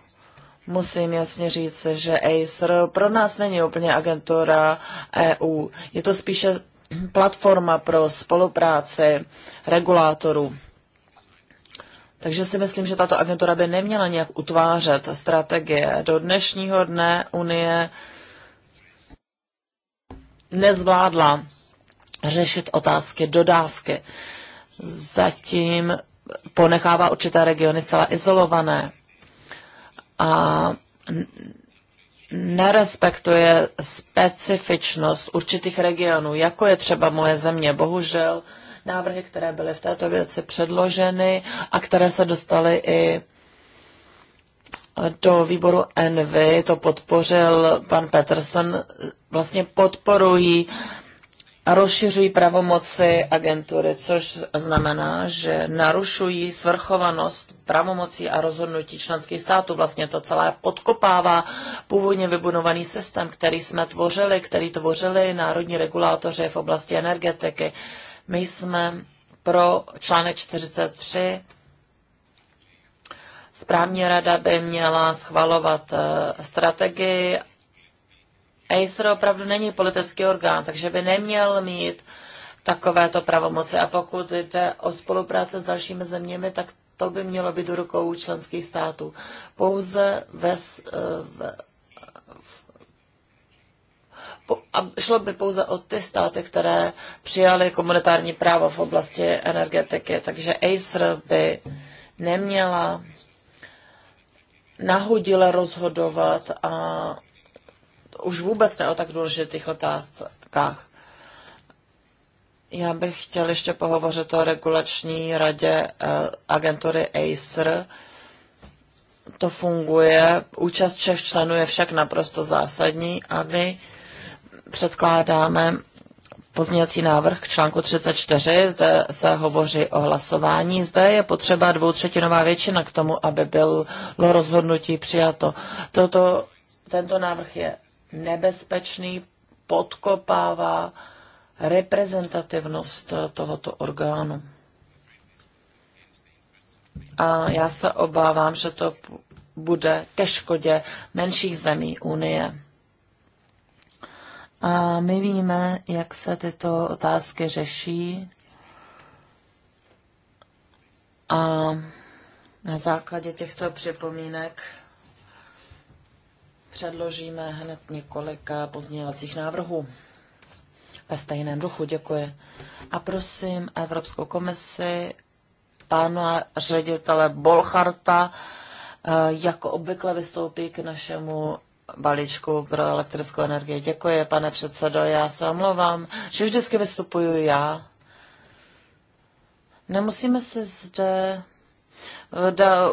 musím jasně říct, že Acer pro nás není úplně agentura EU. Je to spíše platforma pro spolupráci regulátorů. Takže si myslím, že tato agentura by neměla nějak utvářet strategie. Do dnešního dne Unie nezvládla řešit otázky dodávky. Zatím ponechává určité regiony zcela izolované a nerespektuje specifičnost určitých regionů, jako je třeba moje země. Bohužel návrhy, které byly v této věci předloženy a které se dostaly i do výboru Envy, to podpořil pan Peterson, vlastně podporují uh, rozšiřují pravomoci agentury, což znamená, že narušují svrchovanost pravomocí a rozhodnutí členských států. Vlastně to celé podkopává původně vybudovaný systém, který jsme tvořili, který tvořili národní regulátoři v oblasti energetiky. My jsme pro článek 43 Správní rada by měla schvalovat eh, strategii Acer opravdu není politický orgán, takže by neměl mít takovéto pravomoci. A pokud jde o spolupráce s dalšími zeměmi, tak to by mělo být do rukou členských států. Pouze ve, v, a šlo by pouze o ty státy, které přijaly komunitární právo v oblasti energetiky, takže Acer by neměla nahodile rozhodovat a už vůbec ne o tak důležitých otázkách. Já bych chtěl ještě pohovořit o regulační radě eh, agentury ACER. To funguje, účast všech členů je však naprosto zásadní a my předkládáme pozměňovací návrh k článku 34, zde se hovoří o hlasování. Zde je potřeba dvoutřetinová většina k tomu, aby bylo rozhodnutí přijato. Toto, tento návrh je nebezpečný, podkopává reprezentativnost tohoto orgánu. A já se obávám, že to bude ke škodě menších zemí Unie. A my víme, jak se tyto otázky řeší. A na základě těchto připomínek předložíme hned několik pozměňovacích návrhů ve stejném duchu. Děkuji. A prosím Evropskou komisi, pána ředitele Bolcharta, eh, jako obvykle vystoupí k našemu balíčku pro elektrickou energii. Děkuji, pane předsedo, já se omlouvám, že vždycky vystupuju já. Nemusíme se zde Eh, da,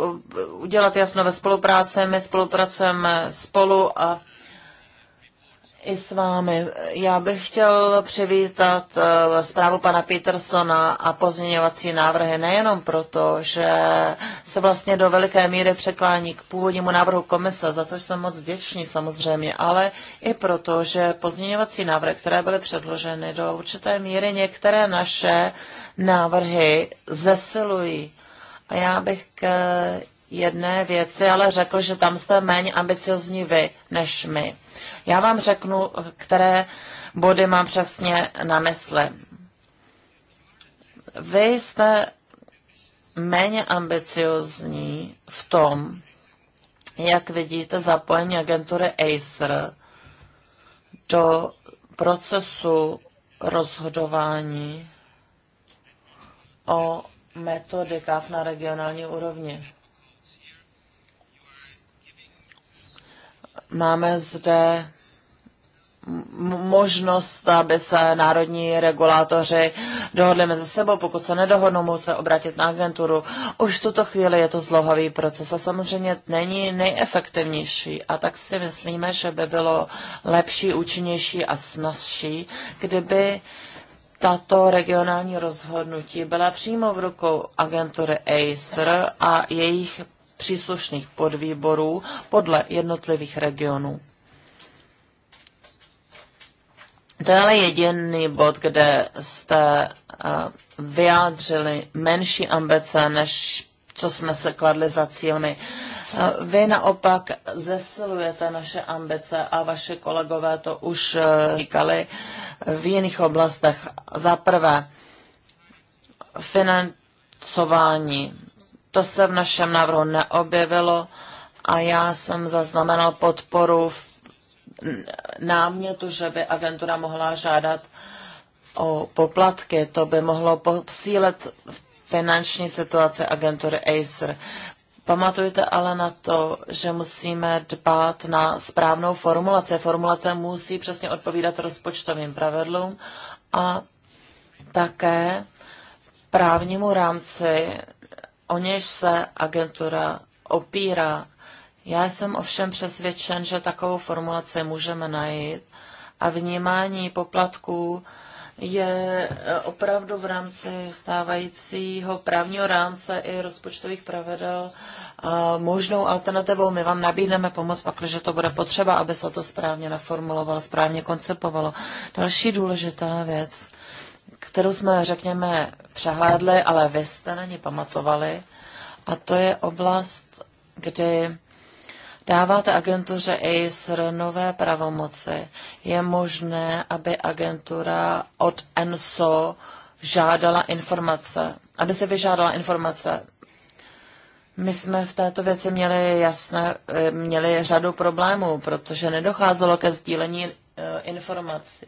udělat jasno ve spolupráci. My spolupracujeme spolu a i s vámi. Já bych chtěl přivítat eh, zprávu pana Petersona a pozměňovací návrhy nejenom proto, že se vlastně do veliké míry překlání k původnímu návrhu komise, za což jsme moc vděční samozřejmě, ale i proto, že pozměňovací návrhy, které byly předloženy do určité míry, některé naše návrhy zesilují a já bych k eh, jedné věci, ale řekl, že tam jste méně ambiciozní vy než my. Já vám řeknu, které body mám přesně na mysli. Vy jste méně ambiciozní v tom, jak vidíte zapojení agentury Acer do procesu rozhodování o metodikách na regionální úrovni. Máme zde možnost, aby se národní regulátoři dohodli mezi sebou. Pokud se nedohodnou, mohou se obrátit na agenturu. Už v tuto chvíli je to zlohavý proces a samozřejmě není nejefektivnější. A tak si myslíme, že by bylo lepší, účinnější a snazší, kdyby uh, tato regionální rozhodnutí byla přímo v rukou agentury ACER a jejich příslušných podvýborů podle jednotlivých regionů. To je ale jediný bod, kde jste eh, vyjádřili menší ambice než co jsme se kladli za cílmi. Vy naopak zesilujete naše ambice a vaše kolegové to už e, říkali v jiných oblastech. Za prvé, financování. To se v našem návrhu neobjevilo a já jsem zaznamenal podporu v námětu, že by agentura mohla žádat o poplatky. To by mohlo posílit v finanční situace agentury Acer. Pamatujte ale na to, že musíme dbát na správnou formulaci. Formulace musí přesně odpovídat rozpočtovým pravidlům a také právnímu rámci, o něž se agentura opírá. Já jsem ovšem přesvědčen, že takovou formulaci můžeme najít a vnímání poplatků je eh, opravdu v rámci stávajícího právního rámce i rozpočtových pravidel eh, možnou alternativou. My vám nabídneme pomoc, pakliže to bude potřeba, aby se to správně naformulovalo, správně koncepovalo. Další důležitá věc, kterou jsme, řekněme, přehlédli, ale vy jste na ní pamatovali, a to je oblast, kdy Dáváte agentuře ACER nové pravomoci. Je možné, aby agentura od ENSO žádala informace, aby se vyžádala informace. My jsme v této věci měli jasné, měli řadu problémů, protože nedocházelo ke sdílení e, informací.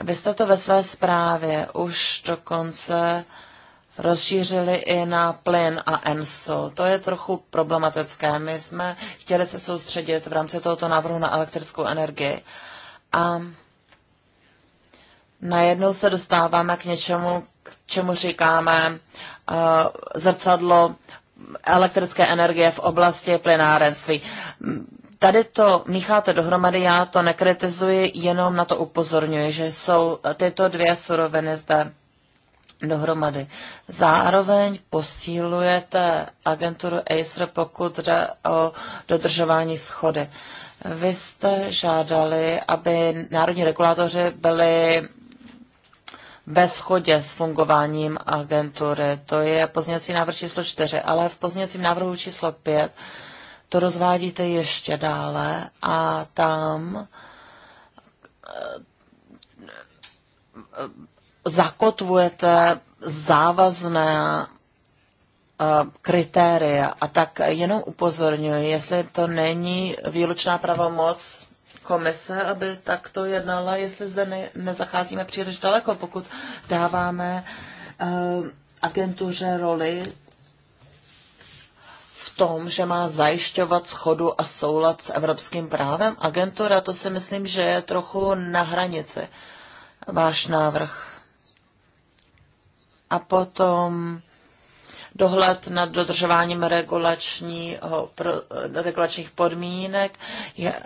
Vy jste to ve své zprávě už dokonce rozšířili i na plyn a ENSO. To je trochu problematické. My jsme chtěli se soustředit v rámci tohoto návrhu na elektrickou energii. A najednou se dostáváme k něčemu, k čemu říkáme uh, zrcadlo elektrické energie v oblasti plynárenství. Tady to mícháte dohromady, já to nekritizuji, jenom na to upozorňuji, že jsou tyto dvě suroviny zde dohromady. Zároveň posílujete agenturu ACER, pokud jde o dodržování schody. Vy jste žádali, aby národní regulátoři byli ve shodě s fungováním agentury. To je pozněcí návrh číslo 4, ale v pozněcím návrhu číslo 5 to rozvádíte ještě dále a tam zakotvujete závazné eh, kritéria. A tak jenom upozorňuji, jestli to není výlučná pravomoc komise, aby takto jednala, jestli zde ne, nezacházíme příliš daleko, pokud dáváme uh, agentuře roli v tom, že má zajišťovat schodu a soulad s evropským právem. Agentura, to si myslím, že je trochu na hranici. Váš návrh a potom dohled nad dodržováním regulačního, regulačních podmínek. Je,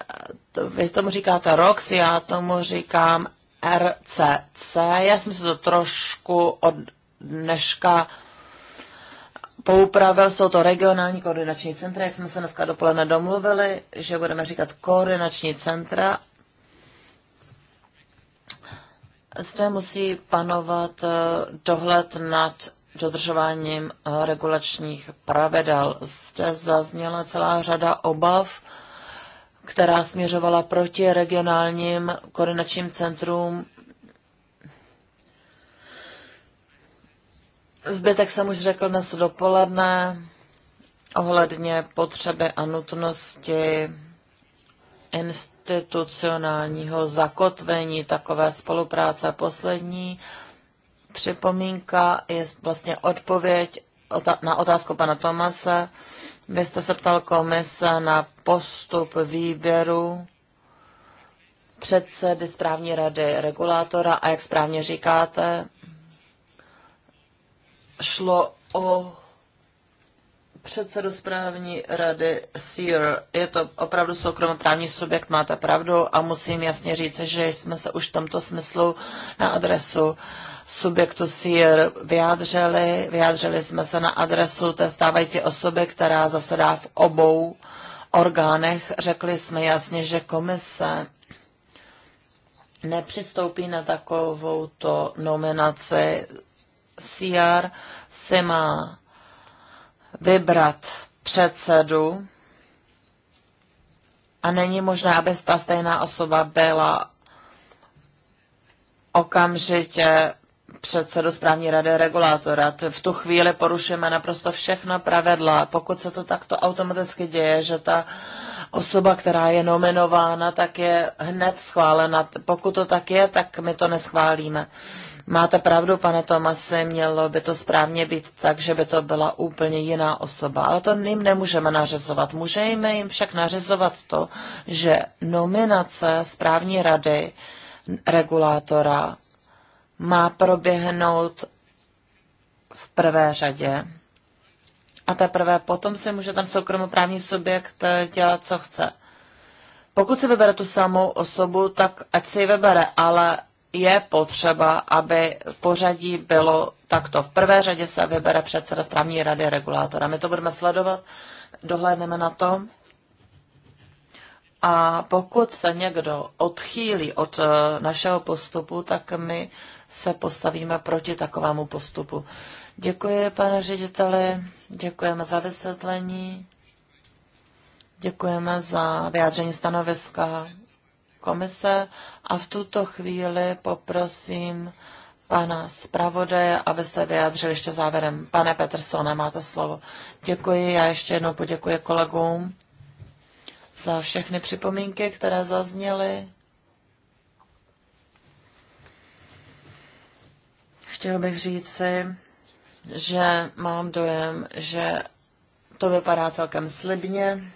to, vy tomu říkáte ROX, já tomu říkám RCC. Já jsem se to trošku od dneška poupravil, jsou to regionální koordinační centra, jak jsme se dneska dopoledne domluvili, že budeme říkat koordinační centra zde musí panovat eh, dohled nad dodržováním eh, regulačních pravidel. Zde zazněla celá řada obav, která směřovala proti regionálním koordinačním centrům. Zbytek jsem už řekl dnes dopoledne ohledně potřeby a nutnosti inst- institucionálního zakotvení takové spolupráce. Poslední připomínka je vlastně odpověď na otázku pana Tomase. Vy jste se ptal komise na postup výběru předsedy správní rady regulátora a jak správně říkáte, šlo o předsedu správní rady SEER. Je to opravdu soukromoprávní subjekt, máte pravdu a musím jasně říct, že jsme se už v tomto smyslu na adresu subjektu SEER vyjádřili. Vyjádřili jsme se na adresu té stávající osoby, která zasedá v obou orgánech. Řekli jsme jasně, že komise nepřistoupí na takovouto nominaci. CR se má vybrat předsedu a není možné, aby ta stejná osoba byla okamžitě předsedu správní rady regulátora. V tu chvíli porušujeme naprosto všechna pravidla. Pokud se to takto automaticky děje, že ta osoba, která je nominována, tak je hned schválena. Pokud to tak je, tak my to neschválíme. Máte pravdu, pane Tomase, mělo by to správně být tak, že by to byla úplně jiná osoba, ale to jim nemůžeme nařizovat. Můžeme jim však nařizovat to, že nominace správní rady regulátora má proběhnout v prvé řadě a teprve potom si může ten soukromoprávní subjekt eh, dělat, co chce. Pokud si vybere tu samou osobu, tak ať si ji vybere, ale je potřeba, aby pořadí bylo takto. V prvé řadě se vybere předseda správní rady regulátora. My to budeme sledovat, dohlédneme na to. A pokud se někdo odchýlí od eh, našeho postupu, tak my se postavíme proti takovému postupu. Děkuji, pane řediteli, děkujeme za vysvětlení, děkujeme za vyjádření stanoviska komise a v tuto chvíli poprosím pana zpravodaje, aby se vyjádřil ještě závěrem. Pane Petersone, máte slovo. Děkuji, já ještě jednou poděkuji kolegům za všechny připomínky, které zazněly. Chtěl bych říci, že mám dojem, že to vypadá celkem slibně.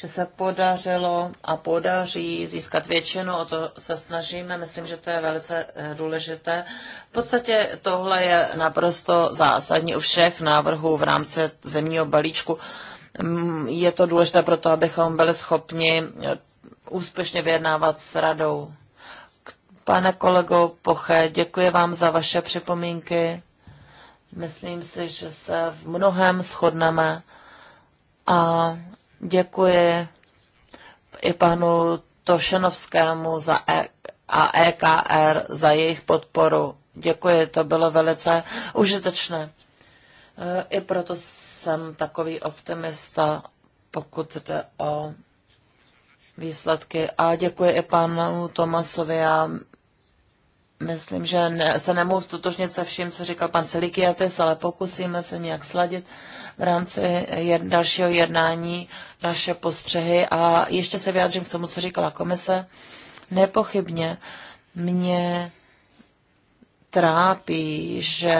že se podařilo a podaří získat většinu, o to se snažíme, myslím, že to je velice eh, důležité. V podstatě tohle je naprosto zásadní u všech návrhů v rámci zemního balíčku. Mm, je to důležité proto, abychom byli schopni eh, úspěšně vyjednávat s radou. Pane kolego Poche, děkuji vám za vaše připomínky. Myslím si, že se v mnohem shodneme a Děkuji i panu Tošenovskému za e- a EKR za jejich podporu. Děkuji, to bylo velice užitečné. E, I proto jsem takový optimista, pokud jde o výsledky. A děkuji i panu Tomasovi a Myslím, že ne, se nemohu stotožnit se vším, co říkal pan Silikiatis, ale pokusíme se nějak sladit v rámci jed, dalšího jednání naše postřehy. A ještě se vyjádřím k tomu, co říkala komise. Nepochybně mě trápí, že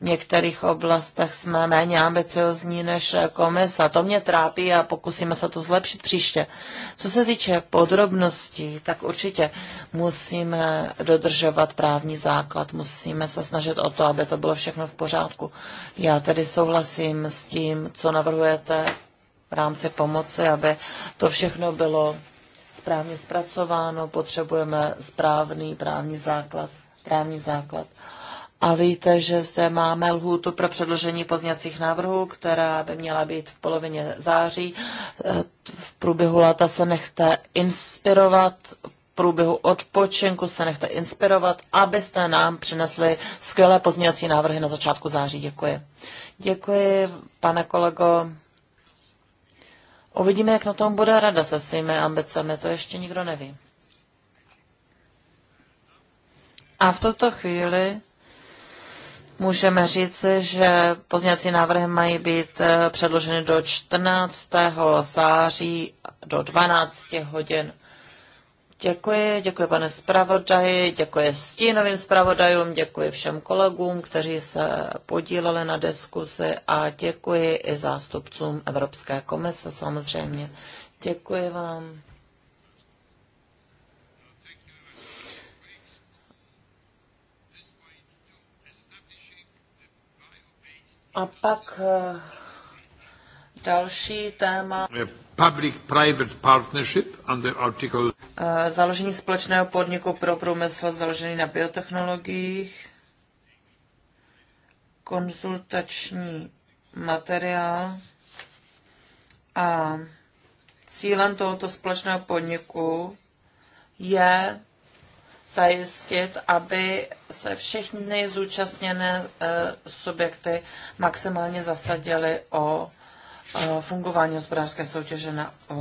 v některých oblastech jsme méně ambiciozní než komisa. To mě trápí a pokusíme se to zlepšit příště. Co se týče podrobností, tak určitě musíme dodržovat právní základ, musíme se snažit o to, aby to bylo všechno v pořádku. Já tedy souhlasím s tím, co navrhujete v rámci pomoci, aby to všechno bylo správně zpracováno, potřebujeme správný právní základ. Právní základ. A víte, že zde máme lhůtu pro předložení pozněcích návrhů, která by měla být v polovině září. E, v průběhu léta se nechte inspirovat, v průběhu odpočinku se nechte inspirovat, abyste nám přinesli skvělé pozměňovací návrhy na začátku září. Děkuji. Děkuji, pane kolego. Uvidíme, jak na tom bude rada se svými ambicemi, to ještě nikdo neví. A v tuto chvíli Můžeme říci, že pozněcí návrhy mají být eh, předloženy do 14. září do 12 hodin. Děkuji, děkuji pane zpravodaji, děkuji stínovým zpravodajům, děkuji všem kolegům, kteří se podíleli na diskusi a děkuji i zástupcům Evropské komise samozřejmě. Děkuji vám. A pak eh, další téma. Public-private partnership under article... Eh, založení společného podniku pro průmysl založený na biotechnologiích. Konzultační materiál. A cílem tohoto společného podniku je zajistit, aby se všechny zúčastněné eh, subjekty maximálně zasadily o eh, fungování hospodářské soutěže na eh,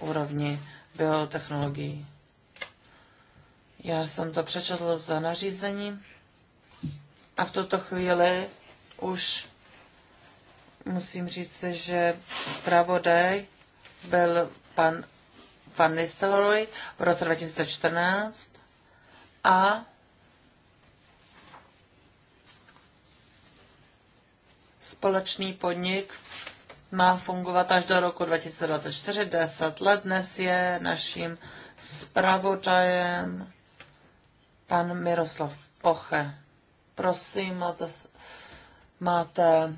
úrovni biotechnologií. Já jsem to přečetl za nařízení a v tuto chvíli už musím říct, že zpravodaj byl pan Van Nistelrooy v roce 2014 a společný podnik má fungovat až do roku 2024, 10 let. Dnes je naším zpravodajem pan Miroslav Poche. Prosím, máte, máte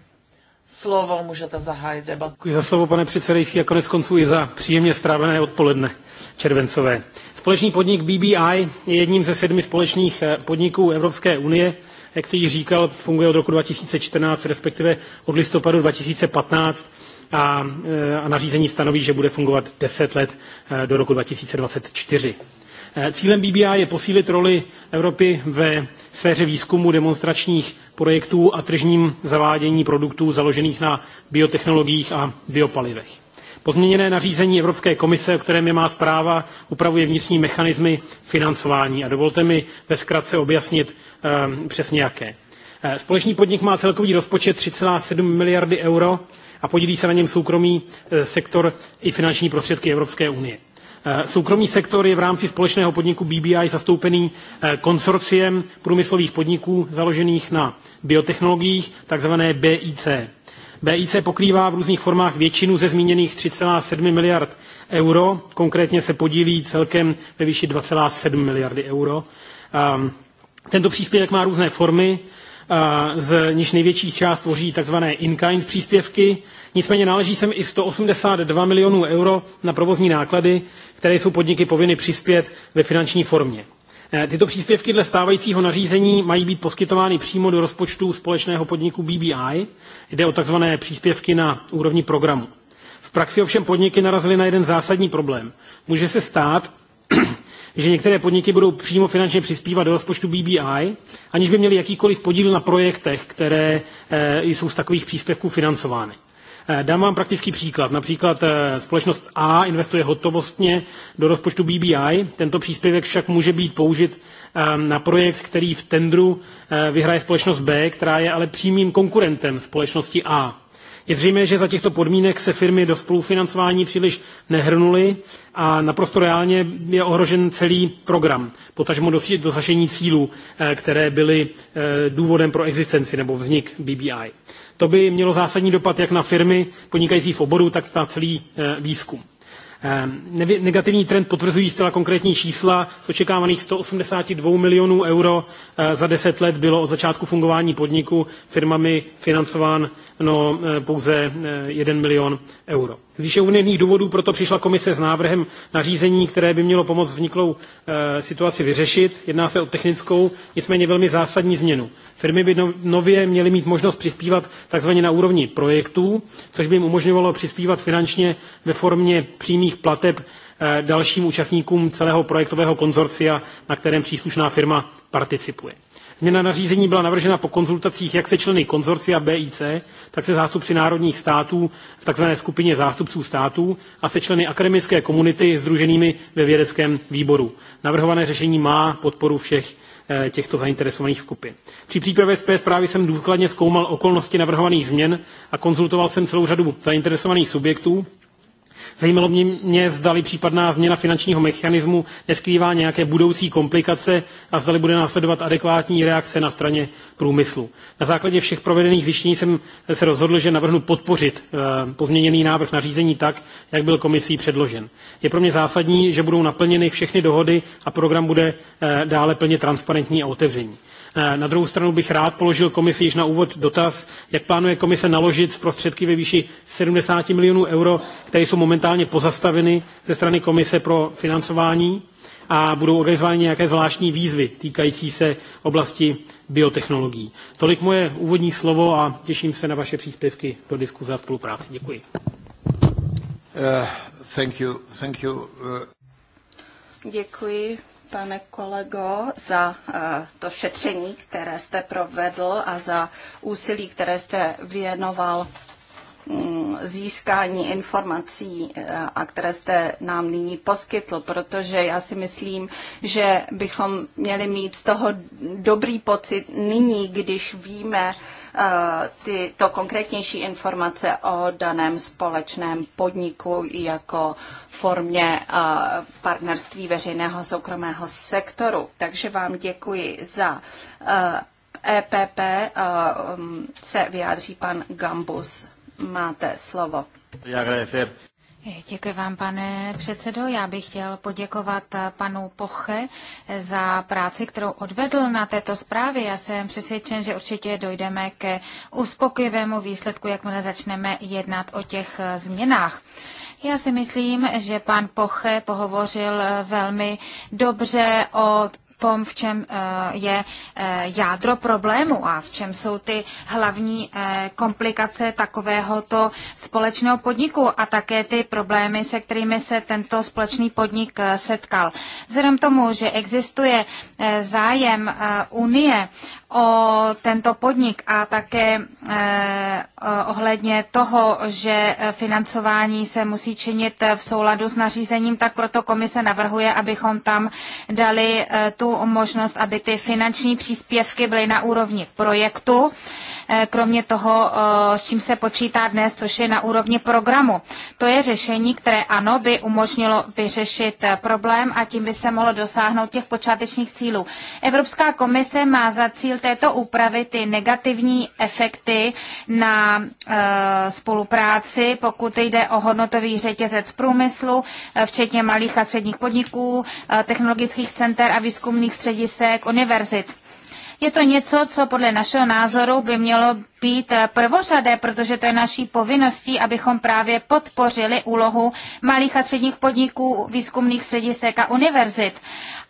slovo, můžete zahájit debatu. Děkuji za slovo, pane předsedající, a konec konců i za příjemně strávené odpoledne červencové. Společný podnik BBI je jedním ze sedmi společných eh, podniků Evropské unie. Jak jste již říkal, funguje od roku 2014, respektive od listopadu 2015 a, eh, a nařízení stanoví, že bude fungovat 10 let eh, do roku 2024. Eh, cílem BBI je posílit roli Evropy ve sféře výzkumu demonstračních projektů a tržním zavádění produktů založených na biotechnologiích a biopalivech. Pozměněné nařízení Evropské komise, o kterém je má zpráva, upravuje vnitřní mechanismy financování a dovolte mi ve zkratce objasnit eh, přesně jaké. Eh, společný podnik má celkový rozpočet 3,7 miliardy euro a podílí se na něm soukromý sektor i finanční prostředky Evropské unie. Eh, soukromý sektor je v rámci společného podniku BBI zastoupený eh, konsorciem průmyslových podniků založených na biotechnologiích, takzvané BIC. BIC pokrývá v různých formách většinu ze zmíněných 3,7 miliard euro, konkrétně se podílí celkem ve výši 2,7 miliardy euro. Ehm, tento příspěvek má různé formy, z níž největší část tvoří tzv. in-kind příspěvky. Nicméně náleží sem i 182 milionů euro na provozní náklady, které jsou podniky povinny přispět ve finanční formě. E, tyto příspěvky dle stávajícího nařízení mají být poskytovány přímo do rozpočtu společného podniku BBI. Jde o tzv. příspěvky na úrovni programu. V praxi ovšem podniky narazily na jeden zásadní problém. Může se stát, že některé podniky budou přímo finančně přispívat do rozpočtu BBI, aniž by měly jakýkoliv podíl na projektech, které eh, jsou z takových příspěvků financovány. Eh, dám vám praktický příklad. Například eh, společnost A investuje hotovostně do rozpočtu BBI. Tento příspěvek však může být použit ehm, na projekt, který v tendru vyhraje společnost B, která je ale přímým konkurentem společnosti A. Je zřejmé, že za těchto podmínek se firmy do spolufinancování příliš nehrnuly a naprosto reálně je ohrožen celý program, potažmo dosažení cílů, eh, které byly eh, důvodem pro existenci nebo vznik BBI. To by mělo zásadní dopad jak na firmy podnikající v oboru, tak na celý eh, výzkum. Ehm, negativní trend potvrzují zcela konkrétní čísla. Z očekávaných 182 milionů euro eh, za 10 let bylo od začátku fungování podniku firmami financován no, eh, pouze 1 eh, milion euro. Z výše uvedených důvodů proto přišla komise s návrhem nařízení, které by mělo pomoct vzniklou e, situaci vyřešit. Jedná se o technickou, nicméně velmi zásadní změnu. Firmy by no, nově měly mít možnost přispívat takzvaně na úrovni projektů, což by jim umožňovalo přispívat finančně ve formě přímých plateb e, dalším účastníkům celého projektového konzorcia, na kterém příslušná firma participuje. Změna nařízení byla navržena po konzultacích jak se členy konzorcia BIC, tak se zástupci národních států v tzv. skupině zástupců států a se členy akademické komunity združenými ve vědeckém výboru. Navrhované řešení má podporu všech eh, těchto zainteresovaných skupin. Při přípravě SP zprávy jsem důkladně zkoumal okolnosti navrhovaných změn a konzultoval jsem celou řadu zainteresovaných subjektů, Zajímalo mě, mě zdali případná změna finančního mechanismu neskrývá nějaké budoucí komplikace a zdali bude následovat adekvátní reakce na straně průmyslu. Na základě všech provedených zjištění jsem se rozhodl, že navrhnu podpořit eh, pozměněný návrh nařízení tak, jak byl komisí předložen. Je pro mě zásadní, že budou naplněny všechny dohody a program bude eh, dále plně transparentní a otevřený. Eh, na druhou stranu bych rád položil komisi již na úvod dotaz, jak plánuje komise naložit z prostředky ve výši 70 milionů euro, které jsou momentálně pozastaveny ze strany komise pro financování a budou organizovány nějaké zvláštní výzvy týkající se oblasti biotechnologií. Tolik moje úvodní slovo a těším se na vaše příspěvky do diskuze a spolupráci. Děkuji. Uh, thank you, thank you. Uh... Děkuji, pane kolego, za eh, to šetření, které jste provedl a za úsilí, které jste věnoval Mm, získání informací eh, a které jste nám nyní poskytl, protože já si myslím, že bychom měli mít z toho dobrý pocit nyní, když víme eh, ty, to konkrétnější informace o daném společném podniku jako formě eh, partnerství veřejného soukromého sektoru. Takže vám děkuji za EPP e mm, se vyjádří pan Gambus máte slovo. Děkuji vám, pane předsedo. Já bych chtěl poděkovat panu Poche za práci, kterou odvedl na této zprávě. Já jsem přesvědčen, že určitě dojdeme ke uspokojivému výsledku, jakmile začneme jednat o těch změnách. Já si myslím, že pan Poche pohovořil velmi dobře o tom, v čem eh, je eh, jádro problému a v čem jsou ty hlavní eh, komplikace takovéhoto společného podniku a také ty problémy, se kterými se tento společný podnik setkal. Vzhledem tomu, že existuje zájem Unie o tento podnik a také eh, eh, ohledně toho, že eh, financování se musí činit v souladu s nařízením, tak proto komise navrhuje, abychom tam dali tu možnost, aby ty finanční příspěvky byly na úrovni projektu Eh, kromě toho, eh, s čím se počítá dnes, což je na úrovni programu. To je řešení, které ano, by umožnilo vyřešit eh, problém a tím by se mohlo dosáhnout těch počátečních cílů. Evropská komise má za cíl této úpravy ty negativní efekty na spolupráci, pokud jde o hodnotový řetězec průmyslu, včetně malých a středních podniků, technologických center a výzkumných středisek univerzit. Je to něco, co podle našeho názoru by mělo být eh, prvořadé, protože to je naší povinností, abychom právě podpořili úlohu malých a středních podniků, výzkumných středisek a univerzit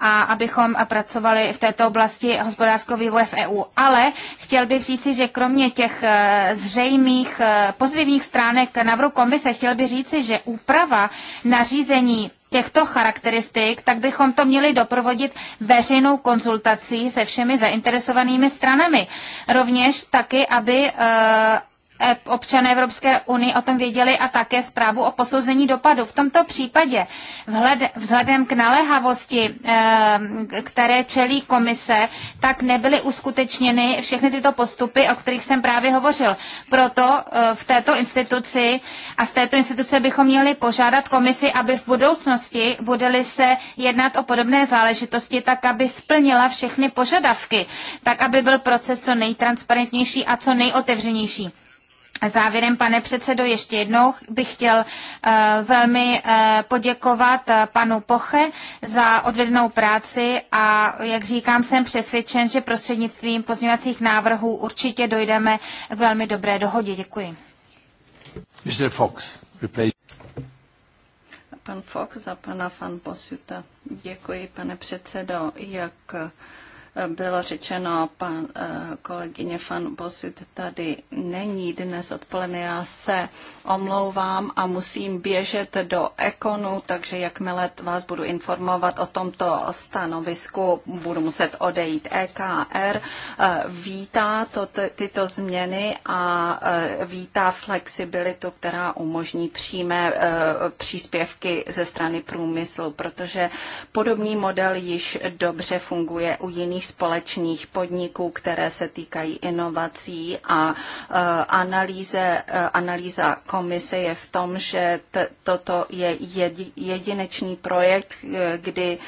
a abychom pracovali v této oblasti hospodářského vývoje v EU. Ale chtěl bych říci, že kromě těch eh, zřejmých eh, pozitivních stránek návrhu komise, chtěl bych říci, že úprava nařízení těchto charakteristik, tak bychom to měli doprovodit veřejnou konzultací se všemi zainteresovanými stranami. Rovněž taky, aby eh, Eh, občané Evropské unie o tom věděli a také zprávu o posouzení dopadu. V tomto případě vzhledem k naléhavosti, eh, které čelí komise, tak nebyly uskutečněny všechny tyto postupy, o kterých jsem právě hovořil. Proto eh, v této instituci a z této instituce bychom měli požádat komisi, aby v budoucnosti budeli se jednat o podobné záležitosti, tak aby splnila všechny požadavky, tak aby byl proces co nejtransparentnější a co nejotevřenější. Závěrem, pane předsedo, ještě jednou bych chtěl eh, velmi eh, poděkovat eh, panu Poche za odvedenou práci a, jak říkám, jsem přesvědčen, že prostřednictvím pozměňovacích návrhů určitě dojdeme k velmi dobré dohodě. Děkuji. Mr. Fox, replace. Pan Fox za pana Fan Posuta. Děkuji, pane předsedo. Jak bylo řečeno, pan eh, kolegyně Fan Bosit tady není dnes odpoledne. Já se omlouvám a musím běžet do Ekonu, takže jakmile vás budu informovat o tomto stanovisku, budu muset odejít. EKR eh, vítá to, tyto změny a eh, vítá flexibilitu, která umožní přímé příspěvky ze strany průmyslu, protože podobný model již dobře funguje u jiných společných podniků, které se týkají inovací a e, analýze, e, analýza komise je v tom, že toto je jedinečný projekt, e, kdy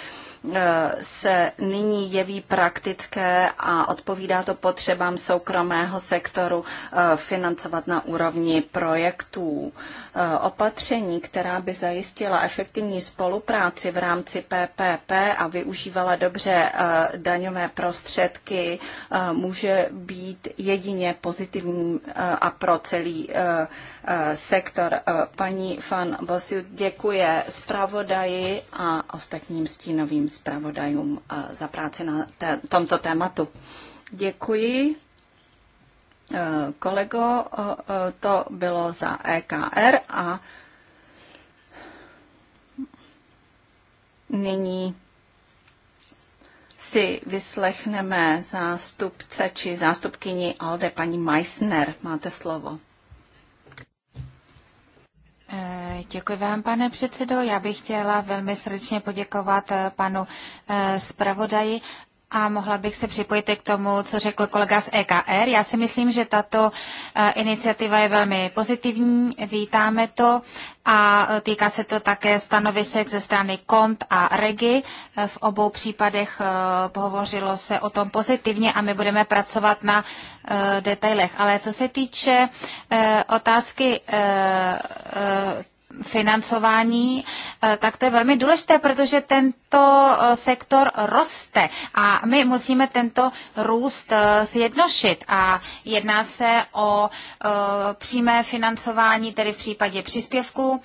E, se nyní jeví praktické a odpovídá to potřebám soukromého sektoru e, financovat na úrovni projektů. E, opatření, která by zajistila efektivní spolupráci v rámci PPP a využívala dobře daňové prostředky, může být jedině pozitivním a pro celý Eh, sektor. Eh, paní Fan Bosiu děkuje zpravodaji a ostatním stínovým zpravodajům eh, za práci na tomto tématu. Děkuji. Kolego, to bylo za EKR a nyní si vyslechneme zástupce či zástupkyni Alde, paní Meissner. Máte slovo. Eh, děkuji vám, pane předsedo. Já bych chtěla velmi srdečně poděkovat eh, panu eh, zpravodaji a mohla bych se připojit k tomu, co řekl kolega z EKR. Já si myslím, že tato eh, iniciativa je velmi pozitivní, vítáme to a eh, týká se to také stanovisek ze strany KONT a REGI. Eh, v obou případech hovořilo se o tom pozitivně a my budeme pracovat na detailech. Ale co se týče otázky financování, eh, tak to je velmi důležité, protože tento eh, sektor roste a my musíme tento růst eh, zjednošit a jedná se o přímé financování, tedy v případě příspěvku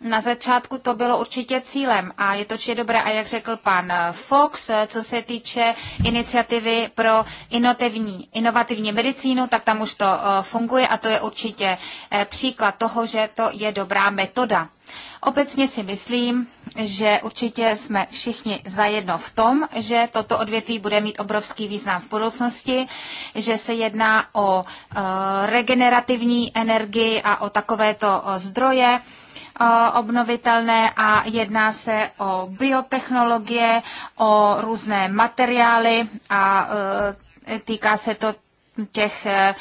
na začátku to bylo určitě cílem a je to či dobré. A jak řekl pan eh, Fox, eh, co se týče iniciativy pro inovativní, inovativní medicínu, tak tam už to eh, funguje a to je určitě příklad toho, že to je dobrá metoda. Obecně si myslím, že určitě jsme všichni zajedno v tom, že toto odvětví bude mít obrovský význam v budoucnosti, že se jedná o regenerativní energii a o takovéto zdroje obnovitelné a jedná se o biotechnologie, o různé materiály a e, týká se to těch e,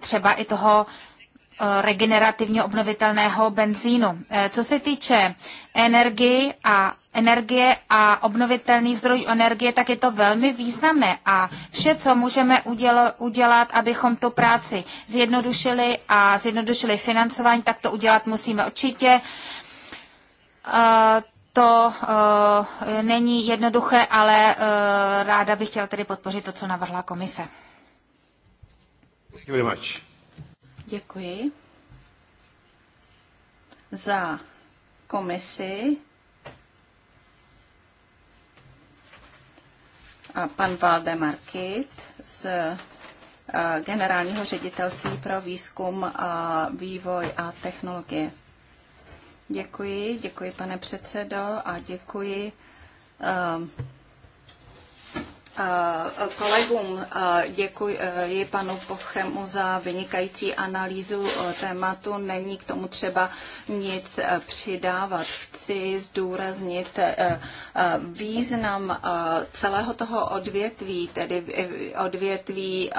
třeba i toho e, regenerativně obnovitelného benzínu. Co se týče energii a energie a obnovitelný zdroj energie, tak je to velmi významné. A vše, co můžeme udělat, abychom tu práci zjednodušili a zjednodušili financování, tak to udělat musíme určitě. Eh, to eh, není jednoduché, ale eh, ráda bych chtěla tedy podpořit to, co navrhla komise. Děkuji za komisi pan Valdemar Kitt z eh, Generálního ředitelství pro výzkum, a vývoj a technologie. Děkuji, děkuji pane předsedo a děkuji eh, Eh, kolegům. Eh, děkuji eh, panu Pochemu za vynikající analýzu tématu. Není k tomu třeba nic přidávat. Chci zdůraznit význam celého toho odvětví, tedy odvětví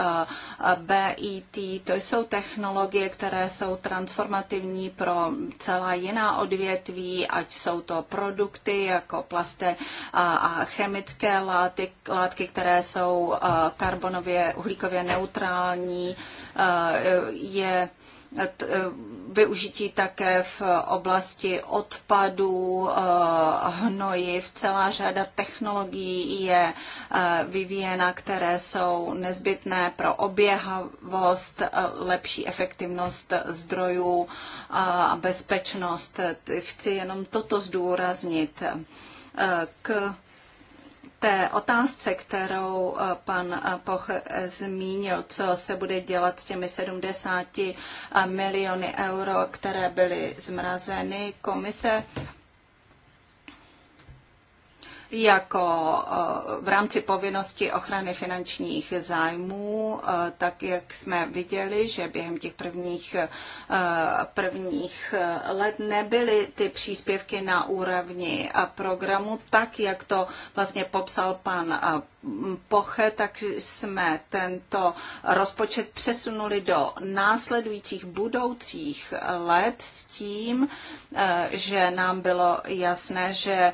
BIT. To jsou technologie, které jsou transformativní pro celá jiná odvětví, ať jsou to produkty jako plasty a chemické látky, látky které jsou uh, karbonově, uhlíkově neutrální, uh, je uh, využití také v oblasti odpadů, v Celá řada technologií je vyvíjena, které jsou nezbytné pro oběhavost, lepší efektivnost zdrojů a bezpečnost. Chci jenom toto zdůraznit. K té otázce, kterou eh, pan eh, Poch eh, zmínil, co se bude dělat s těmi 70 miliony euro, které byly zmrazeny, komise jako eh, v rámci povinnosti ochrany finančních zájmů, eh, tak jak jsme viděli, že během těch prvních, eh, prvních let nebyly ty příspěvky na úrovni programu tak, jak to vlastně popsal pan Poche, tak jsme tento rozpočet přesunuli do následujících budoucích let s tím, že nám bylo jasné, že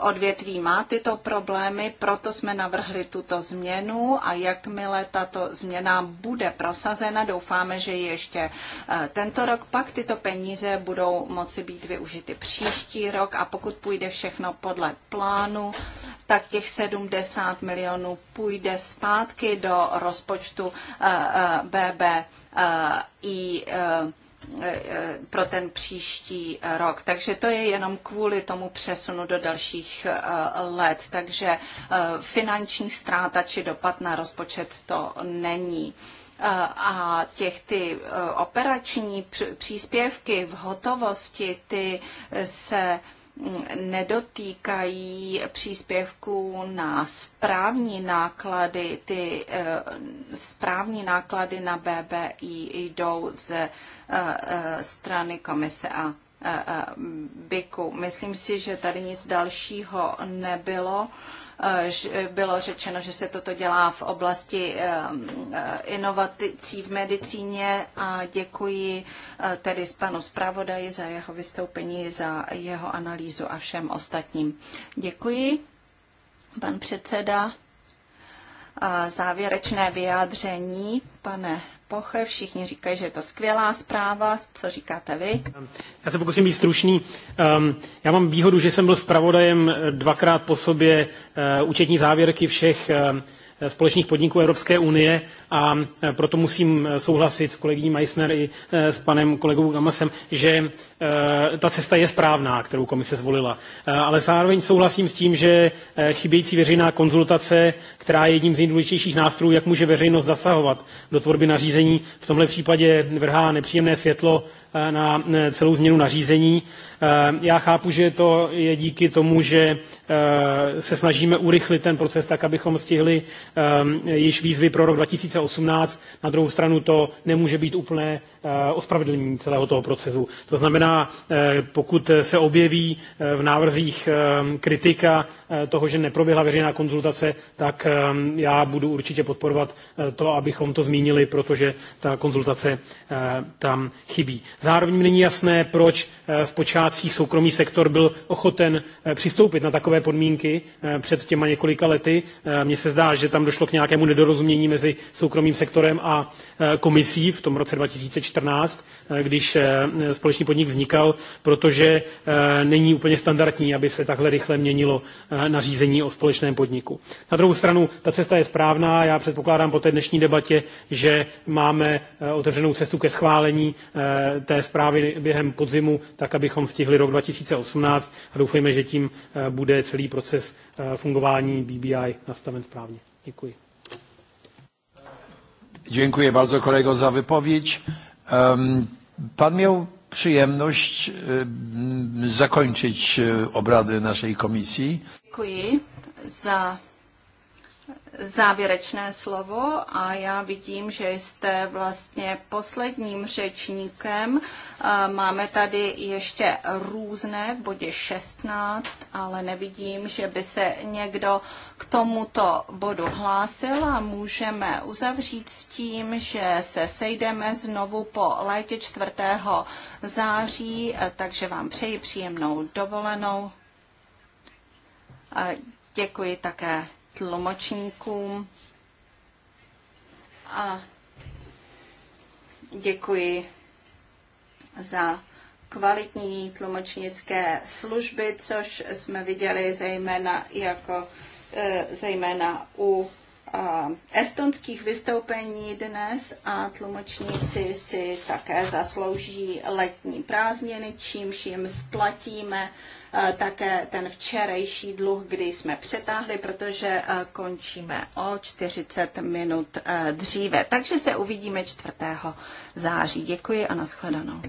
odvě odvětví má tyto problémy, proto jsme navrhli tuto změnu a jakmile tato změna bude prosazena, doufáme, že ještě eh, tento rok, pak tyto peníze budou moci být využity příští rok a pokud půjde všechno podle plánu, tak těch 70 milionů půjde zpátky do rozpočtu BB eh, eh, i pro ten příští rok. Takže to je jenom kvůli tomu přesunu do dalších eh, let. Takže eh, finanční ztráta či dopad na rozpočet to není eh, a těch ty operační příspěvky v hotovosti, ty se nedotýkají příspěvků na správní náklady. Ty eh, správní náklady na BBI jdou ze eh, eh, strany komise a BIKu. Myslím si, že tady nic dalšího nebylo. Eh, eh, bylo řečeno, že se toto dělá v oblasti ehm, eh, inovací v medicíně a děkuji tedy panu zpravodaji za jeho vystoupení, za jeho analýzu a všem ostatním. Děkuji. Pan předseda, závěrečné vyjádření, pane Poche, všichni říkají, že je to skvělá zpráva. Co říkáte vy? Já se pokusím být stručný. Um, já mám výhodu, že jsem byl zpravodajem dvakrát po sobě uh, účetní závěrky všech um, Eh, společných podniků Evropské unie a eh, proto musím eh, souhlasit s kolegyní Meissner i s panem kolegou Gamasem, že ta cesta je správná, kterou komise zvolila. Ale zároveň souhlasím s tím, že chybějící veřejná konzultace, která je jedním z nejdůležitějších nástrojů, jak může veřejnost zasahovat do tvorby nařízení, v tomhle případě vrhá nepříjemné světlo Eh, na eh, celou změnu nařízení. Eh, já chápu, že to je díky tomu, že se snažíme urychlit ten proces tak, abychom stihli již výzvy pro rok 2018. Na druhou stranu to nemůže být úplné Eh, ospravedlnění celého toho procesu. To znamená, eh, pokud se objeví eh, v návrzích kritika toho, že neproběhla veřejná konzultace, tak já budu určitě podporovat to, abychom to zmínili, protože ta konzultace tam chybí. Zároveň není jasné, proč v počátcích soukromý sektor byl ochoten přistoupit na takové podmínky před těma několika lety. Mně se zdá, že tam došlo k nějakému nedorozumění mezi soukromým sektorem a komisí v tom roce 2004 2014, eh, když eh, společný podnik vznikal, protože eh, není úplně standardní, aby se takhle rychle měnilo nařízení o společném podniku. Na druhou stranu, ta cesta je správná. Já předpokládám po té dnešní debatě, že máme otevřenou cestu ke schválení té zprávy během podzimu, tak abychom stihli rok 2018 a doufejme, že tím bude celý proces fungování BBI nastaven správně. Děkuji. Dziękuję bardzo kolego za wypowiedź. Pan miał przyjemność zakończyć e, obrady naszej komisji. Dziękuję za závěrečné slovo a já vidím, že jste vlastně posledním řečníkem. Eh, máme tady ještě různé v bodě 16, ale nevidím, že by se někdo k tomuto bodu hlásil a můžeme uzavřít s tím, že se sejdeme znovu po létě 4. září, eh, takže vám přeji příjemnou dovolenou. Eh, děkuji také tlumočníkům a děkuji za kvalitní tlumočnické služby, což jsme viděli zejména, jako, e, zejména u e, estonských vystoupení dnes a tlumočníci si také zaslouží letní prázdniny, čímž jim splatíme Eh, také ten včerejší dluh, kdy jsme přetáhli, protože eh, končíme o 40 minut eh, dříve. Takže se uvidíme 4. září. Děkuji a nashledanou.